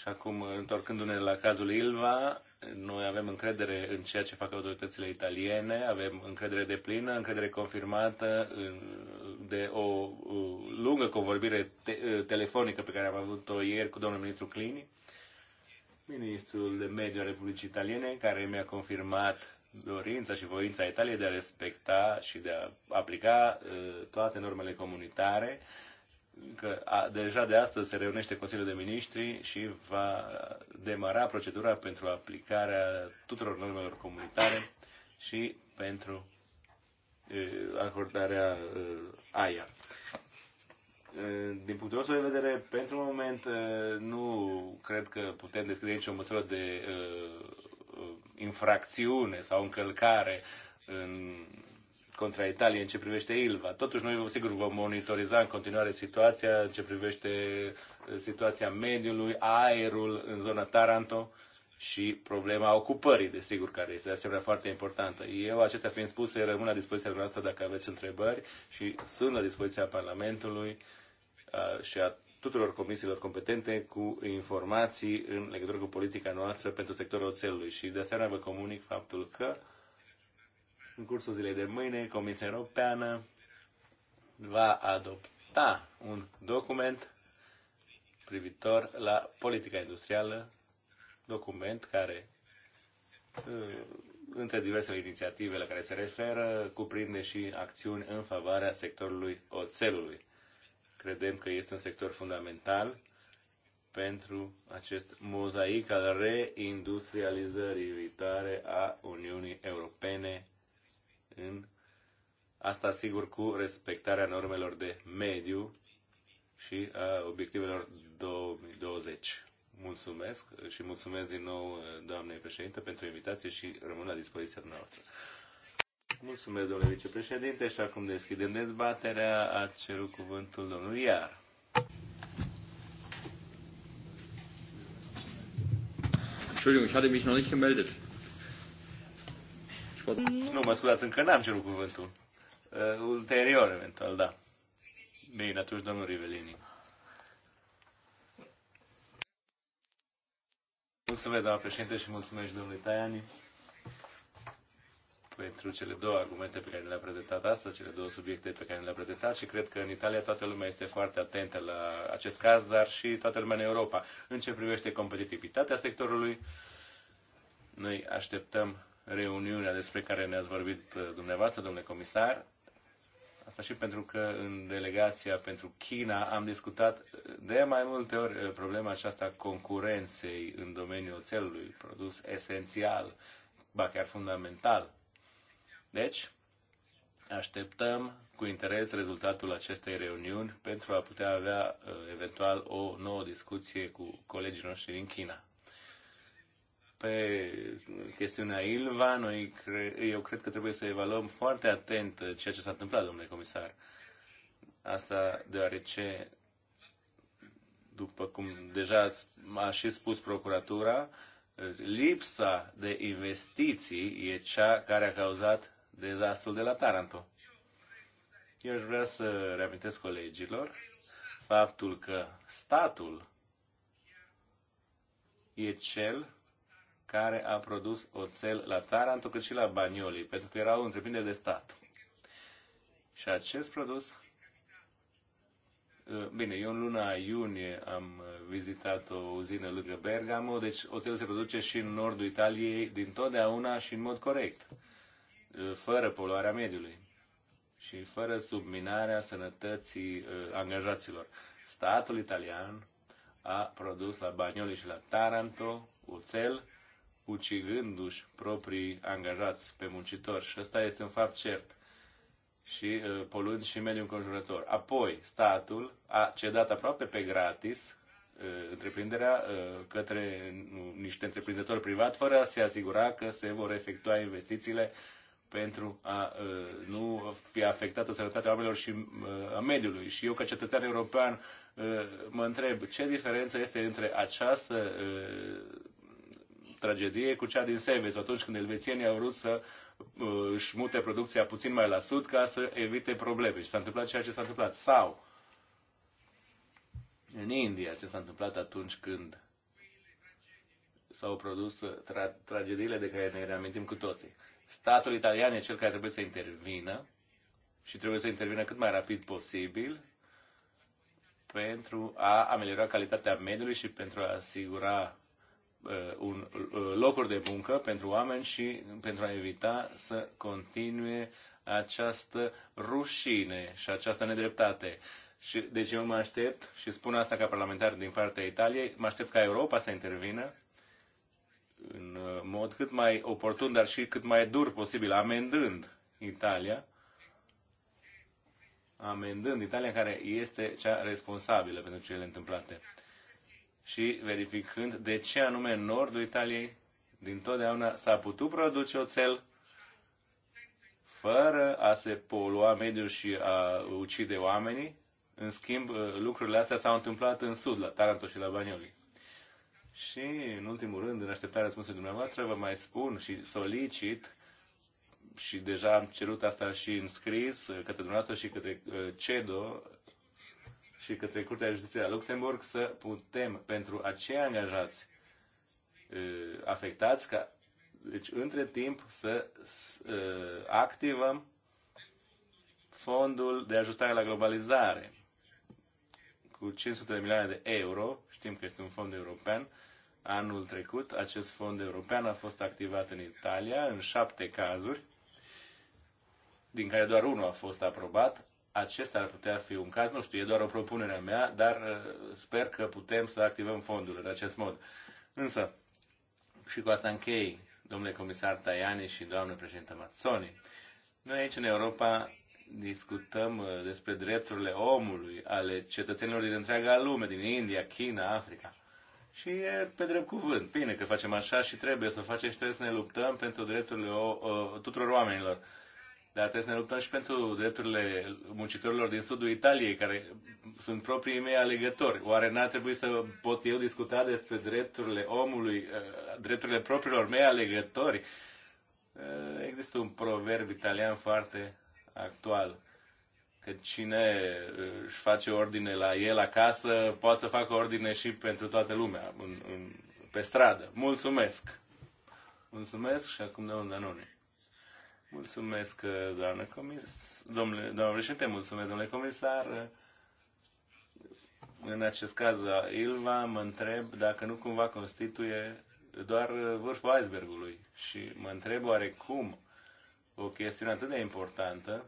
Și acum, întorcându-ne la cazul Ilva, noi avem încredere în ceea ce fac autoritățile italiene, avem încredere de plină, încredere confirmată de o lungă convorbire te telefonică pe care am avut-o ieri cu domnul ministru Clini, ministrul de mediu al Republicii Italiene, care mi-a confirmat dorința și voința Italiei de a respecta și de a aplica toate normele comunitare că a, deja de astăzi se reunește Consiliul de Ministri și va demara procedura pentru aplicarea tuturor normelor comunitare și pentru acordarea aia. Din punctul nostru de vedere, pentru moment nu cred că putem deschide nicio măsură de infracțiune sau încălcare în contra Italiei în ce privește Ilva. Totuși, noi sigur vom monitoriza în continuare situația în ce privește eh, situația mediului, aerul în zona Taranto și problema ocupării, desigur, care este de asemenea foarte importantă. Eu, acestea fiind spuse, rămân la dispoziția noastră dacă aveți întrebări și sunt la dispoziția Parlamentului eh, și a tuturor comisiilor competente cu informații în legătură cu politica noastră pentru sectorul oțelului și de asemenea vă comunic faptul că în cursul zilei de mâine, Comisia Europeană va adopta un document privitor la politica industrială, document care uh, între diversele inițiative la care se referă, cuprinde și acțiuni în favoarea sectorului oțelului. Credem că este un sector fundamental pentru acest mozaic al reindustrializării viitoare a Uniunii Europene în asta sigur cu respectarea normelor de mediu și a obiectivelor 2020. Mulțumesc și mulțumesc din nou uh, doamnei președinte pentru invitație și rămân la dispoziția noastră. Mulțumesc, domnule vicepreședinte, și acum deschidem dezbaterea. A cerut cuvântul domnul Iar. Entschuldigung, ich hatte mich noch nicht gemeldet tot. Nu, mă scuzați, încă n-am cerut cuvântul. Uh, ulterior, eventual, da. Bine, atunci domnul Rivelini. Mulțumesc, doamna președinte, și mulțumesc domnului Taiani pentru cele două argumente pe care le-a prezentat astăzi, cele două subiecte pe care le-a prezentat și cred că în Italia toată lumea este foarte atentă la acest caz, dar și toată lumea în Europa. În ce privește competitivitatea sectorului, noi așteptăm reuniunea despre care ne-ați vorbit uh, dumneavoastră, domnule comisar. Asta și pentru că în delegația pentru China am discutat uh, de mai multe ori uh, problema aceasta concurenței în domeniul oțelului, produs esențial, ba chiar fundamental. Deci, așteptăm cu interes rezultatul acestei reuniuni pentru a putea avea eventual o nouă discuție cu colegii noștri din China. Pe chestiunea Ilva, noi cre- eu cred că trebuie să evaluăm foarte atent ceea ce s-a întâmplat, domnule comisar. Asta deoarece, după cum deja a și spus procuratura, lipsa de investiții e cea care a cauzat dezastrul de la Taranto. Eu aș vrea să reamintesc colegilor faptul că statul e cel care a produs oțel la Taranto cât și la Banioli, pentru că era o întreprindere de stat. Și acest produs uh, Bine, eu în luna iunie am vizitat o uzină lângă Bergamo, deci oțelul se produce și în nordul Italiei din totdeauna și în mod corect, uh, fără poluarea mediului și fără subminarea sănătății uh, angajaților. Statul italian a produs la Bagnoli și la Taranto oțel ucigându-și proprii angajați pe muncitori. Și ăsta este un fapt cert și uh, poluând și mediul înconjurător. Apoi, statul a cedat aproape pe gratis uh, întreprinderea uh, către niște întreprinzători privat fără a se asigura că se vor efectua investițiile pentru a uh, nu fi afectată sănătatea oamenilor și uh, a mediului. Și eu, ca cetățean european, uh, mă întreb ce diferență este între această uh, tragedie cu cea din Seveso, atunci când elvețienii au vrut să uh, își mute producția puțin mai la sud ca să evite probleme. Și s-a întâmplat ceea ce s-a întâmplat. Sau în India ce s-a întâmplat atunci când s-au produs uh, tra- tragediile de care ne reamintim cu toții. Statul italian e cel care trebuie să intervină și trebuie să intervină cât mai rapid posibil pentru a ameliora calitatea mediului și pentru a asigura Uh, un, uh, locuri de muncă pentru oameni și pentru a evita să continue această rușine și această nedreptate. Și, deci eu mă aștept, și spun asta ca parlamentar din partea Italiei, mă aștept ca Europa să intervină în uh, mod cât mai oportun, dar și cât mai dur posibil, amendând Italia, amendând Italia care este cea responsabilă pentru cele întâmplate și verificând de ce anume în nordul Italiei din totdeauna s-a putut produce oțel fără a se polua mediul și a ucide oamenii. În schimb, uh, lucrurile astea s-au întâmplat în sud, la Taranto și la Banioli. Și, în ultimul rând, în așteptarea răspunsului dumneavoastră, vă mai spun și solicit și deja am cerut asta și în scris uh, către dumneavoastră și către uh, CEDO, și către Curtea de Justiție a Luxemburg să putem pentru acei angajați afectați ca deci între timp să, uh, activăm fondul de ajustare la globalizare cu 500 de milioane de euro, știm că este un fond european, anul trecut acest fond european a fost activat în Italia în șapte cazuri, din care doar unul a fost aprobat, acesta ar putea fi un caz, nu știu, e doar o propunere a mea, dar uh, sper că putem să activăm fondul în acest mod. Însă, și cu asta închei, domnule comisar Tajani și doamne președinte Mazzoni, noi aici în Europa discutăm uh, despre drepturile omului ale cetățenilor din întreaga lume, din India, China, Africa. Și e pe drept cuvânt. Bine că facem așa și trebuie să facem și trebuie să ne luptăm pentru drepturile o, o, tuturor oamenilor. Dar trebuie să ne luptăm și pentru drepturile muncitorilor din sudul Italiei, care sunt proprii mei alegători. Oare n-ar trebui să pot eu discuta despre drepturile omului, eh, drepturile propriilor mei alegători? Eh, există un proverb italian foarte actual că cine eh, își face ordine la el acasă, poate să facă ordine și pentru toată lumea, în, în, pe stradă. Mulțumesc! Mulțumesc și acum domnul Danone. Mulțumesc, uh, doamnă comisar. domnule, doamnă președinte, mulțumesc, domnule comisar. În acest caz, Ilva mă întreb dacă nu cumva constituie doar vârful icebergului și mă întreb oare cum o chestiune atât de importantă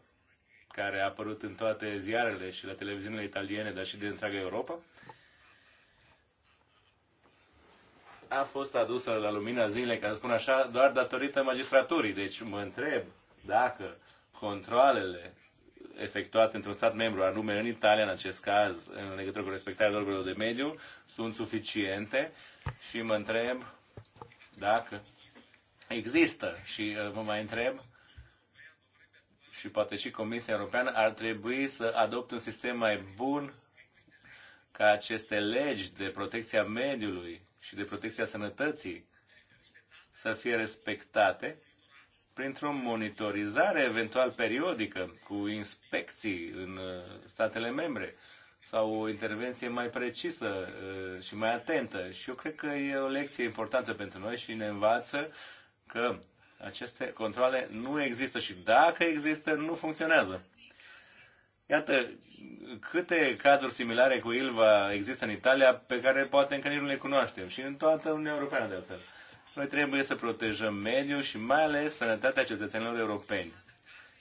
care a apărut în toate ziarele și la televiziunile italiene, dar și din întreaga Europa, a fost adusă la lumina zilei, ca să spun așa, doar datorită magistraturii. Deci mă întreb dacă controlele efectuate într-un stat membru, anume în Italia, în acest caz, în legătură cu respectarea normelor de mediu, sunt suficiente și mă întreb dacă există și uh, mă mai întreb și poate și Comisia Europeană ar trebui să adopte un sistem mai bun ca aceste legi de protecție a mediului și de protecția sănătății să fie respectate printr-o monitorizare eventual periodică cu inspecții în uh, statele membre sau o intervenție mai precisă uh, și mai atentă. Și eu cred că e o lecție importantă pentru noi și ne învață că aceste controle nu există și dacă există, nu funcționează. Iată câte cazuri similare cu Ilva există în Italia pe care poate încă nici nu le cunoaștem și în toată Uniunea Europeană de altfel. Noi trebuie să protejăm mediul și mai ales sănătatea cetățenilor europeni.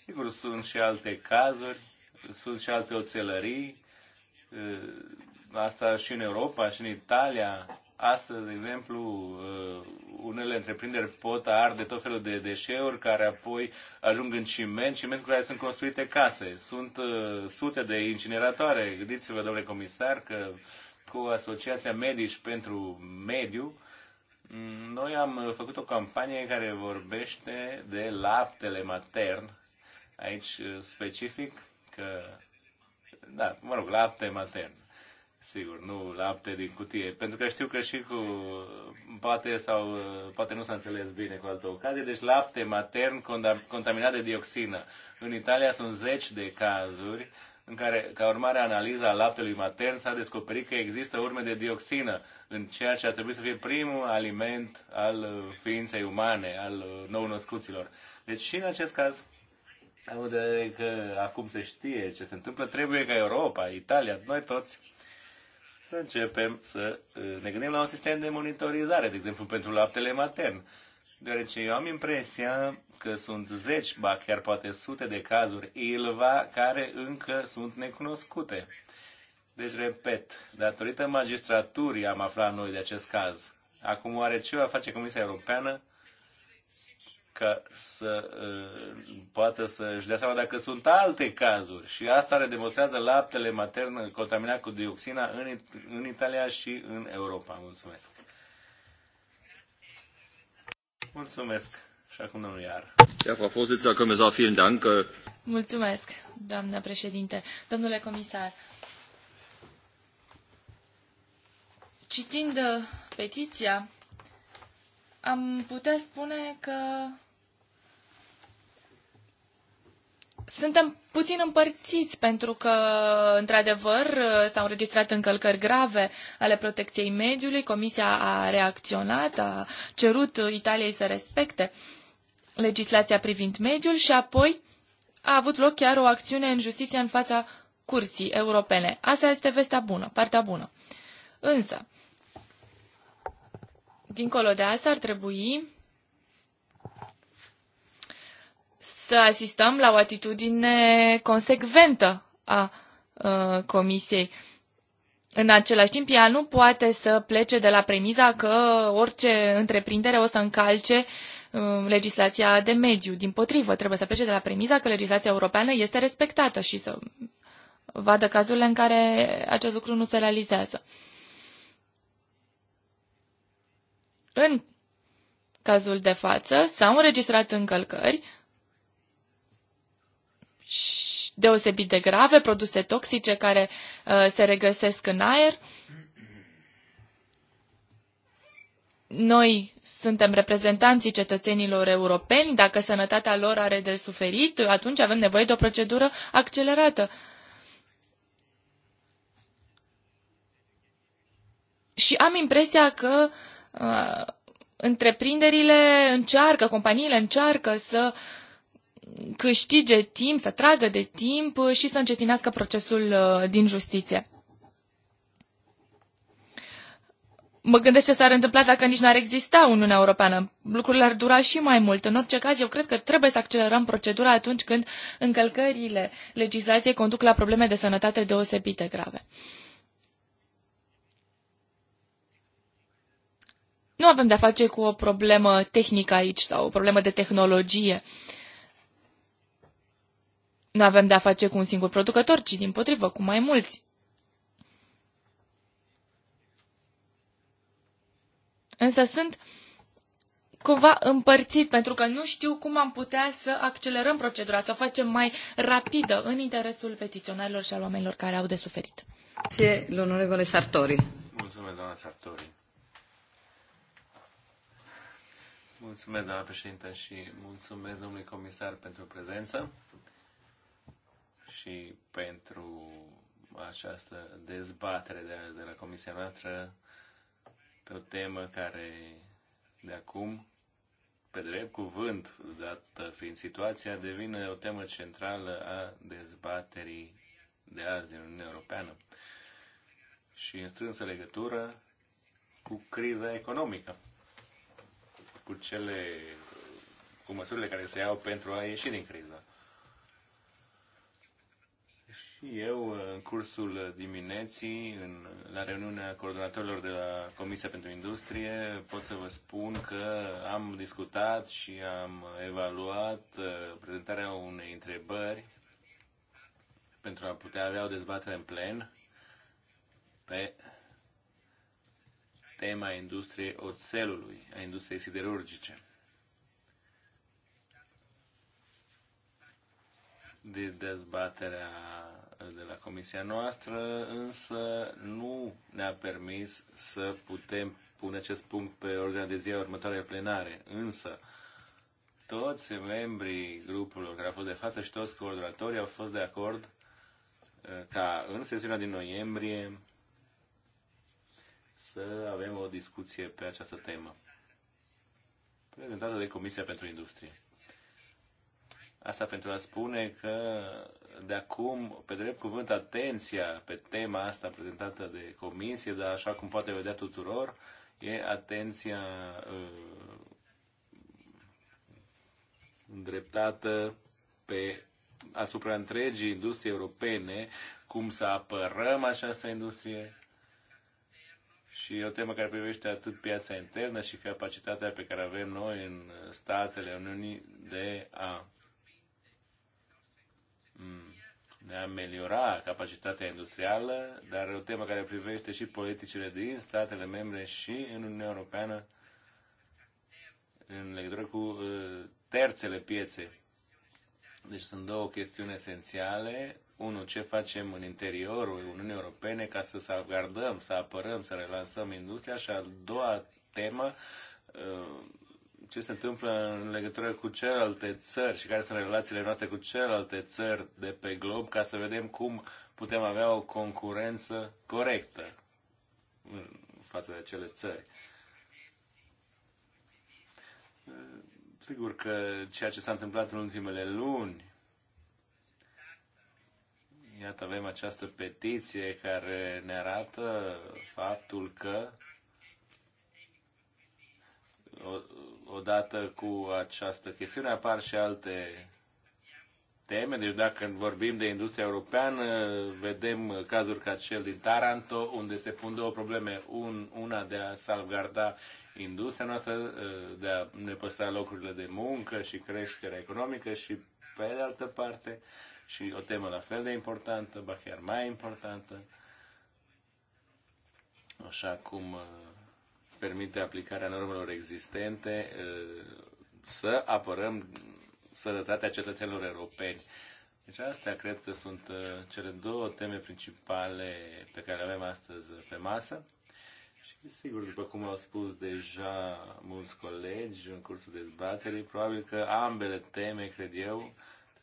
Sigur, sunt și alte cazuri, sunt și alte oțelării, ă, asta și în Europa, și în Italia, Astăzi, de exemplu, uh, unele întreprinderi pot arde tot felul de deșeuri care apoi ajung în ciment, ciment cu care sunt construite case. Sunt uh, sute de incineratoare. Gândiți-vă, domnule comisar, că cu Asociația Medici pentru Mediu, mm, noi am făcut o campanie care vorbește de laptele matern, aici uh, specific, că, da, mă rog, lapte matern. Sigur, nu lapte din cutie, pentru că știu că și cu, poate, sau, poate nu s-a înțeles bine cu altă ocazie, deci lapte matern contaminat de dioxină. În Italia sunt zeci de cazuri în care, ca urmare a analiza a laptelui matern, s-a descoperit că există urme de dioxină în ceea ce a trebuit să fie primul aliment al uh, ființei umane, al uh, nou-născuților. Deci și în acest caz, am că acum se știe ce se întâmplă, trebuie ca Europa, Italia, noi toți, să începem să uh, ne gândim la un sistem de monitorizare, de exemplu pentru laptele matern. Deoarece eu am impresia că sunt zeci, ba chiar poate sute de cazuri ILVA care încă sunt necunoscute. Deci, repet, datorită magistraturii am aflat noi de acest caz. Acum, oare ce va face Comisia Europeană ca să uh, poată să-și dea seama dacă sunt alte cazuri. Și asta le demonstrează laptele matern contaminat cu dioxina în, în Italia și în Europa. Mulțumesc. Mulțumesc. Și acum domnul Iar. Ja, Frau Vorsitzender, Kommissar, vielen Dank. Äh, Mulțumesc, doamna președinte. Domnule comisar, citind uh, petiția, am putea spune că suntem puțin împărțiți pentru că, într-adevăr, s-au înregistrat încălcări grave ale protecției mediului. Comisia a reacționat, a cerut Italiei să respecte legislația privind mediul și apoi a avut loc chiar o acțiune în justiție în fața curții europene. Asta este vestea bună, partea bună. Însă, dincolo de asta, ar trebui să asistăm la o atitudine consecventă a uh, Comisiei. În același timp, ea nu poate să plece de la premiza că orice întreprindere o să încalce uh, legislația de mediu. Din potrivă, trebuie să plece de la premiza că legislația europeană este respectată și să vadă cazurile în care acest lucru nu se realizează. În cazul de față s-au înregistrat încălcări deosebit de grave, produse toxice care uh, se regăsesc în aer. Noi suntem reprezentanții cetățenilor europeni, dacă sănătatea lor are de suferit, atunci avem nevoie de o procedură accelerată. Și am impresia că uh, întreprinderile încearcă, companiile încearcă să uh, câștige timp, să tragă de timp uh, și să încetinească procesul uh, din justiție. Mă gândesc ce s-ar întâmpla dacă nici n-ar exista Uniunea Europeană. Lucrurile ar dura și mai mult. În orice caz, eu cred că trebuie să accelerăm procedura atunci când încălcările legislației conduc la probleme de sănătate deosebite grave. Nu avem de-a face cu o problemă tehnică aici sau o problemă de tehnologie. Uh, nu avem de a face cu un singur producător, ci din potrivă, cu mai mulți. Însă sunt cumva împărțit, pentru că nu știu cum am putea să accelerăm procedura, să o facem mai rapidă în interesul petiționarilor și al oamenilor care au de suferit. L'onorevole Sartori. Mulțumesc, doamna Sartori. Mulțumesc, doamna președintă, și mulțumesc, domnului comisar, pentru prezență și pentru această dezbatere de de la Comisia noastră pe o temă care de acum, pe drept cuvânt, dată fiind situația, devine o temă centrală a dezbaterii de azi din Uniunea Europeană și în strânsă legătură cu criza economică, cu cele cu măsurile care se iau pentru a ieși din criză și eu, în cursul dimineții, în, la reuniunea coordonatorilor de la Comisia pentru Industrie, pot să vă spun că am discutat și am evaluat uh, prezentarea unei întrebări pentru a putea avea o dezbatere în plen pe tema industriei oțelului, a industriei siderurgice. de dezbaterea de la comisia noastră, însă nu ne-a permis să putem pune acest punct pe ordinea de zi a următoarei plenare. Însă, toți membrii grupului care au fost de față și toți coordonatorii au fost de acord uh, ca în sesiunea din noiembrie să avem o discuție pe această temă prezentată de Comisia pentru Industrie. Asta pentru a spune că de acum, pe drept cuvânt, atenția pe tema asta prezentată de comisie, dar așa cum poate vedea tuturor, e atenția uh, îndreptată pe asupra întregii industrie europene, cum să apărăm această industrie, și e o temă care privește atât piața internă și capacitatea pe care avem noi în statele Uniunii de a de a ameliora capacitatea industrială, dar e o temă care privește și politicile din statele membre și în Uniunea Europeană în legătură cu uh, terțele piețe. Deci sunt două chestiuni esențiale. Unul, ce facem în interiorul Uniunii Europene ca să salvgardăm, să apărăm, să relansăm industria și a doua temă, uh, ce se întâmplă în legătură cu celelalte țări și care sunt relațiile noastre cu celelalte țări de pe glob ca să vedem cum putem avea o concurență corectă față de acele țări. Sigur că ceea ce s-a întâmplat în ultimele luni, iată avem această petiție care ne arată faptul că odată cu această chestiune apar și alte teme. Deci dacă vorbim de industria europeană, vedem cazuri ca cel din Taranto, unde se pun două probleme. Un, una de a salvgarda industria noastră, de a ne păstra locurile de muncă și creșterea economică și, pe de altă parte, și o temă la fel de importantă, ba chiar mai importantă, așa cum permite aplicarea normelor existente să apărăm sănătatea cetățenilor europeni. Deci astea cred că sunt cele două teme principale pe care le avem astăzi pe masă. Și sigur, după cum au spus deja mulți colegi în cursul dezbaterii, probabil că ambele teme, cred eu,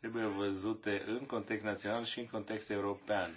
trebuie văzute în context național și în context european.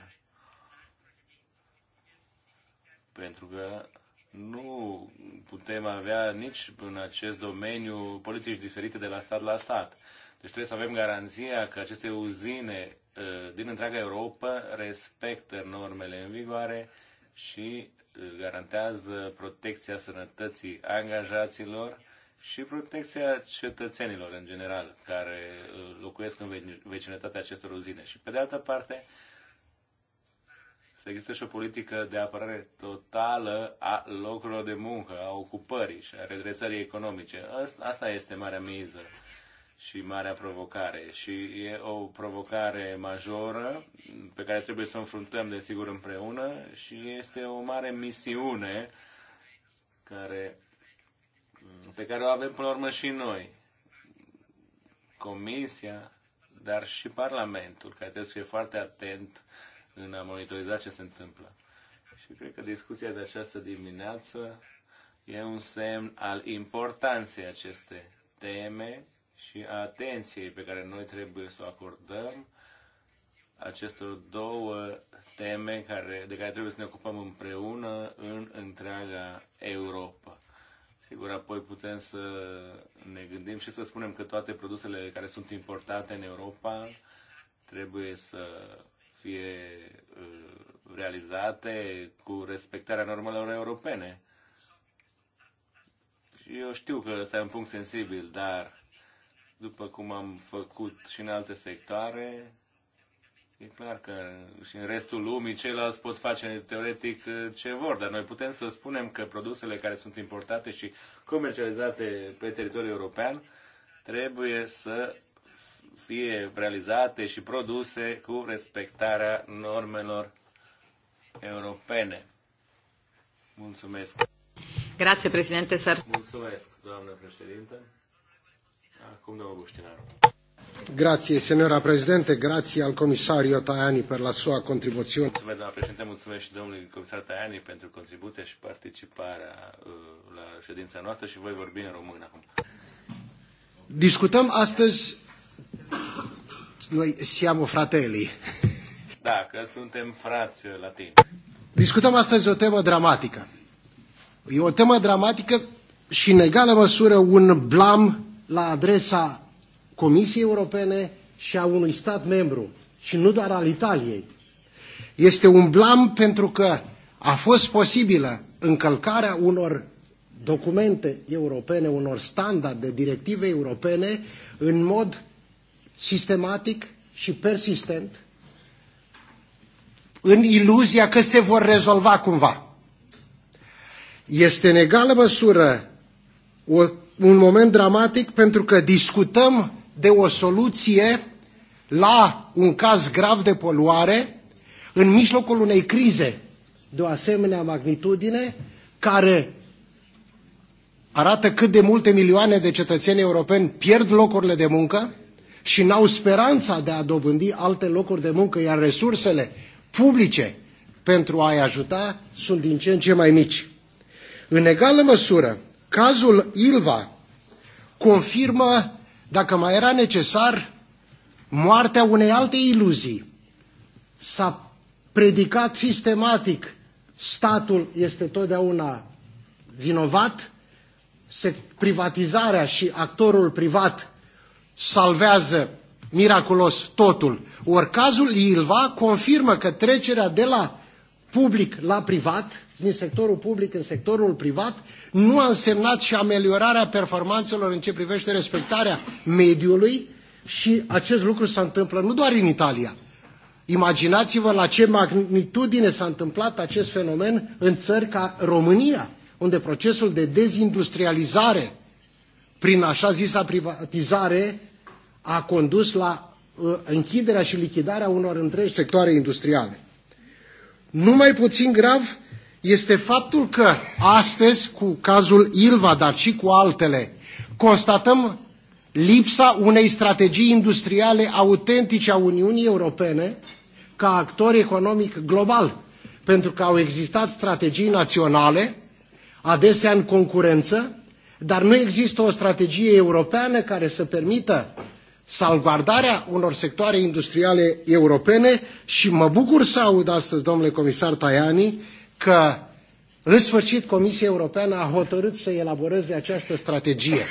Pentru că nu putem avea nici în acest domeniu politici diferite de la stat la stat. Deci trebuie să avem garanția că aceste uzine uh, din întreaga Europa respectă normele în vigoare și uh, garantează protecția sănătății angajaților și protecția cetățenilor în general care uh, locuiesc în vecinătatea acestor uzine. Și pe de altă parte, să existe și o politică de apărare totală a locurilor de muncă, a ocupării și a redresării economice. Asta este marea miză și marea provocare. Și e o provocare majoră pe care trebuie să o înfruntăm, desigur, împreună și este o mare misiune care, pe care o avem până la urmă și noi. Comisia, dar și Parlamentul, care trebuie să fie foarte atent uh, în a monitoriza ce se întâmplă. Și cred că discuția de această dimineață e un semn al importanței acestei teme și a atenției pe care noi trebuie să o acordăm acestor două teme care, de care trebuie să ne ocupăm împreună în întreaga Europa. Sigur, apoi putem să ne gândim și să spunem că toate produsele care sunt importate în Europa trebuie să fie uh, realizate cu respectarea normelor europene. Și eu știu că ăsta e un punct sensibil, dar după cum am făcut și în alte sectoare, e clar că și în restul lumii ceilalți pot face teoretic ce vor, dar noi putem să spunem că produsele care sunt importate și comercializate pe teritoriul european trebuie să fie realizate și produse cu respectarea normelor europene. Mulțumesc. Grazie, președinte Săr. Mulțumesc, doamnă președinte. Acum domnul Buștinaru. Grazie senora președinte, grazie al comisariu Tajani pentru la sua contribuție. Mulțumesc, doamnă Președinte, mulțumesc și domnului Comisar Tajani pentru contribuția și participarea uh, la ședința noastră și voi vorbi în română acum. Discutăm astăzi noi siamo fratelli. Da, că suntem frați latini. Discutăm astăzi o temă dramatică. E o temă dramatică și în egală măsură un blam la adresa Comisiei Europene și a unui stat membru, și nu doar al Italiei. Este un blam pentru că a fost posibilă încălcarea unor documente europene, unor standarde, directive europene, în mod sistematic și persistent în iluzia că se vor rezolva cumva. Este în egală măsură o, un moment dramatic pentru că discutăm de o soluție la un caz grav de poluare în mijlocul unei crize de o asemenea magnitudine care arată cât de multe milioane de cetățeni europeni pierd locurile de muncă, și n-au speranța de a dobândi alte locuri de muncă, iar resursele publice pentru a-i ajuta sunt din ce în ce mai mici. În egală măsură, cazul Ilva confirmă, dacă mai era necesar, moartea unei alte iluzii. S-a predicat sistematic statul este totdeauna vinovat, se, privatizarea și actorul privat salvează miraculos totul, ori cazul Ilva confirmă că trecerea de la public la privat, din sectorul public în sectorul privat, nu a însemnat și ameliorarea performanțelor în ce privește respectarea mediului și acest lucru se întâmplă nu doar în Italia. Imaginați-vă la ce magnitudine s-a întâmplat acest fenomen în țări ca România, unde procesul de dezindustrializare prin așa zisa privatizare a condus la uh, închiderea și lichidarea unor întregi sectoare industriale. Nu mai puțin grav este faptul că astăzi, cu cazul Ilva, dar și cu altele, constatăm lipsa unei strategii industriale autentice a Uniunii Europene ca actor economic global, pentru că au existat strategii naționale, adesea în concurență, dar nu există o strategie europeană care să permită Salvarea unor sectoare industriale europene și mă bucur să aud astăzi, domnule comisar Tajani, că în sfârșit Comisia Europeană a hotărât să elaboreze această strategie.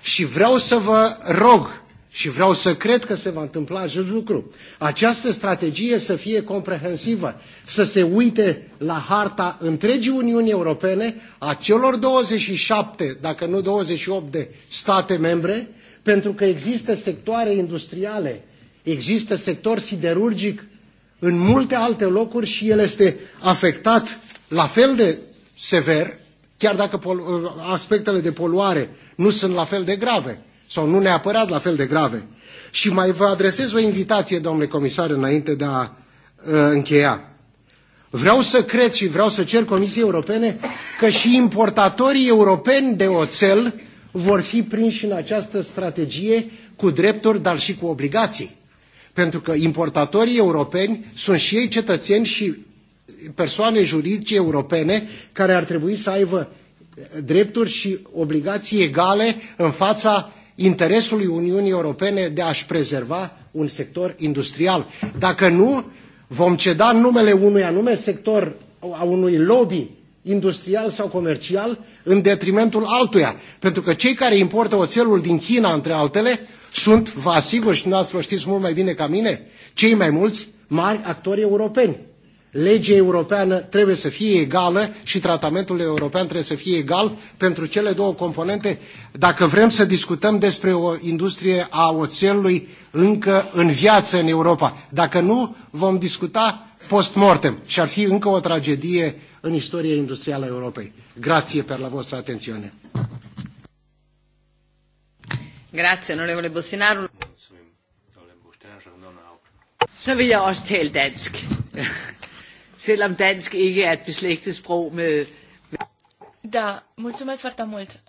Și vreau să vă rog și vreau să cred că se va întâmpla acest lucru. Această strategie să fie comprehensivă, să se uite la harta întregii Uniuni Europene, a celor 27, dacă nu 28 de state membre, pentru că există sectoare industriale, există sector siderurgic în multe alte locuri și el este afectat la fel de sever, chiar dacă aspectele de poluare nu sunt la fel de grave sau nu neapărat la fel de grave. Și mai vă adresez o invitație, domnule comisar, înainte de a uh, încheia. Vreau să cred și vreau să cer Comisiei Europene că și importatorii europeni de oțel vor fi prinși în această strategie cu drepturi, dar și cu obligații. Pentru că importatorii europeni sunt și ei cetățeni și persoane juridice europene care ar trebui să aibă drepturi și obligații egale în fața interesului Uniunii Europene de a-și prezerva un sector industrial. Dacă nu, vom ceda numele unui anume sector, a unui lobby industrial sau comercial în detrimentul altuia. Pentru că cei care importă oțelul din China, între altele, sunt, vă asigur și dumneavoastră știți mult mai bine ca mine, cei mai mulți mari actori europeni. Legea europeană trebuie să fie egală și tratamentul european trebuie să fie egal pentru cele două componente dacă vrem să discutăm despre o industrie a oțelului încă în viață în Europa. Dacă nu, vom discuta post-mortem și ar fi încă o tragedie în istoria industrială a Europei. Grazie per la vostra attenzione. Grazie, onorevole Så vil jeg også tale dansk. Selvom dansk ikke er et beslægtet sprog med... Da, mulțumesc foarte mult.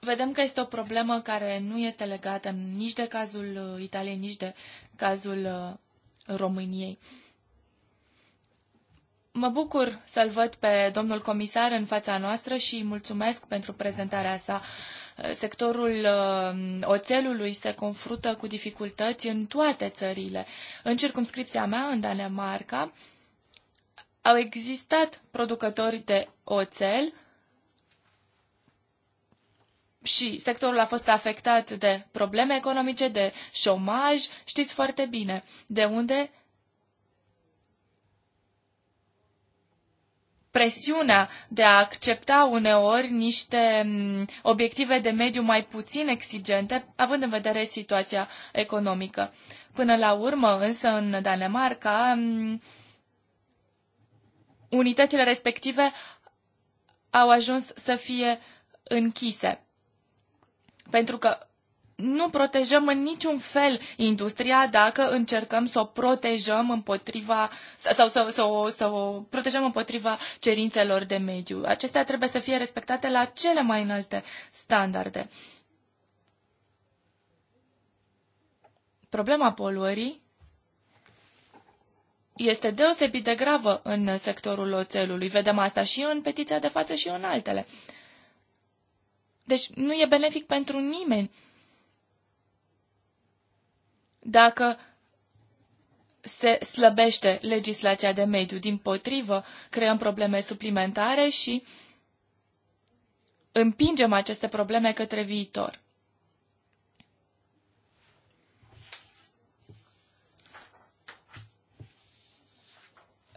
Vedem că este o problemă care nu este legată nici de cazul uh, Italiei, nici de cazul uh, României. Mă bucur să-l văd pe domnul comisar în fața noastră și îi mulțumesc pentru prezentarea sa. Sectorul uh, oțelului se confruntă cu dificultăți în toate țările. În circumscripția mea, în Danemarca, au existat producători de oțel și sectorul a fost afectat de probleme economice, de șomaj, știți foarte bine, de unde presiunea de a accepta uneori niște mm, obiective de mediu mai puțin exigente, având în vedere situația economică. Până la urmă, însă, în Danemarca, mm, unitățile respective au ajuns să fie închise. Pentru că nu protejăm în niciun fel industria dacă încercăm să o protejăm împotriva sau să, să, o, să o protejăm împotriva cerințelor de mediu. Acestea trebuie să fie respectate la cele mai înalte standarde. Problema poluării este deosebit de gravă în sectorul oțelului. Vedem asta și în petiția de față și în altele. Deci nu e benefic pentru nimeni dacă se slăbește legislația de mediu. Din potrivă, creăm probleme suplimentare și împingem aceste probleme către viitor.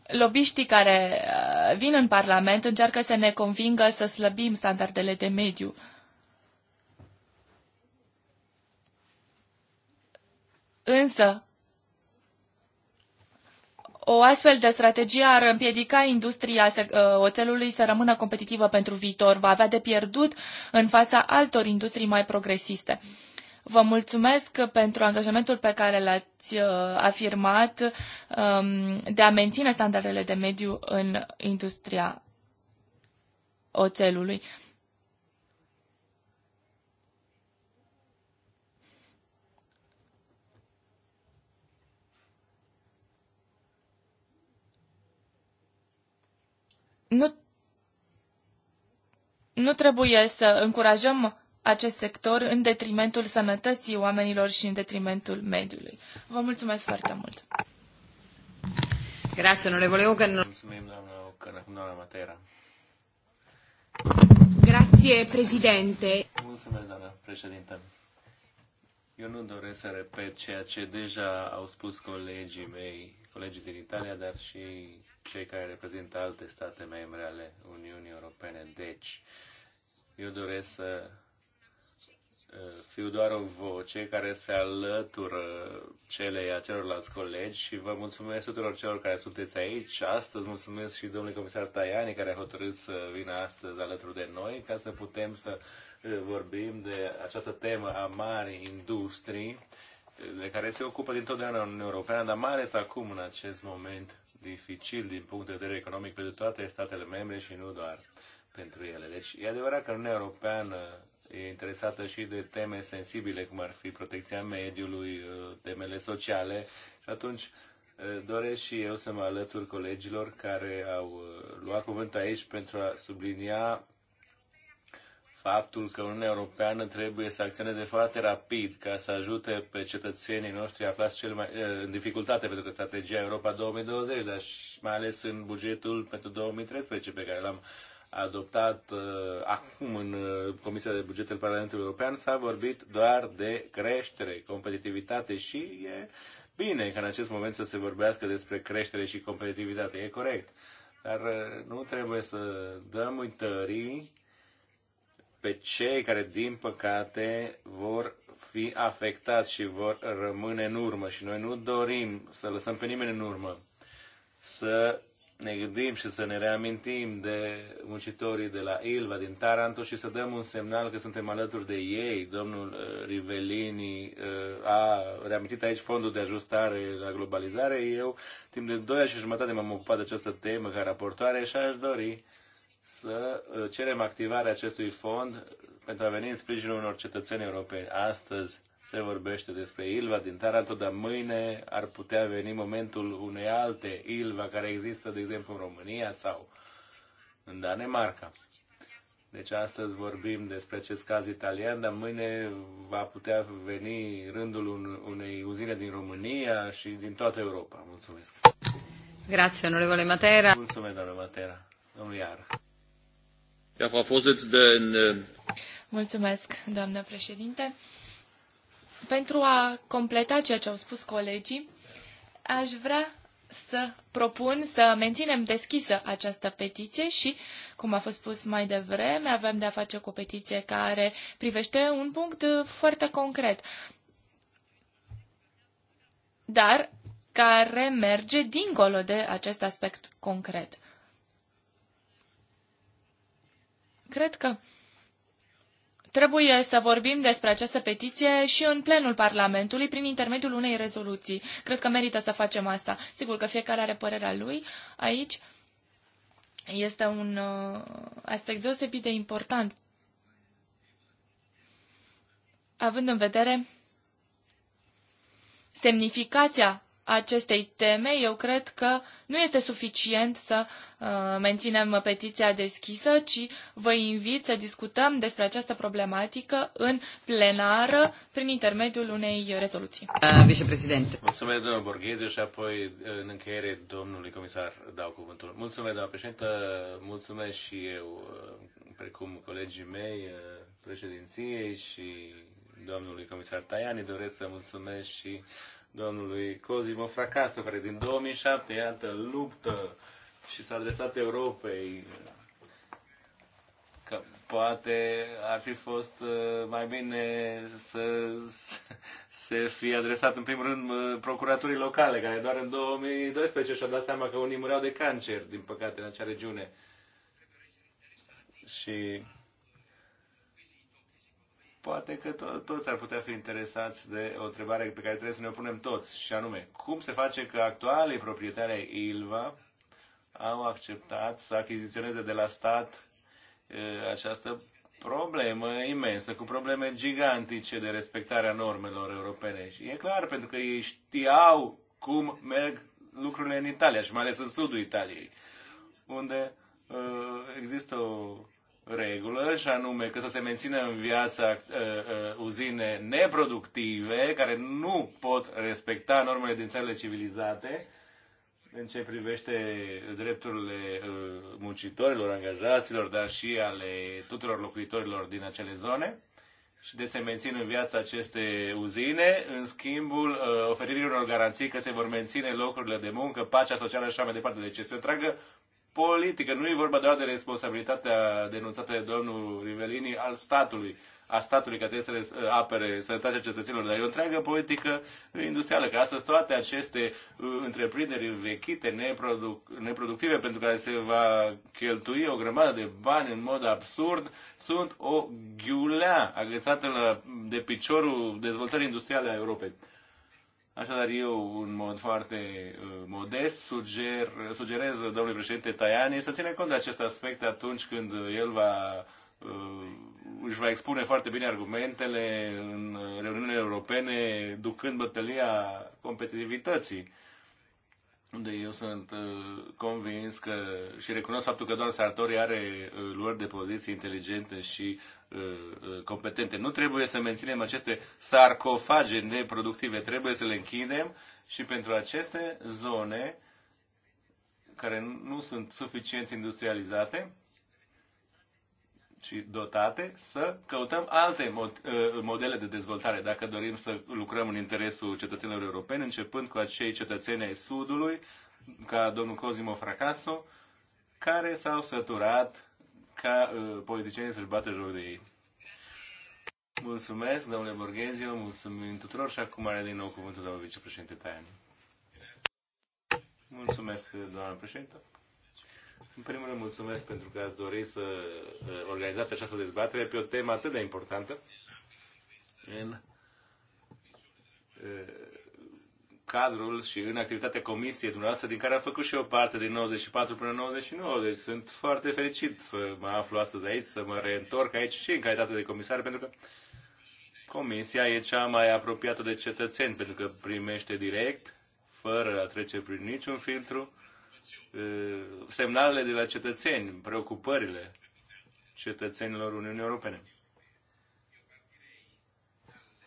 Lobiștii care uh, vin în Parlament încearcă să ne convingă să slăbim standardele de mediu. Însă, o astfel de strategie ar împiedica industria ă, oțelului să rămână competitivă pentru viitor. Va avea de pierdut în fața altor industrii mai progresiste. Vă mulțumesc pentru angajamentul pe care l-ați ă, afirmat um, de a menține standardele de mediu în industria oțelului. nu, nu trebuie să încurajăm acest sector în detrimentul sănătății oamenilor și în detrimentul mediului. Vă mulțumesc foarte mult! Grazie, onorevole Ocan. Mulțumim, doamna Ocan. doamna Matera. Grazie, președinte. Mulțumesc, doamna președintă. Eu nu doresc să repet ceea ce deja au spus colegii mei, colegii din Italia, dar și cei care reprezintă alte state membre ale Uniunii Europene. Deci, eu doresc să uh, fiu doar o voce care se alătură celei a celorlalți colegi și vă mulțumesc tuturor celor care sunteți aici astăzi, mulțumesc și domnului comisar Tajani care a hotărât să vină astăzi alături de noi ca să putem să uh, vorbim de această temă a marii industrii uh, de care se ocupă dintotdeauna Uniunea Europeană, dar mai ales acum în acest moment dificil din punct de vedere economic pentru toate statele membre și nu doar pentru ele. Deci e adevărat că Uniunea Europeană e interesată și de teme sensibile, cum ar fi protecția mediului, uh, temele sociale și atunci uh, doresc și eu să mă alătur colegilor care au uh, luat cuvânt aici pentru a sublinia faptul că Uniunea Europeană trebuie să acționeze foarte rapid ca să ajute pe cetățenii noștri aflați cel mai, eh, în dificultate pentru că strategia Europa 2020, dar mai ales în bugetul pentru 2013 pe care l-am adoptat uh, acum în uh, Comisia de bugete al Parlamentului European, s-a vorbit doar de creștere, competitivitate și e bine că în acest moment să se vorbească despre creștere și competitivitate, e corect. Dar uh, nu trebuie să dăm uitării pe cei care, din păcate, vor fi afectați și vor rămâne în urmă. Și noi nu dorim să lăsăm pe nimeni în urmă. Să ne gândim și să ne reamintim de muncitorii de la Ilva, din Taranto și să dăm un semnal că suntem alături de ei. Domnul uh, Rivelini uh, a reamintit aici fondul de ajustare la globalizare. Eu, timp de doi ani și jumătate, m-am ocupat de această temă ca raportoare și aș dori să uh, cerem activarea acestui fond pentru a veni în sprijinul unor cetățeni europeni. Astăzi se vorbește despre Ilva din Taranto, dar mâine ar putea veni momentul unei alte Ilva care există, de exemplu, în România sau în Danemarca. Deci astăzi vorbim despre acest caz italian, dar mâine va putea veni rândul unei uzine din România și din toată Europa. Mulțumesc. Grazie, onorevole Matera. Mulțumesc, doamnă Matera. Domnul Iar. Ja, Frau Vorsitzende. Äh, Mulțumesc, doamnă președinte. Pentru a completa ceea ce au spus colegii, aș vrea să propun să menținem deschisă această petiție și, cum a fost spus mai devreme, avem de-a face cu o petiție care privește un punct uh, foarte concret, dar care merge dincolo de acest aspect concret. Cred că trebuie să vorbim despre această petiție și în plenul Parlamentului prin intermediul unei rezoluții. Cred că merită să facem asta. Sigur că fiecare are părerea lui aici. Este un uh, aspect deosebit de important. Având în vedere semnificația acestei teme, eu cred că nu este suficient să uh, menținem petiția deschisă, ci vă invit să discutăm despre această problematică în plenară prin intermediul unei rezoluții. Uh, vicepreședinte. Mulțumesc, domnul Borghezi, și apoi uh, în încheiere domnului comisar dau cuvântul. Mulțumesc, doamna președintă, mulțumesc și eu, uh, precum colegii mei, uh, președinției și domnului comisar Taiani, doresc să mulțumesc și uh, domnului Cosimo Fracasso, care din 2007, iată, luptă și s-a adresat Europei că poate ar fi fost uh, mai bine să se fi adresat în primul rând uh, procuraturii locale, care doar în 2012 și-au dat seama că unii mureau de cancer, din păcate, în acea regiune. Și poate că to- toți ar putea fi interesați de o întrebare pe care trebuie să ne o punem toți, și anume, cum se face că actualii proprietari ai ILVA au acceptat să achiziționeze de la stat e, această problemă imensă, cu probleme gigantice de respectarea normelor europene. Și e clar, pentru că ei știau cum merg lucrurile în Italia și mai ales în sudul Italiei, unde e, există o regulă și anume că să se mențină în viața uh, uh, uzine neproductive care nu pot respecta normele din țările civilizate în ce privește drepturile uh, muncitorilor, angajaților, dar și ale tuturor locuitorilor din acele zone și de deci se mențin în viață aceste uzine, în schimbul uh, oferirii unor garanții că se vor menține locurile de muncă, pacea socială și așa mai departe. Deci este o întreagă politică. Nu e vorba doar de responsabilitatea denunțată de domnul Rivelini al statului, a statului care trebuie să apere sănătatea cetățenilor, dar e o întreagă politică industrială, că astăzi toate aceste uh, întreprinderi vechite, neproduc- neproductive, pentru care se va cheltui o grămadă de bani în mod absurd, sunt o ghiulea agresată de piciorul dezvoltării industriale a Europei. Așadar, eu, în mod foarte uh, modest, suger, sugerez domnului președinte Tajani să ține cont de acest aspect atunci când el va uh, își va expune foarte bine argumentele în reuniunile europene, ducând bătălia competitivității unde eu sunt uh, convins că și recunosc faptul că doamna Sartori are uh, luări de poziție inteligente și uh, competente. Nu trebuie să menținem aceste sarcofage neproductive, trebuie să le închidem și pentru aceste zone care nu sunt suficient industrializate, și dotate să căutăm alte uh, modele de dezvoltare dacă dorim să lucrăm în interesul cetățenilor europeni, începând cu acei cetățeni ai Sudului, ca domnul Cosimo Fracasso, care s-au săturat ca uh, politicienii să-și bată joc de ei. Mulțumesc, domnule Borghezio, mulțumim tuturor și acum are din nou cuvântul domnul vicepreședinte Tajani. Mulțumesc, doamnă președinte. În primul rând, mulțumesc pentru că ați dorit să uh, organizați această dezbatere pe o temă atât de importantă în uh, cadrul și în activitatea comisiei dumneavoastră, din care am făcut și eu parte din 94 până 99. Deci sunt foarte fericit să mă aflu astăzi aici, să mă reîntorc aici și în calitate de comisar, pentru că comisia e cea mai apropiată de cetățeni, pentru că primește direct, fără a trece prin niciun filtru, Eh, semnalele de la cetățeni, preocupările cetățenilor Uniunii Europene.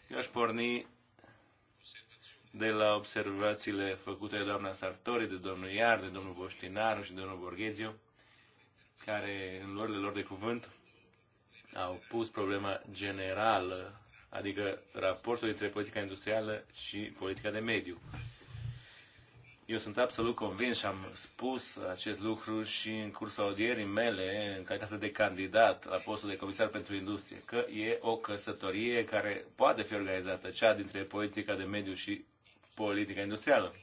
Eu aș porni de la observațiile făcute de doamna Sartori, de domnul Iar, de domnul Boștinaru și de domnul Borghezio, care în luările lor de cuvânt au pus problema generală, adică raportul dintre politica industrială și politica de mediu. Eu sunt absolut convins și am spus acest lucru și în cursul audierii mele, în calitate de candidat la postul de comisar pentru industrie, că e o căsătorie care poate fi organizată, cea dintre politica de mediu și politica industrială.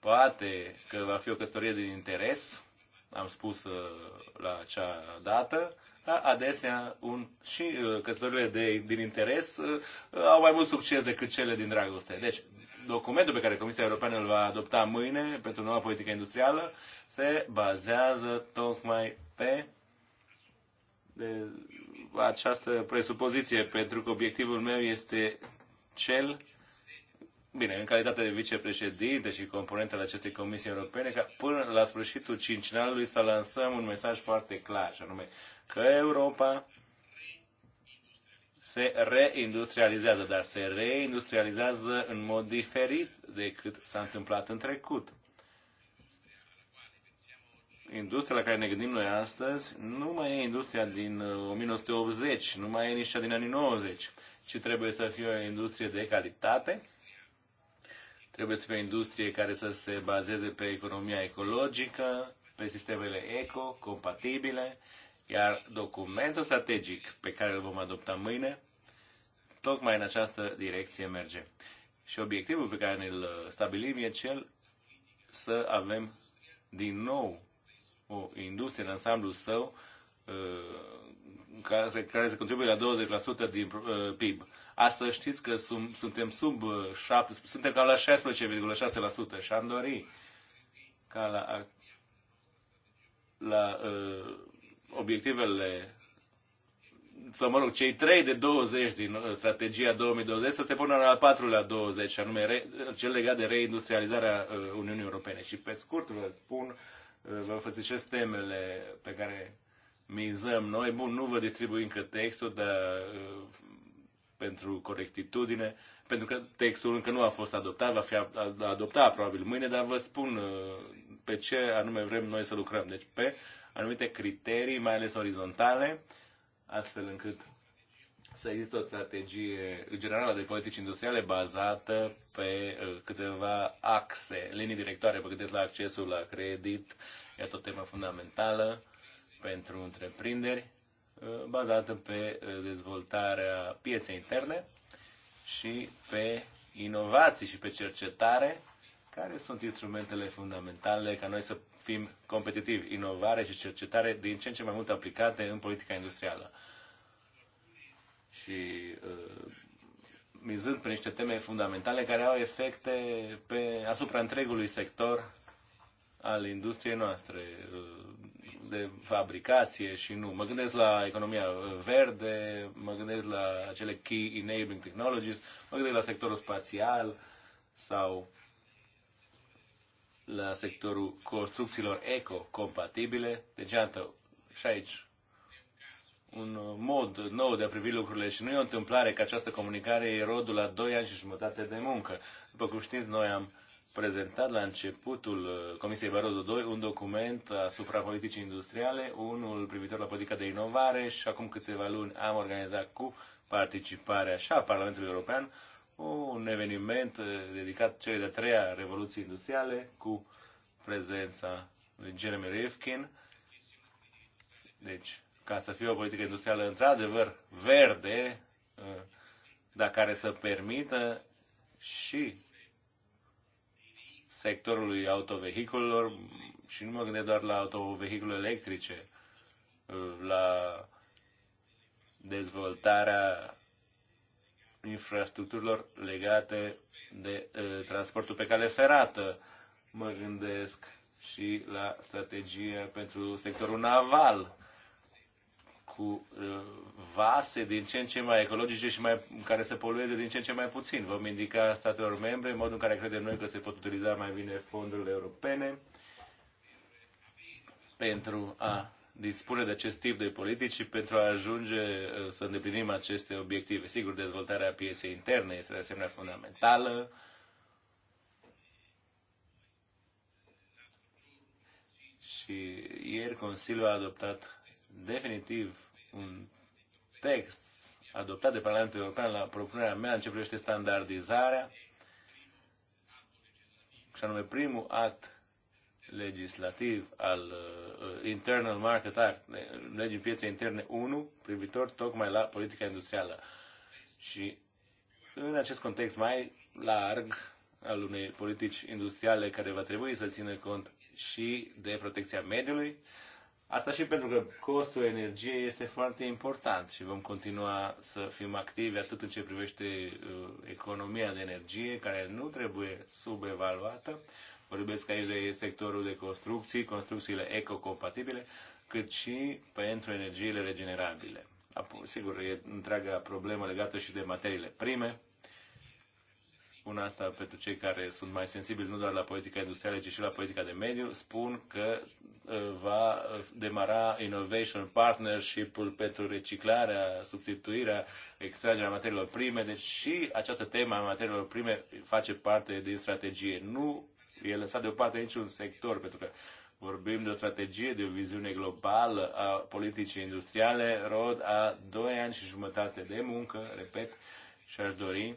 Poate că va fi o căsătorie din interes, am spus uh, la acea dată, da, adesea un, și uh, căsătorile de, din interes uh, uh, au mai mult succes decât cele din dragoste. Deci, documentul pe care Comisia Europeană îl va adopta mâine pentru noua politică industrială se bazează tocmai pe de această presupoziție, pentru că obiectivul meu este cel bine, în calitate de vicepreședinte și al acestei Comisii Europene, ca până la sfârșitul cincinalului să lansăm un mesaj foarte clar, și anume că Europa se reindustrializează, dar se reindustrializează în mod diferit decât s-a întâmplat în trecut. Industria la care ne gândim noi astăzi nu mai e industria din 1980, uh, nu mai e nici cea din anii 90, ci trebuie să fie o industrie de calitate, Trebuie să fie o industrie care să se bazeze pe economia ecologică, pe sistemele eco, compatibile, iar documentul strategic pe care îl vom adopta mâine, tocmai în această direcție merge. Și obiectivul pe care ne-l stabilim e cel să avem din nou o industrie în ansamblu său uh, care să contribuie la 20% din uh, PIB. Asta știți că sum, suntem sub 7, uh, suntem ca la 16,6% și am dori ca la, la uh, obiectivele sau mă rog, cei 3 de 20 din uh, strategia 2020 să se pună la 4 la 20, și anume re, cel legat de reindustrializarea uh, Uniunii Europene. Și pe scurt vă spun, uh, vă înfățișez temele pe care mizăm noi. Bun, nu vă distribuim încă textul, dar uh, pentru corectitudine, pentru că textul încă nu a fost adoptat, va fi adoptat probabil mâine, dar vă spun uh, pe ce anume vrem noi să lucrăm. Deci pe anumite criterii, mai ales orizontale, astfel încât să există o strategie generală de politici industriale bazată pe uh, câteva axe, linii directoare, vă gândesc la accesul la credit, e o temă fundamentală pentru întreprinderi, Uh, bazată pe uh, dezvoltarea pieței interne și pe inovații și pe cercetare, care sunt instrumentele fundamentale ca noi să fim competitivi. Inovare și cercetare din ce în ce mai mult aplicate în politica industrială. Și uh, mizând pe niște teme fundamentale care au efecte pe, asupra întregului sector al industriei noastre, de fabricație și nu. Mă gândesc la economia verde, mă gândesc la acele key enabling technologies, mă gândesc la sectorul spațial sau la sectorul construcțiilor eco-compatibile. Deci, iată, și aici un mod nou de a privi lucrurile și nu e o întâmplare că această comunicare e rodul la 2 ani și jumătate de muncă. După cum știți, noi am uh, prezentat la începutul uh, Comisiei Barozo 2 un document asupra politicii industriale, unul privitor la politica de inovare și acum câteva luni am organizat cu participarea și a Parlamentului European un eveniment uh, dedicat celei de-a treia revoluții industriale cu prezența lui Jeremy Rifkin. Deci, ca să fie o politică industrială într-adevăr verde, uh, dar care să permită și sectorului autovehiculelor și nu mă gândesc doar la autovehicule electrice, la dezvoltarea infrastructurilor legate de uh, transportul pe cale ferată. Mă gândesc și la strategia pentru sectorul naval cu uh, vase din ce în ce mai ecologice și mai, care să polueze din ce în ce mai puțin. Vom indica statelor membre în modul în care credem noi că se pot utiliza mai bine fondurile europene pentru a dispune de acest tip de politici și pentru a ajunge uh, să îndeplinim aceste obiective. Sigur, dezvoltarea pieței interne este de asemenea fundamentală. Și ieri Consiliul a adoptat definitiv un text adoptat de Parlamentul European la propunerea mea în ce privește standardizarea, și anume primul act legislativ al uh, Internal Market Act, legii pieței interne 1, privitor tocmai la politica industrială. Și în acest context mai larg al unei politici industriale care va trebui să țină cont și de protecția mediului, uh, Asta și pentru că costul energiei este foarte important și vom continua să fim activi atât în ce privește uh, economia de energie, care nu trebuie subevaluată. Vorbesc aici de sectorul de construcții, construcțiile ecocompatibile, cât și pentru energiile regenerabile. Apoi, sigur, e întreaga problemă legată și de materiile prime, spun asta pentru cei care sunt mai sensibili nu doar la politica industrială, ci și la politica de mediu, spun că uh, va uh, demara Innovation Partnership-ul pentru reciclarea, substituirea, extragerea materiilor prime. Deci și această temă a materiilor prime face parte din strategie. Nu e lăsat deoparte niciun sector, pentru că vorbim de o strategie, de o viziune globală a politicii industriale, rod a doi ani și jumătate de muncă, repet, și aș dori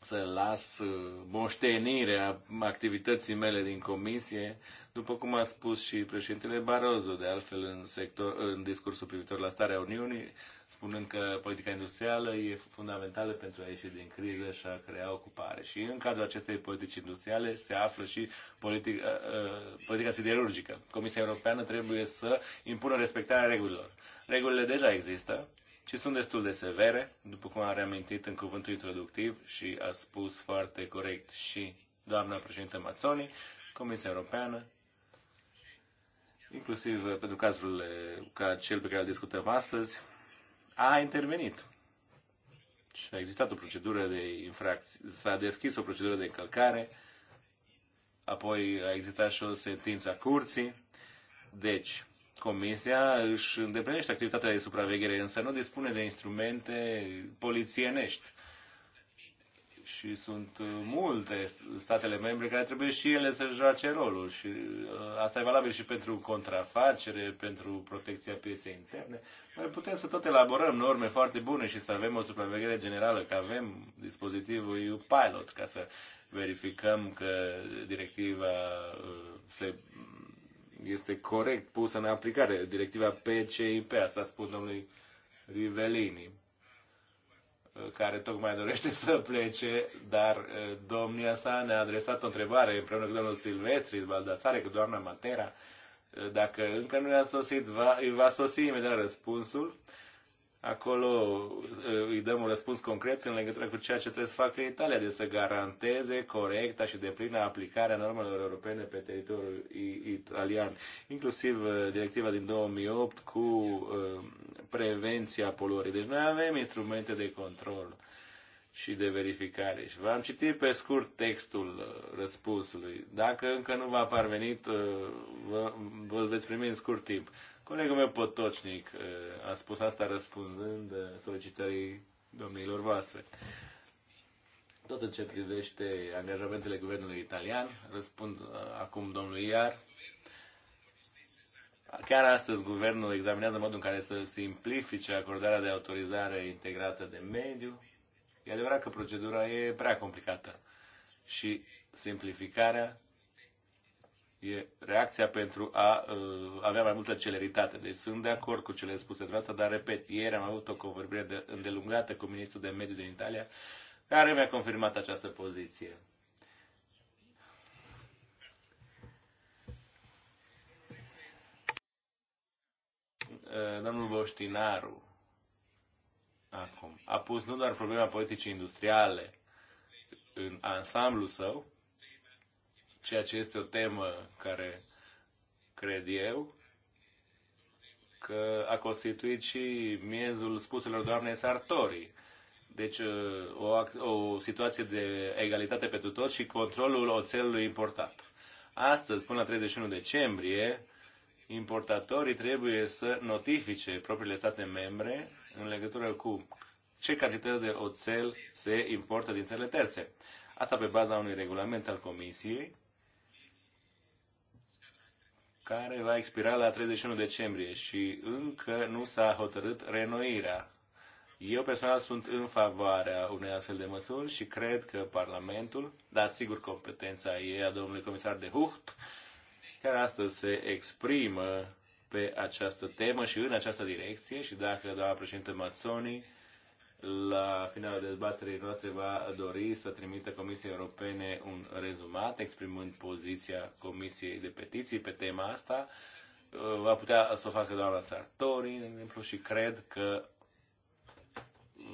să las uh, moștenirea activității mele din comisie, după cum a spus și președintele Barroso, de altfel în, sector, în discursul privitor la starea Uniunii, spunând că politica industrială e fundamentală pentru a ieși din criză și a crea ocupare. Și în cadrul acestei politici industriale se află și politica, uh, uh, politica siderurgică. Comisia Europeană trebuie să impună respectarea regulilor. Regulile deja există, ci sunt destul de severe, după cum am reamintit în cuvântul introductiv și a spus foarte corect și doamna președinte Mazzoni, Comisia Europeană, inclusiv pentru cazul ca cel pe care îl discutăm astăzi, a intervenit. Și a existat o procedură de infracție, s-a deschis o procedură de încălcare, apoi a existat și o sentință a curții. Deci, Comisia își îndeplinește activitatea de supraveghere, însă nu dispune de instrumente polițienești. Și sunt uh, multe statele membre care trebuie și ele să joace rolul. Și uh, asta e valabil și pentru contrafacere, pentru protecția pieței interne. Noi putem să tot elaborăm norme foarte bune și să avem o supraveghere generală, că avem dispozitivul EU Pilot ca să verificăm că directiva uh, se este corect pusă în aplicare directiva PCIP, asta spun domnului Rivelini, uh, care tocmai dorește să plece, dar uh, domnia sa ne-a adresat o întrebare împreună cu domnul Silvestri, Baldassare, cu doamna Matera, uh, dacă încă nu i-a sosit, va, îi va sosi imediat răspunsul acolo uh, îi dăm un răspuns concret în legătură cu ceea ce trebuie să facă Italia, de să garanteze corecta și plină aplicarea normelor europene pe teritoriul italian, inclusiv uh, directiva din 2008 cu uh, prevenția poluării. Deci noi avem instrumente de control și de verificare. Și v-am citit pe scurt textul răspunsului. Dacă încă nu v-a parvenit, vă, vă veți primi în scurt timp. Colegul meu Potocnic eh, a spus asta răspunzând eh, solicitării domnilor voastre. Tot în ce privește angajamentele guvernului italian, răspund eh, acum domnului Iar. Chiar astăzi, guvernul examinează modul în care să simplifice acordarea de autorizare integrată de mediu. E adevărat că procedura e prea complicată și simplificarea e reacția pentru a uh, avea mai multă celeritate. Deci sunt de acord cu cele spuse de asta, dar repet, ieri am avut o convorbire de, îndelungată cu ministrul de mediu din Italia, care mi-a confirmat această poziție. Uh, domnul Boștinaru acum, a pus nu doar problema politicii industriale în ansamblu său, ceea ce este o temă care cred eu că a constituit și miezul spuselor doamnei Sartori. Deci uh, o, o situație de egalitate pentru toți și controlul oțelului importat. Astăzi, până la 31 decembrie, importatorii trebuie să notifice propriile state membre în legătură cu ce cantitate de oțel se importă din țările terțe. Asta pe baza unui regulament al Comisiei care va expira la 31 decembrie și încă nu s-a hotărât renoirea. Eu personal sunt în favoarea unei astfel de măsuri și cred că Parlamentul, dar sigur competența e a domnului comisar de Hucht, care astăzi se exprimă pe această temă și în această direcție și dacă doamna președintă Mazzoni la finalul dezbaterii noastre va dori să trimită Comisiei Europene un rezumat exprimând poziția Comisiei de Petiții pe tema asta. Uh, va putea să o facă doamna Sartori, de exemplu, și cred că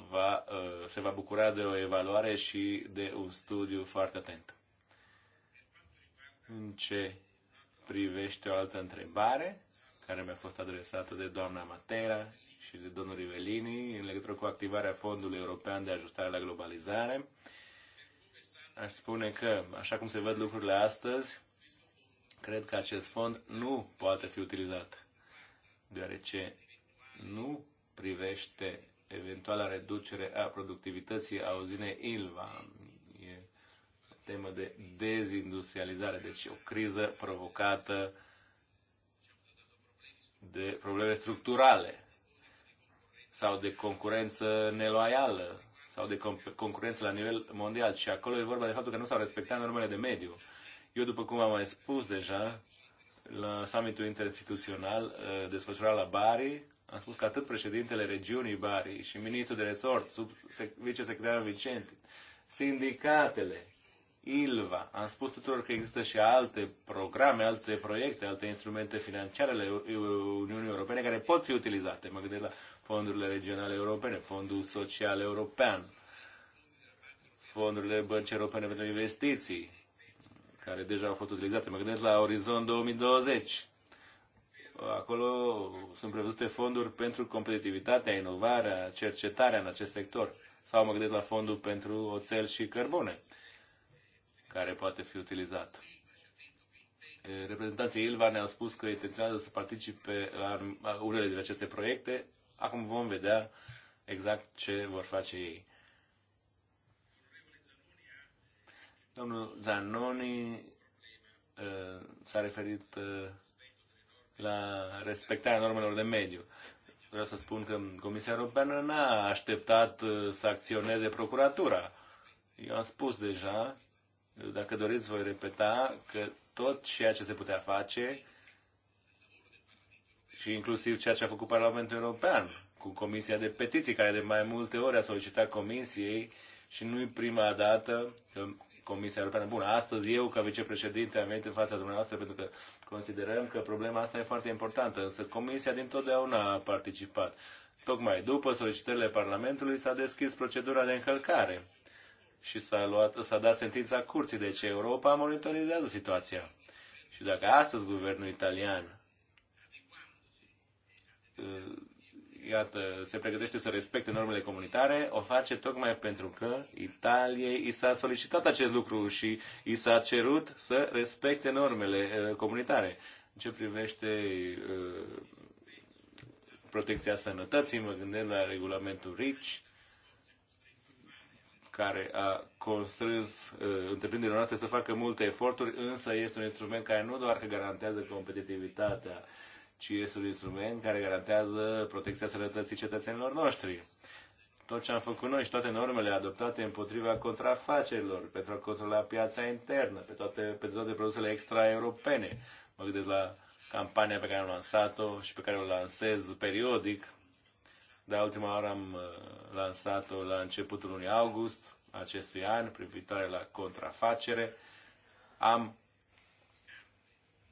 va, uh, se va bucura de o evaluare și de un studiu foarte atent. În ce privește o altă întrebare care mi-a fost adresată de doamna Matera și de domnul Rivelini în legătură cu activarea Fondului European de Ajustare la Globalizare. Aș spune că, așa cum se văd lucrurile astăzi, cred că acest fond nu poate fi utilizat, deoarece nu privește eventuala reducere a productivității a uzinei Ilva. E o temă de dezindustrializare, deci o criză provocată de probleme structurale sau de concurență neloială sau de concurență la nivel mondial. Și acolo e vorba de faptul că nu s-au respectat normele de mediu. Eu, după cum am mai spus deja, la summitul interinstituțional uh, desfășurat la Bari, am spus că atât președintele regiunii Bari și ministrul de resort, sub vicesecretarul Vicente, sindicatele, ILVA. Am spus tuturor că există și alte programe, alte proiecte, alte instrumente financiare ale Uniunii Europene care pot fi utilizate. Mă gândesc la fondurile regionale europene, fondul social european, fondurile băncii europene pentru investiții, care deja au fost utilizate. Mă gândesc la Orizon 2020. Acolo sunt prevăzute fonduri pentru competitivitatea, inovarea, cercetarea în acest sector. Sau mă gândesc la fondul pentru oțel și cărbune care poate fi utilizat. Reprezentanții Ilva ne-au spus că intenționează să participe la unele din aceste proiecte. Acum vom vedea exact ce vor face ei. Domnul Zanoni s-a referit la respectarea normelor de mediu. Vreau să spun că Comisia Europeană n-a așteptat să acționeze procuratura. Eu am spus deja dacă doriți, voi repeta că tot ceea ce se putea face și inclusiv ceea ce a făcut Parlamentul European cu Comisia de Petiții, care de mai multe ori a solicitat Comisiei și nu-i prima dată că Comisia Europeană. Bun, astăzi eu, ca vicepreședinte, am venit în fața dumneavoastră pentru că considerăm că problema asta e foarte importantă, însă Comisia din totdeauna a participat. Tocmai după solicitările Parlamentului s-a deschis procedura de încălcare și s-a, luat, s-a dat sentința curții. Deci Europa monitorizează situația. Și dacă astăzi guvernul italian uh, iată, se pregătește să respecte normele comunitare, o face tocmai pentru că Italiei i s-a solicitat acest lucru și i s-a cerut să respecte normele uh, comunitare. În ce privește uh, protecția sănătății, mă gândesc la regulamentul RICI, care a constrâns uh, întreprinderile noastre să facă multe eforturi, însă este un instrument care nu doar că garantează competitivitatea, ci este un instrument care garantează protecția sănătății cetățenilor noștri. Tot ce am făcut noi și toate normele adoptate împotriva contrafacerilor, pentru a controla piața internă, pe toate, pe toate produsele extraeuropene. Mă gândesc la campania pe care am lansat-o și pe care o lansez periodic dar ultima oară am uh, lansat-o la începutul lunii august acestui an, privitoare la contrafacere. Am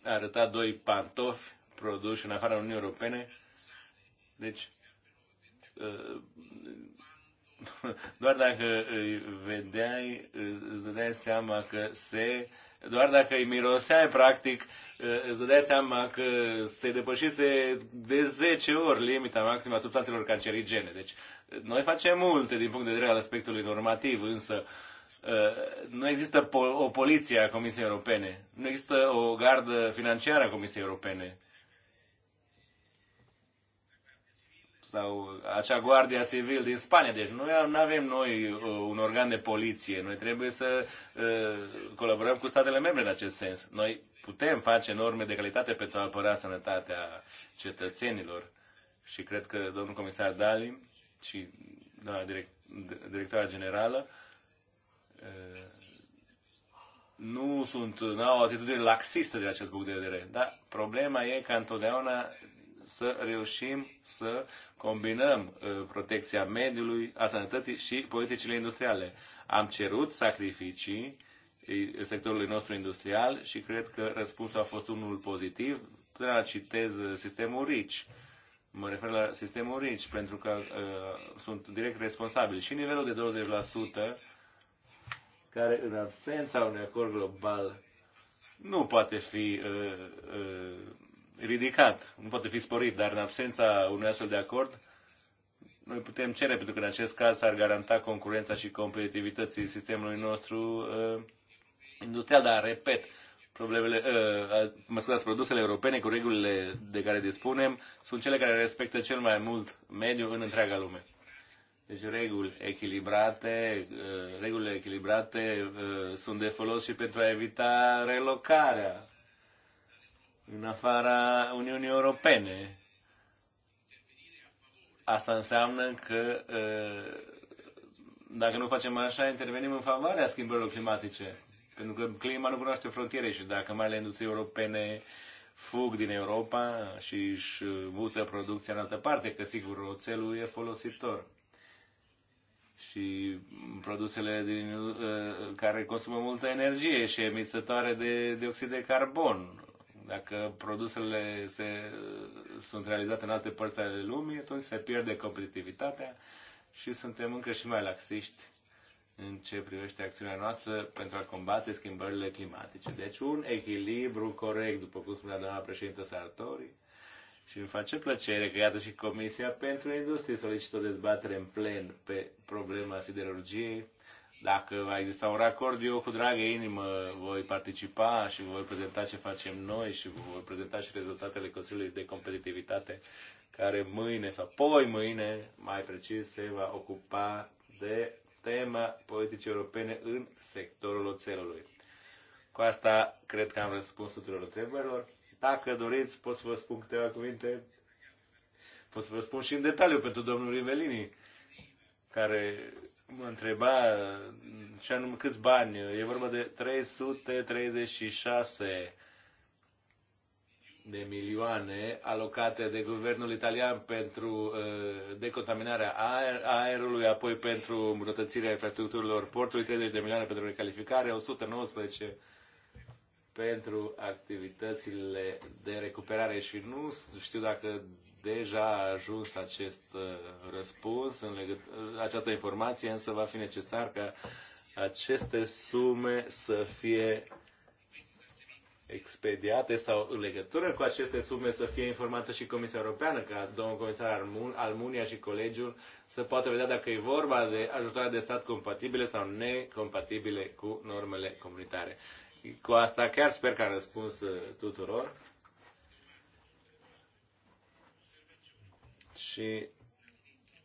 arătat doi pantofi produși în afara Uniunii Europene. Deci, uh, doar dacă vedeai, îți dădeai seama că se doar dacă îi miroseai, practic, eh, îți dădeai seama că se depășise de 10 ori limita maximă a substanțelor cancerigene. Deci, noi facem multe din punct de vedere al aspectului normativ, însă eh, nu există o poliție a Comisiei Europene, nu există o gardă financiară a Comisiei Europene sau acea Guardia Civil din Spania. Deci noi nu avem noi uh, un organ de poliție. Noi trebuie să uh, colaborăm cu statele membre în acest sens. Noi putem face norme de calitate pentru a apăra sănătatea cetățenilor. Și cred că domnul comisar Dali și doamna direct, directora generală uh, nu sunt, nu au o atitudine laxistă de acest punct de vedere. Dar problema e că întotdeauna să reușim să combinăm uh, protecția mediului, a sănătății și politicile industriale. Am cerut sacrificii sectorului nostru industrial și cred că răspunsul a fost unul pozitiv. Până la citez uh, sistemul RICI. Mă refer la sistemul RICI pentru că uh, sunt direct responsabil. Și nivelul de 20% care în absența unui acord global nu poate fi uh, uh, ridicat, nu poate fi sporit, dar în absența unui astfel de acord, noi putem cere, pentru că în acest caz ar garanta concurența și competitivității sistemului nostru uh, industrial, dar, repet, problemele, uh, mă scuzați, produsele europene cu regulile de care dispunem sunt cele care respectă cel mai mult mediul în întreaga lume. Deci reguli echilibrate, uh, regulile echilibrate uh, sunt de folos și pentru a evita relocarea în afara Uniunii Europene. Asta înseamnă că dacă nu facem așa, intervenim în favoarea schimbărilor climatice. Pentru că clima nu cunoaște frontiere și dacă mai ale industrie europene fug din Europa și își mută producția în altă parte, că sigur oțelul e folositor. Și produsele din, care consumă multă energie și emisătoare de dioxid de carbon dacă produsele se, sunt realizate în alte părți ale lumii, atunci se pierde competitivitatea și suntem încă și mai laxiști în ce privește acțiunea noastră pentru a combate schimbările climatice. Deci un echilibru corect, după cum spunea doamna președintă Sartori, și îmi face plăcere că iată și Comisia pentru Industrie solicită o dezbatere în plen pe problema siderurgiei dacă va exista un racord, eu cu dragă inimă voi participa și voi prezenta ce facem noi și voi prezenta și rezultatele Consiliului de Competitivitate care mâine sau poi mâine, mai precis, se va ocupa de tema politice europene în sectorul oțelului. Cu asta cred că am răspuns tuturor întrebărilor. Dacă doriți, pot să vă spun câteva cuvinte. Pot să vă spun și în detaliu pentru domnul Rivelini, care mă întreba ce anume, câți bani. E vorba de 336 de milioane alocate de guvernul italian pentru uh, decontaminarea aer, aerului, apoi pentru îmbunătățirea infrastructurilor portului, 30 de milioane pentru recalificare, 119 pentru activitățile de recuperare și nu știu dacă deja a ajuns acest uh, răspuns, în legăt- această informație, însă va fi necesar ca aceste sume să fie expediate sau în legătură cu aceste sume să fie informată și Comisia Europeană, ca domnul comisar Almunia și colegiul să poată vedea dacă e vorba de ajutoare de stat compatibile sau necompatibile cu normele comunitare. Cu asta chiar sper că am răspuns uh, tuturor. și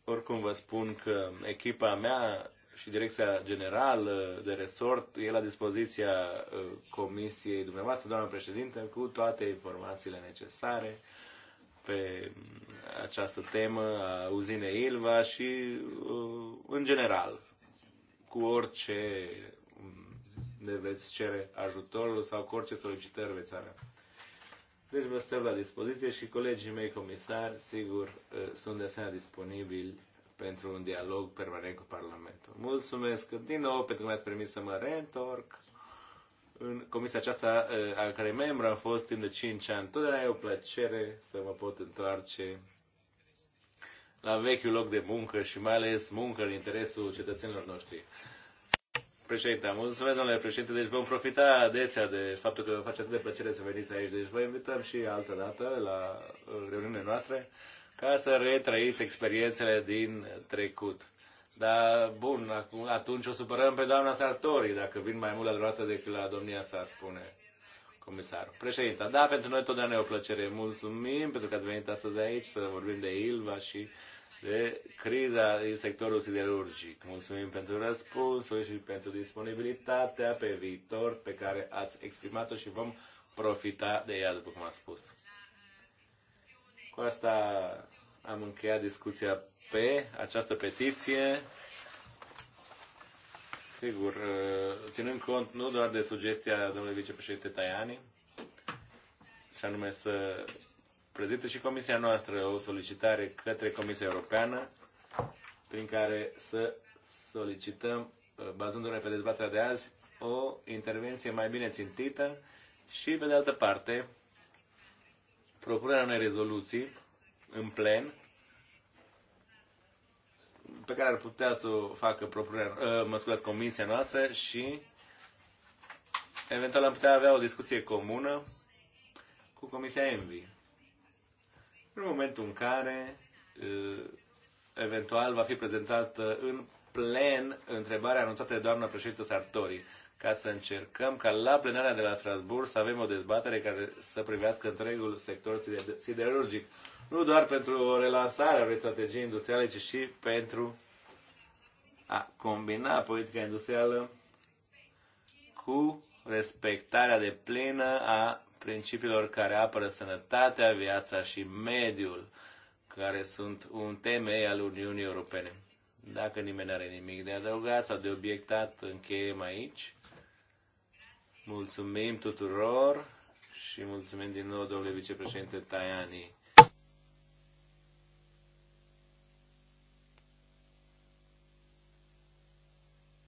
oricum vă spun că echipa mea și direcția generală de resort e la dispoziția uh, comisiei dumneavoastră, doamna președintă, cu toate informațiile necesare pe mm, această temă a uzinei Ilva și uh, în general cu orice mm, ne veți cere ajutorul sau cu orice solicitări veți avea. Deci vă stau la dispoziție și colegii mei comisari, sigur, eh, sunt de asemenea disponibili pentru un dialog permanent cu Parlamentul. Mulțumesc din nou pentru că mi-ați permis să mă reîntorc în comisia aceasta eh, a care membru am fost timp de 5 ani. Totdeauna e o plăcere să mă pot întoarce la vechiul loc de muncă și mai ales muncă în interesul cetățenilor noștri. Președinte, am mulțumesc, domnule președinte, deci vom profita adesea de faptul că vă face atât de plăcere să veniți aici. Deci vă invităm și altă dată la uh, reuniunile noastre ca să retrăiți experiențele din trecut. Dar, bun, atunci o supărăm pe doamna Sartori, dacă vin mai mult la dumneavoastră decât la domnia sa, spune comisarul. Președinte, da, pentru noi totdeauna e o plăcere. Mulțumim pentru că ați venit astăzi aici să vorbim de Ilva și de criza din sectorul siderurgic. Mulțumim pentru răspunsuri și pentru disponibilitatea pe viitor pe care ați exprimat-o și vom profita de ea, după cum am spus. Cu asta am încheiat discuția pe această petiție. Sigur, uh, ținând cont nu doar de sugestia domnului vicepreședinte Tajani, și anume să prezintă și Comisia noastră o solicitare către Comisia Europeană prin care să solicităm, uh, bazându-ne pe dezbaterea de azi, o intervenție mai bine țintită și, pe de altă parte, propunerea unei rezoluții în plen pe care ar putea să o facă propunerea, uh, mă scuzați, comisia noastră și eventual am putea avea o discuție comună cu Comisia Envi în momentul în care eventual va fi prezentată în plen întrebarea anunțată de doamna președintă Sartori, ca să încercăm ca la plenarea de la Strasburg să avem o dezbatere care să privească întregul sector siderurgic, nu doar pentru o relansare a unei strategii industriale, ci și pentru a combina politica industrială cu respectarea de plină a principiilor care apără sănătatea, viața și mediul, care sunt un temei al Uniunii Europene. Dacă nimeni are nimic de adăugat sau de obiectat, încheiem aici. Mulțumim tuturor și mulțumim din nou domnule vicepreședinte Tajani